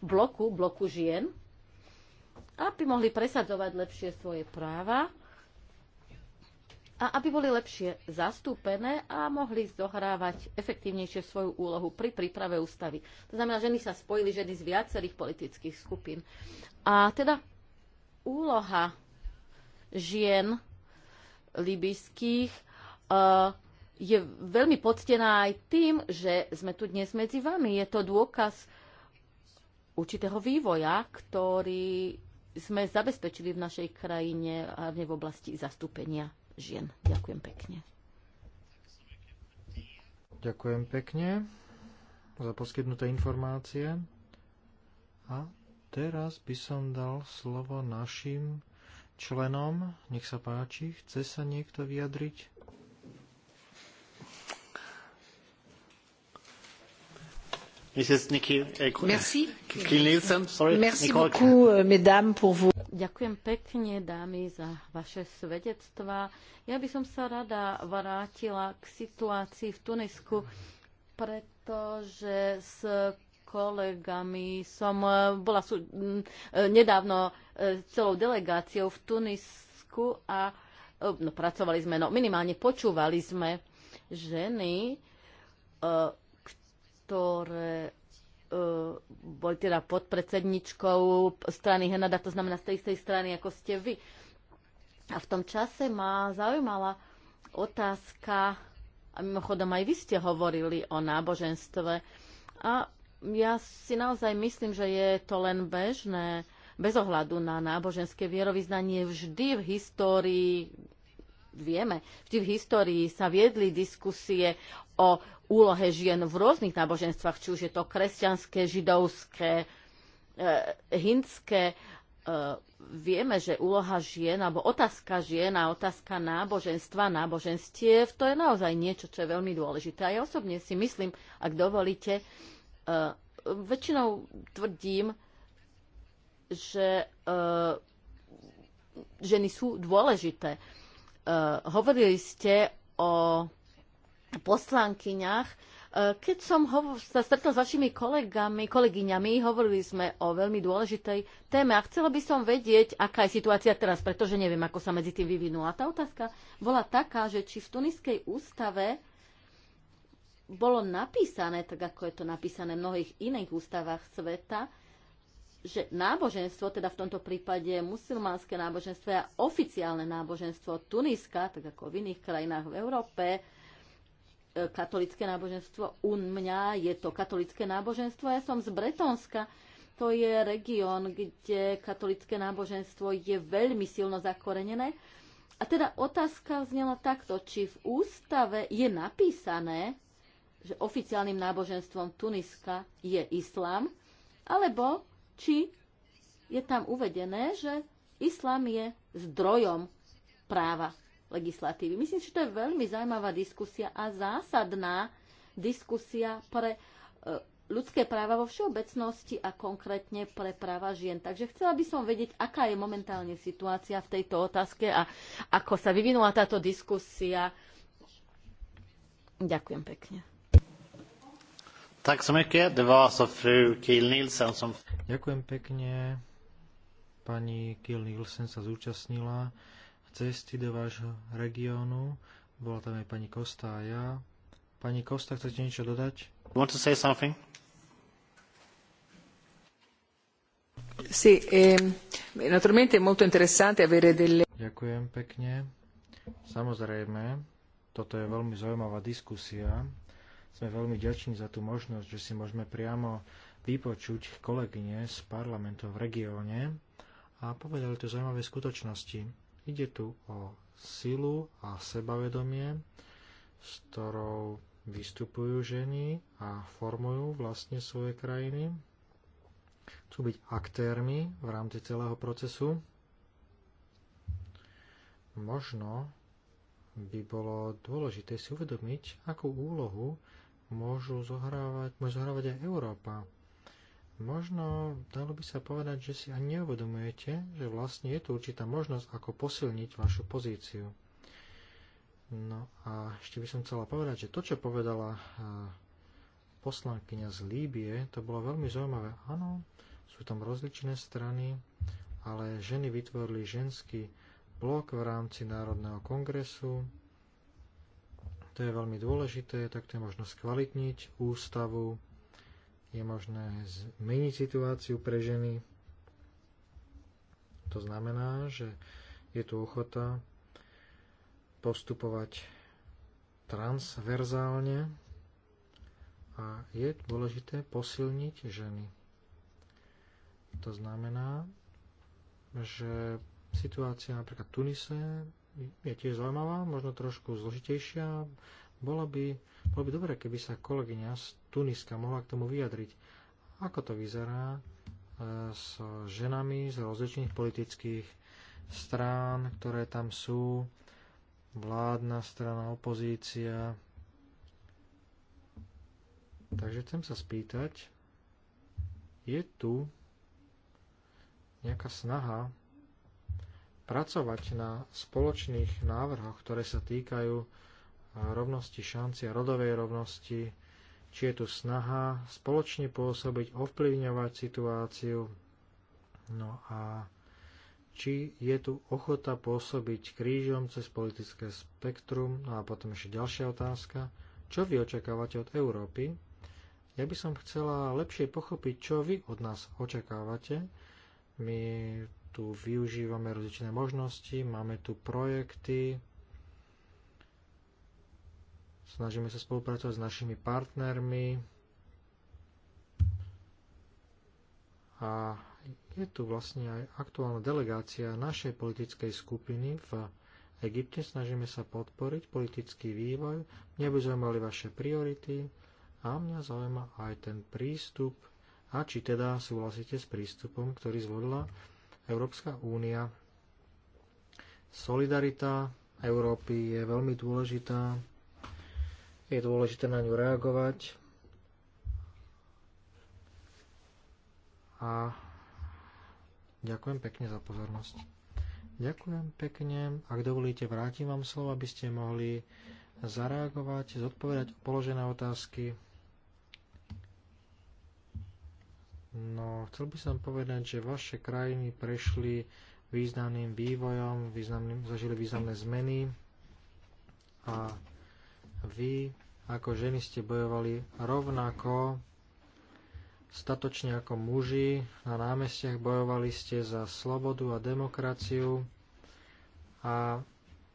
bloku, bloku žien, aby mohli presadzovať lepšie svoje práva a aby boli lepšie zastúpené a mohli zohrávať efektívnejšie svoju úlohu pri príprave ústavy. To znamená, ženy sa spojili, ženy z viacerých politických skupín. A teda úloha žien libyských e, je veľmi poctená aj tým, že sme tu dnes medzi vami. Je to dôkaz určitého vývoja, ktorý sme zabezpečili v našej krajine, hlavne v oblasti zastúpenia žien. Ďakujem pekne. Ďakujem pekne za poskytnuté informácie. A teraz by som dal slovo našim členom. Nech sa páči, chce sa niekto vyjadriť? Eh, Merci. Merci beaucoup, euh, mesdames, pour vous. Ďakujem pekne, dámy, za vaše svedectvá. Ja by som sa rada vrátila k situácii v Tunisku, pretože s kolegami som eh, bola sú, mm, eh, nedávno eh, celou delegáciou v Tunisku a no, pracovali sme, no minimálne počúvali sme ženy, ktoré E, boli teda podpredsedničkou strany Henada, to znamená z tej istej strany, ako ste vy. A v tom čase ma zaujímala otázka, a mimochodom aj vy ste hovorili o náboženstve, a ja si naozaj myslím, že je to len bežné, bez ohľadu na náboženské vierovýznanie, vždy v histórii vieme, vždy v histórii sa viedli diskusie o úlohe žien v rôznych náboženstvách, či už je to kresťanské, židovské, e, hindské. E, vieme, že úloha žien, alebo otázka žien a otázka náboženstva, náboženstiev, to je naozaj niečo, čo je veľmi dôležité. A ja osobne si myslím, ak dovolíte, e, väčšinou tvrdím, že e, ženy sú dôležité. E, hovorili ste o poslankyňach. E, keď som sa stretla s vašimi kolegami, kolegyňami, hovorili sme o veľmi dôležitej téme a chcela by som vedieť, aká je situácia teraz, pretože neviem, ako sa medzi tým vyvinula. Tá otázka bola taká, že či v Tuniskej ústave bolo napísané, tak ako je to napísané v mnohých iných ústavách sveta, že náboženstvo, teda v tomto prípade muslimánske náboženstvo a oficiálne náboženstvo Tuniska, tak ako v iných krajinách v Európe, katolické náboženstvo. U mňa je to katolické náboženstvo. Ja som z Bretonska. To je región, kde katolické náboženstvo je veľmi silno zakorenené. A teda otázka znela takto, či v ústave je napísané, že oficiálnym náboženstvom Tuniska je islám, alebo či je tam uvedené, že islám je zdrojom práva legislatívy. Myslím, že to je veľmi zaujímavá diskusia a zásadná diskusia pre e, ľudské práva vo všeobecnosti a konkrétne pre práva žien. Takže chcela by som vedieť, aká je momentálne situácia v tejto otázke a ako sa vyvinula táto diskusia. Ďakujem pekne. Ďakujem pekne. Pani Kiel Nielsen sa zúčastnila cesty do vášho regiónu. Bola tam aj pani Kosta a ja. Pani Kosta, chcete niečo dodať? Want to say something? Sì, eh, naturalmente è molto interessante avere delle... Ďakujem pekne. Samozrejme, toto je veľmi zaujímavá diskusia. Sme veľmi ďační za tú možnosť, že si môžeme priamo vypočuť kolegyne z parlamentu v regióne a povedali tu zaujímavé skutočnosti. Ide tu o silu a sebavedomie, s ktorou vystupujú ženy a formujú vlastne svoje krajiny. Chcú byť aktérmi v rámci celého procesu. Možno by bolo dôležité si uvedomiť, akú úlohu môžu zohrávať, môžu zohrávať aj Európa možno dalo by sa povedať, že si ani neuvedomujete, že vlastne je tu určitá možnosť, ako posilniť vašu pozíciu. No a ešte by som chcela povedať, že to, čo povedala poslankyňa z Líbie, to bolo veľmi zaujímavé. Áno, sú tam rozličné strany, ale ženy vytvorili ženský blok v rámci Národného kongresu. To je veľmi dôležité, tak to je možno skvalitniť ústavu, je možné zmeniť situáciu pre ženy. To znamená, že je tu ochota postupovať transverzálne a je dôležité posilniť ženy. To znamená, že situácia napríklad v Tunise je tiež zaujímavá, možno trošku zložitejšia. Bolo by, bolo by dobré, keby sa kolegyňa z Tuniska mohla k tomu vyjadriť. Ako to vyzerá e, s ženami z rozličných politických strán, ktoré tam sú, vládna strana, opozícia. Takže chcem sa spýtať, je tu nejaká snaha pracovať na spoločných návrhoch, ktoré sa týkajú rovnosti šanci a rodovej rovnosti, či je tu snaha spoločne pôsobiť, ovplyvňovať situáciu, no a či je tu ochota pôsobiť krížom cez politické spektrum. No a potom ešte ďalšia otázka. Čo vy očakávate od Európy? Ja by som chcela lepšie pochopiť, čo vy od nás očakávate. My tu využívame rozličné možnosti, máme tu projekty, Snažíme sa spolupracovať s našimi partnermi a je tu vlastne aj aktuálna delegácia našej politickej skupiny v Egypte. Snažíme sa podporiť politický vývoj. Mňa by zaujímali vaše priority a mňa zaujíma aj ten prístup a či teda súhlasíte s prístupom, ktorý zvolila Európska únia. Solidarita Európy je veľmi dôležitá je dôležité na ňu reagovať a ďakujem pekne za pozornosť. Ďakujem pekne. Ak dovolíte, vrátim vám slovo, aby ste mohli zareagovať, zodpovedať položené otázky. No, chcel by som povedať, že vaše krajiny prešli významným vývojom, významným, zažili významné zmeny a vy ako ženy ste bojovali rovnako statočne ako muži. Na námestiach bojovali ste za slobodu a demokraciu a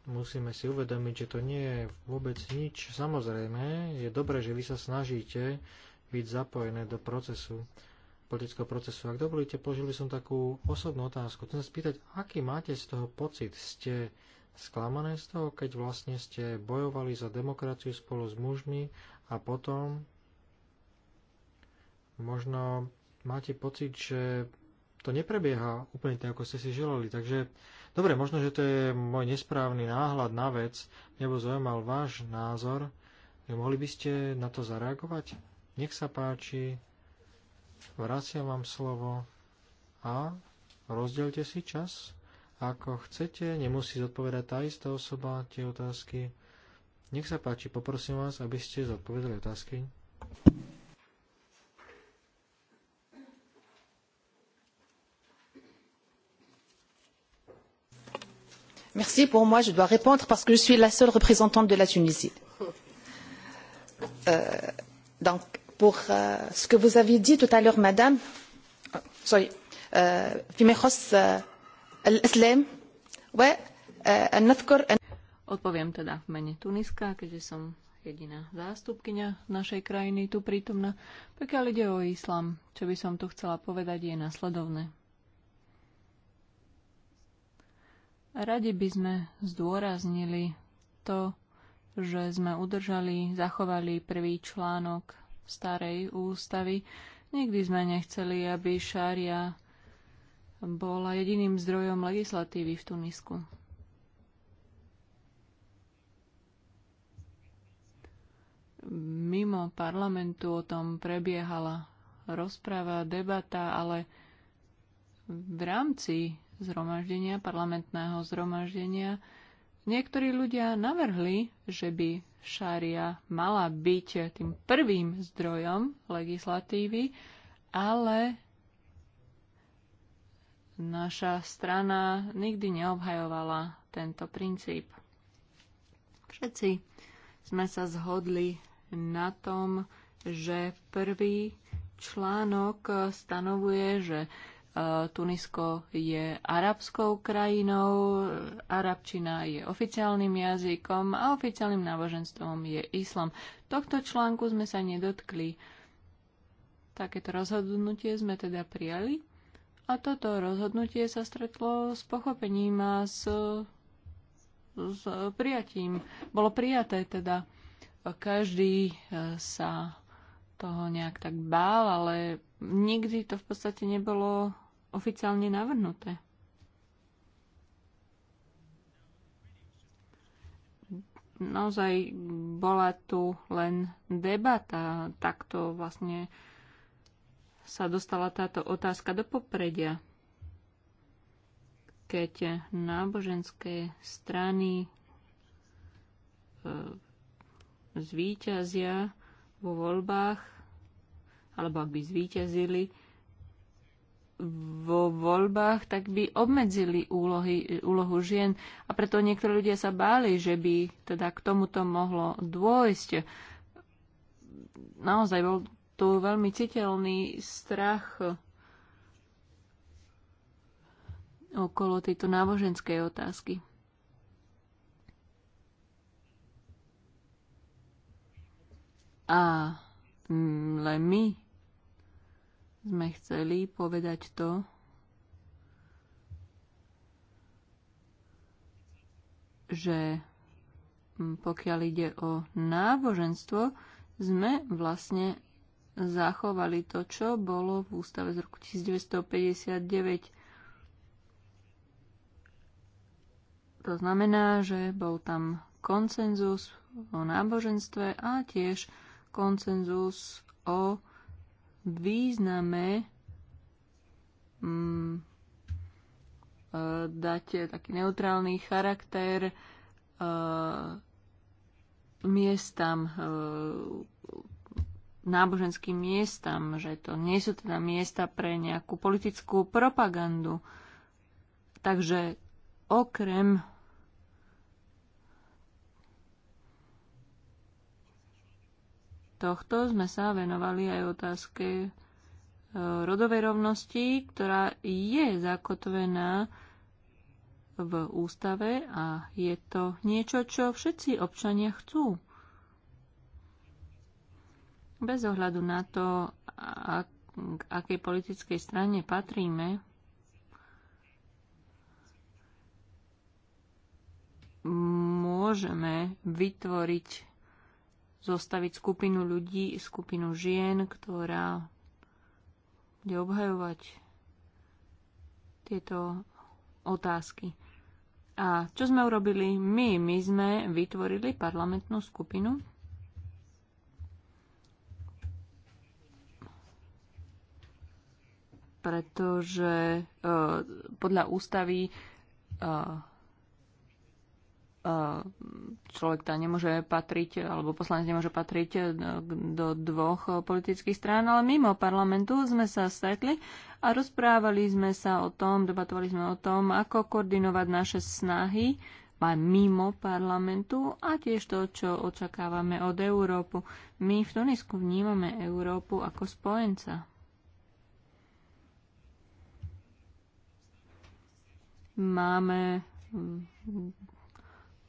musíme si uvedomiť, že to nie je vôbec nič. Samozrejme, je dobré, že vy sa snažíte byť zapojené do procesu, politického procesu. Ak dovolíte, položili som takú osobnú otázku. Chcem sa spýtať, aký máte z toho pocit? Ste sklamané z toho, keď vlastne ste bojovali za demokraciu spolu s mužmi a potom možno máte pocit, že to neprebieha úplne tak, ako ste si želali. Takže dobre, možno, že to je môj nesprávny náhľad na vec, nebo zaujímal váš názor, že mohli by ste na to zareagovať? Nech sa páči, vraciam vám slovo a rozdielte si čas. Ako chcete, nemusí zodpovedať tá istá osoba tie otázky. Nech sa páči, poprosím vás, aby ste zodpovedali otázky. Merci pour moi, je dois répondre parce que je suis la seule représentante de la Tunisie. Euh, donc, pour euh, ce que vous avez dit tout à l'heure, madame, euh, sorry, euh, euh Odpoviem teda v mene Tuniska, keďže som jediná zástupkyňa našej krajiny tu prítomná. Pokiaľ ide o islám, čo by som tu chcela povedať, je nasledovné. Radi by sme zdôraznili to, že sme udržali, zachovali prvý článok starej ústavy. Nikdy sme nechceli, aby šária bola jediným zdrojom legislatívy v Tunisku. Mimo parlamentu o tom prebiehala rozpráva, debata, ale v rámci zhromaždenia, parlamentného zhromaždenia, niektorí ľudia navrhli, že by šária mala byť tým prvým zdrojom legislatívy, ale Naša strana nikdy neobhajovala tento princíp. Všetci sme sa zhodli na tom, že prvý článok stanovuje, že e, Tunisko je arabskou krajinou, arabčina je oficiálnym jazykom a oficiálnym náboženstvom je islam. Tohto článku sme sa nedotkli. Takéto rozhodnutie sme teda prijali a toto rozhodnutie sa stretlo s pochopením a s, s prijatím. Bolo prijaté teda. Každý eh, sa toho nejak tak bál, ale nikdy to v podstate nebolo oficiálne navrhnuté. Naozaj bola tu len debata, takto vlastne sa dostala táto otázka do popredia, keď náboženské strany e, zvíťazia vo voľbách, alebo ak by zvíťazili vo voľbách, tak by obmedzili úlohy, úlohu žien. A preto niektorí ľudia sa báli, že by teda k tomuto mohlo dôjsť. Naozaj bol tu veľmi citeľný strach okolo tejto náboženskej otázky. A len my sme chceli povedať to, že pokiaľ ide o náboženstvo, sme vlastne zachovali to, čo bolo v ústave z roku 1959. To znamená, že bol tam koncenzus o náboženstve a tiež koncenzus o význame mm, e, dať taký neutrálny charakter uh, miestam, uh, náboženským miestam, že to nie sú teda miesta pre nejakú politickú propagandu. Takže okrem tohto sme sa venovali aj otázke e, rodovej rovnosti, ktorá je zakotvená v ústave a je to niečo, čo všetci občania chcú. Bez ohľadu na to, k akej politickej strane patríme, môžeme vytvoriť, zostaviť skupinu ľudí, skupinu žien, ktorá bude obhajovať tieto otázky. A čo sme urobili my? My sme vytvorili parlamentnú skupinu, pretože e, podľa ústavy e, e, človek tá nemôže patriť, alebo poslanec nemôže patriť do dvoch politických strán, ale mimo parlamentu sme sa stretli a rozprávali sme sa o tom, debatovali sme o tom, ako koordinovať naše snahy aj mimo parlamentu a tiež to, čo očakávame od Európu. My v Tunisku vnímame Európu ako spojenca. Máme hm,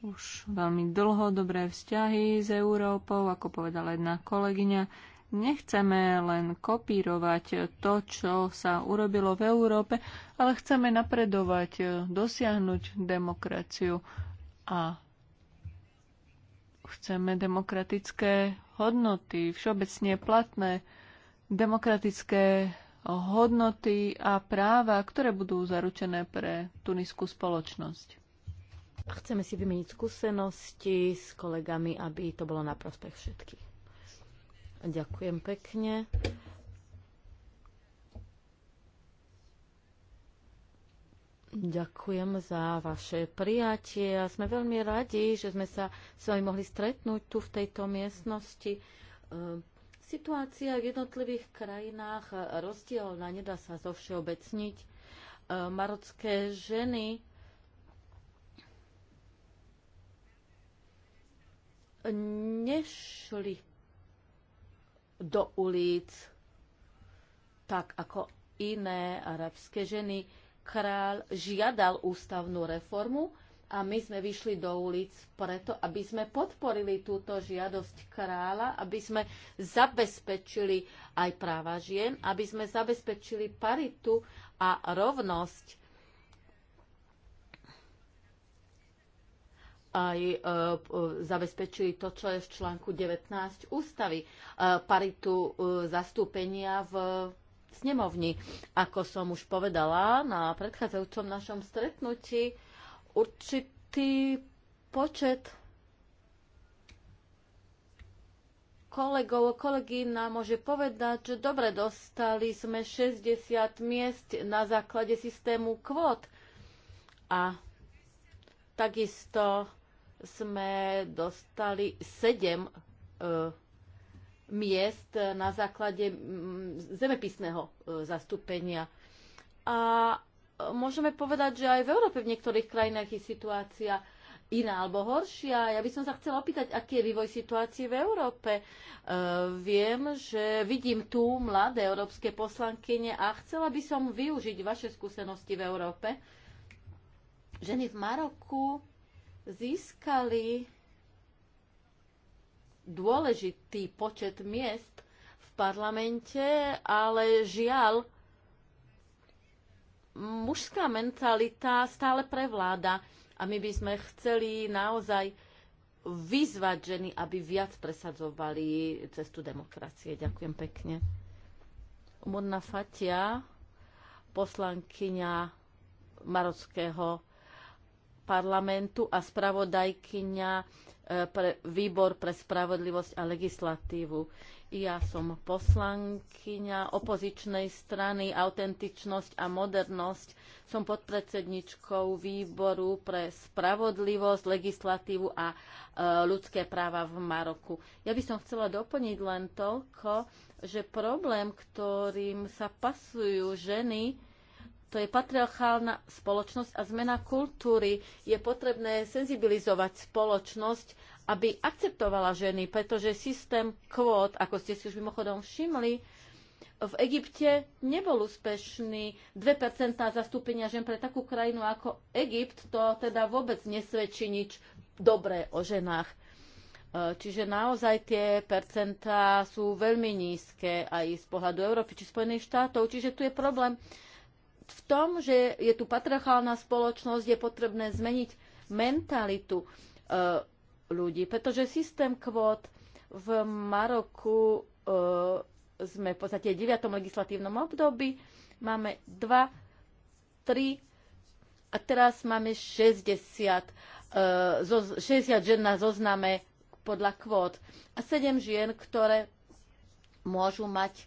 už veľmi dlho dobré vzťahy s Európou, ako povedala jedna kolegyňa. Nechceme len kopírovať to, čo sa urobilo v Európe, ale chceme napredovať, dosiahnuť demokraciu a chceme demokratické hodnoty, všeobecne platné demokratické hodnoty a práva, ktoré budú zaručené pre tuniskú spoločnosť. Chceme si vymeniť skúsenosti s kolegami, aby to bolo na prospech všetkých. Ďakujem pekne. Ďakujem za vaše prijatie a sme veľmi radi, že sme sa s vami mohli stretnúť tu v tejto miestnosti ehm, Situácia v jednotlivých krajinách rozdielna, nedá sa zo všeobecniť. E, marocké ženy nešli do ulic tak ako iné arabské ženy. Král žiadal ústavnú reformu, a my sme vyšli do ulic preto, aby sme podporili túto žiadosť kráľa, aby sme zabezpečili aj práva žien, aby sme zabezpečili paritu a rovnosť. aj e, zabezpečili to, čo je v článku 19 ústavy, e, paritu e, zastúpenia v snemovni. Ako som už povedala na predchádzajúcom našom stretnutí, určitý počet kolegov, kolegy nám môže povedať, že dobre dostali sme 60 miest na základe systému kvót. A takisto sme dostali 7 e, miest na základe mm, zemepisného e, zastúpenia. A môžeme povedať, že aj v Európe v niektorých krajinách je situácia iná alebo horšia. Ja by som sa chcela opýtať, aký je vývoj situácie v Európe. E, viem, že vidím tu mladé európske poslankyne a chcela by som využiť vaše skúsenosti v Európe. Ženy v Maroku získali dôležitý počet miest v parlamente, ale žiaľ, mužská mentalita stále prevláda a my by sme chceli naozaj vyzvať ženy, aby viac presadzovali cestu demokracie. Ďakujem pekne. Modná Fatia, poslankyňa Marockého parlamentu a spravodajkyňa eh, pre výbor pre spravodlivosť a legislatívu. Ja som poslankyňa opozičnej strany Autentičnosť a modernosť. Som podpredsedničkou výboru pre spravodlivosť, legislatívu a e, ľudské práva v Maroku. Ja by som chcela doplniť len toľko, že problém, ktorým sa pasujú ženy, to je patriarchálna spoločnosť a zmena kultúry. Je potrebné senzibilizovať spoločnosť aby akceptovala ženy, pretože systém kvót, ako ste si už mimochodom všimli, v Egypte nebol úspešný. 2% zastúpenia žen pre takú krajinu ako Egypt, to teda vôbec nesvedčí nič dobré o ženách. E, čiže naozaj tie percentá sú veľmi nízke aj z pohľadu Európy či Spojených štátov. Čiže tu je problém v tom, že je tu patriarchálna spoločnosť, je potrebné zmeniť mentalitu. E, ľudí, pretože systém kvót v Maroku e, sme v podstate v 9. legislatívnom období, máme 2, 3 a teraz máme 60, e, zo, 60 žen na zozname podľa kvót a 7 žien, ktoré môžu mať e,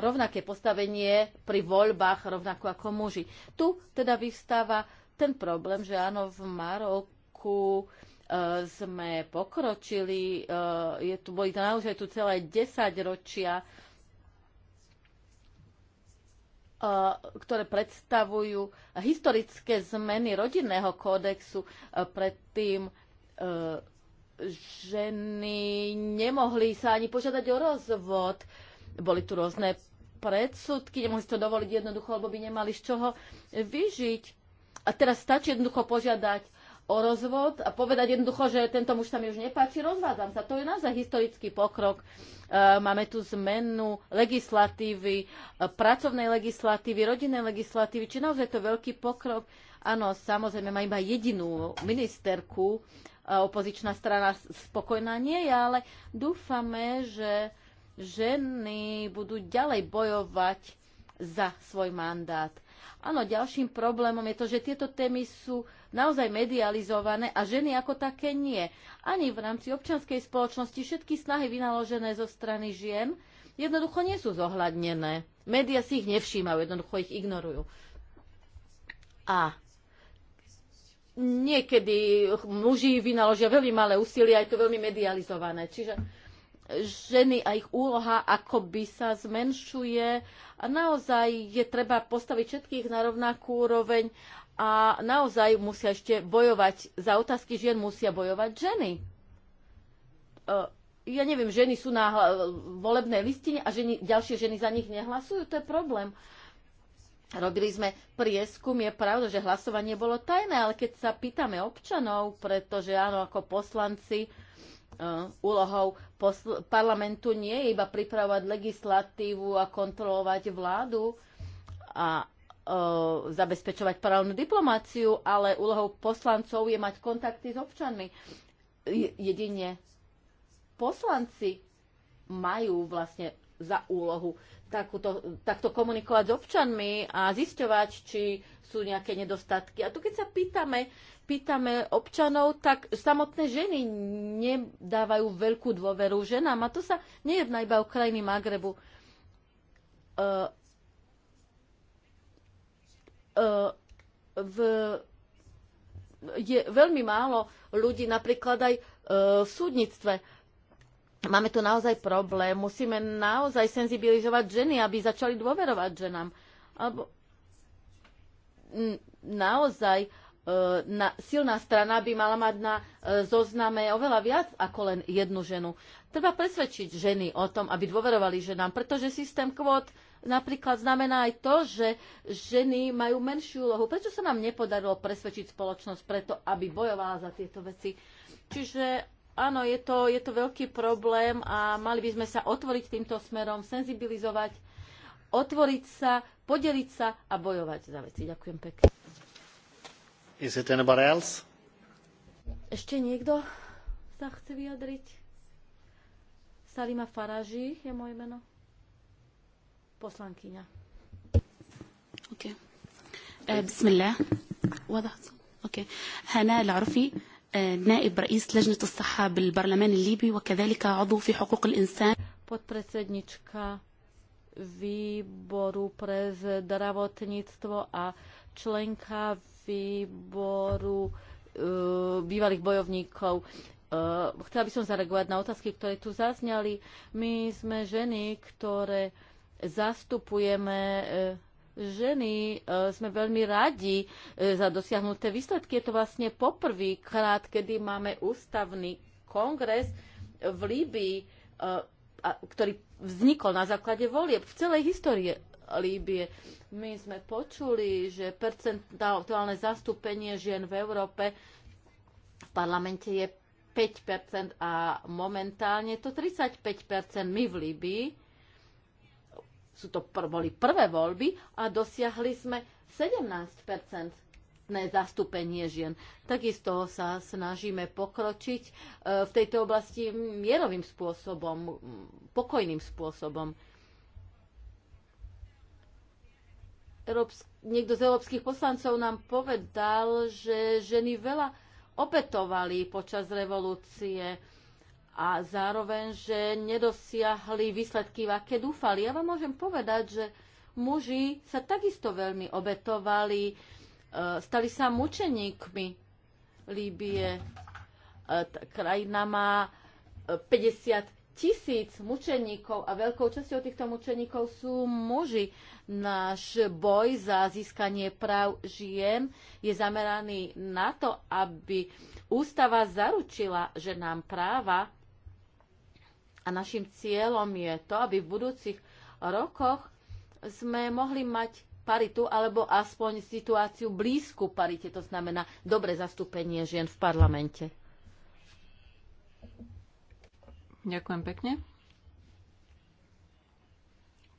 rovnaké postavenie pri voľbách, rovnako ako muži. Tu teda vyvstáva ten problém, že áno, v Maroku roku e, sme pokročili, e, je tu, boli to naozaj tu celé 10 ročia, e, ktoré predstavujú historické zmeny rodinného kódexu. Predtým ženy nemohli sa ani požiadať o rozvod. Boli tu rôzne predsudky, nemohli si to dovoliť jednoducho, lebo by nemali z čoho vyžiť. A teraz stačí jednoducho požiadať o rozvod a povedať jednoducho, že tento muž sa mi už nepáči, rozvádzam sa. To je naozaj historický pokrok. E, máme tu zmenu legislatívy, e, pracovnej legislatívy, rodinnej legislatívy, či naozaj to veľký pokrok. Áno, samozrejme, má iba jedinú ministerku, e, opozičná strana spokojná nie je, ale dúfame, že ženy budú ďalej bojovať za svoj mandát Áno, ďalším problémom je to, že tieto témy sú naozaj medializované a ženy ako také nie. Ani v rámci občianskej spoločnosti všetky snahy vynaložené zo strany žien jednoducho nie sú zohľadnené. Média si ich nevšímajú, jednoducho ich ignorujú. A niekedy muži vynaložia veľmi malé úsilie, aj to veľmi medializované. Čiže ženy a ich úloha akoby sa zmenšuje a naozaj je treba postaviť všetkých na rovnakú úroveň a naozaj musia ešte bojovať, za otázky žien musia bojovať ženy. E, ja neviem, ženy sú na volebnej listine a ženy, ďalšie ženy za nich nehlasujú, to je problém. Robili sme prieskum, je pravda, že hlasovanie bolo tajné, ale keď sa pýtame občanov, pretože áno, ako poslanci, uh, Eh, úlohou parlamentu nie je iba pripravovať legislatívu a kontrolovať vládu a eh, zabezpečovať paralelnú diplomáciu, ale úlohou poslancov je mať kontakty s občanmi. Jedine poslanci majú vlastne za úlohu takúto, takto komunikovať s občanmi a zisťovať, či sú nejaké nedostatky. A tu keď sa pýtame, pýtame občanov, tak samotné ženy nedávajú veľkú dôveru ženám. A to sa nejedná iba o krajiny Magrebu. Uh, uh, v, je veľmi málo ľudí napríklad aj uh, v súdnictve máme tu naozaj problém. Musíme naozaj senzibilizovať ženy, aby začali dôverovať ženám. Alebo naozaj e, na, silná strana by mala mať na e, zozname oveľa viac ako len jednu ženu. Treba presvedčiť ženy o tom, aby dôverovali ženám, pretože systém kvót napríklad znamená aj to, že ženy majú menšiu úlohu. Prečo sa nám nepodarilo presvedčiť spoločnosť preto, aby bojovala za tieto veci? Čiže áno, je to, je to veľký problém a mali by sme sa otvoriť týmto smerom, senzibilizovať, otvoriť sa, podeliť sa a bojovať za veci. Ďakujem pekne. Is it anybody else? Ešte niekto sa chce vyjadriť? Salima Faraži je moje meno. Poslankyňa. OK. Eh, bismillah. Okay. Hana هناء نائب رئيس لجنة الصحة بالبرلمان الليبي وكذلك عضو في حقوق الإنسان výboru pre zdravotníctvo a členka výboru uh, bývalých bojovníkov. Uh, chcela by som zareagovať na otázky, ktoré tu zazňali. My sme ženy, ktoré zastupujeme uh, ženy e, sme veľmi radi e, za dosiahnuté výsledky. Je to vlastne poprvýkrát, kedy máme ústavný kongres v Líbii, e, ktorý vznikol na základe volieb v celej histórii Líbie. My sme počuli, že percentuálne zastúpenie žien v Európe v parlamente je 5% a momentálne to 35% my v Líbii sú to pr- boli prvé voľby a dosiahli sme 17 zastúpenie žien. Takisto sa snažíme pokročiť e, v tejto oblasti mierovým spôsobom, pokojným spôsobom. niekto z európskych poslancov nám povedal, že ženy veľa opetovali počas revolúcie a zároveň, že nedosiahli výsledky, aké dúfali. Ja vám môžem povedať, že muži sa takisto veľmi obetovali, e, stali sa mučeníkmi Líbie. E, krajina má 50 e, tisíc mučeníkov a veľkou časťou týchto mučeníkov sú muži. Náš boj za získanie práv žien je zameraný na to, aby ústava zaručila, že nám práva a našim cieľom je to, aby v budúcich rokoch sme mohli mať paritu alebo aspoň situáciu blízku parite, to znamená dobre zastúpenie žien v parlamente. Ďakujem pekne.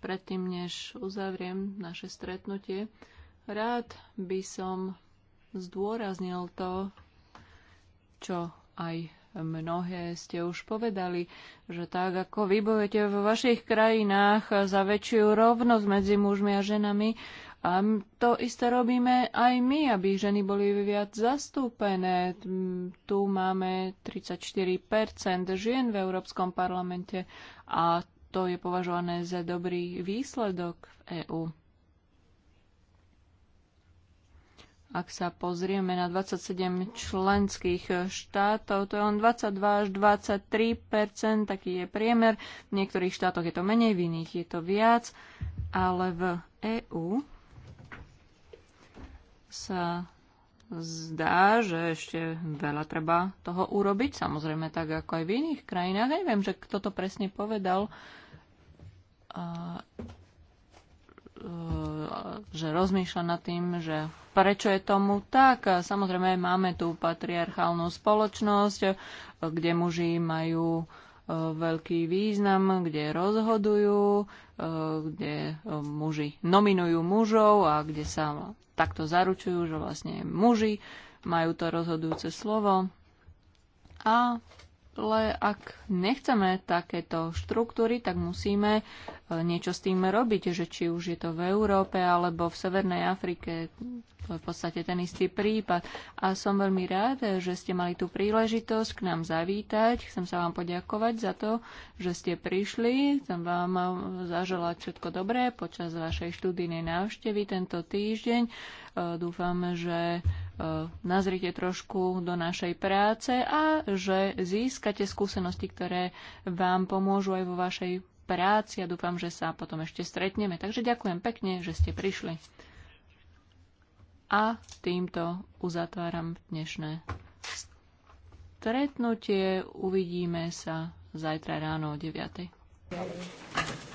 Predtým, než uzavriem naše stretnutie, rád by som zdôraznil to, čo aj Mnohé ste už povedali, že tak ako vy bojujete v vašich krajinách za väčšiu rovnosť medzi mužmi a ženami, a to isté robíme aj my, aby ženy boli viac zastúpené. Tu máme 34% žien v Európskom parlamente a to je považované za dobrý výsledok v EÚ. Ak sa pozrieme na 27 členských štátov, to je len 22 až 23 taký je priemer. V niektorých štátoch je to menej, v iných je to viac, ale v EÚ sa zdá, že ešte veľa treba toho urobiť. Samozrejme, tak ako aj v iných krajinách. neviem, že kto to presne povedal. A E, že rozmýšľa nad tým, že prečo je tomu tak. Samozrejme, máme tú patriarchálnu spoločnosť, e, kde muži majú e, veľký význam, kde rozhodujú, kde muži nominujú mužov a kde sa takto zaručujú, že vlastne muži majú to rozhodujúce slovo. Ale ak nechceme takéto štruktúry, tak musíme niečo s tým robiť, že či už je to v Európe alebo v Severnej Afrike, to je v podstate ten istý prípad. A som veľmi rád, že ste mali tú príležitosť k nám zavítať. Chcem sa vám poďakovať za to, že ste prišli. Chcem vám zaželať všetko dobré počas vašej študijnej návštevy tento týždeň. E, dúfam, že e, nazrite trošku do našej práce a že získate skúsenosti, ktoré vám pomôžu aj vo vašej práci a dúfam, že sa potom ešte stretneme. Takže ďakujem pekne, že ste prišli. A týmto uzatváram dnešné stretnutie. Uvidíme sa zajtra ráno o 9. .00.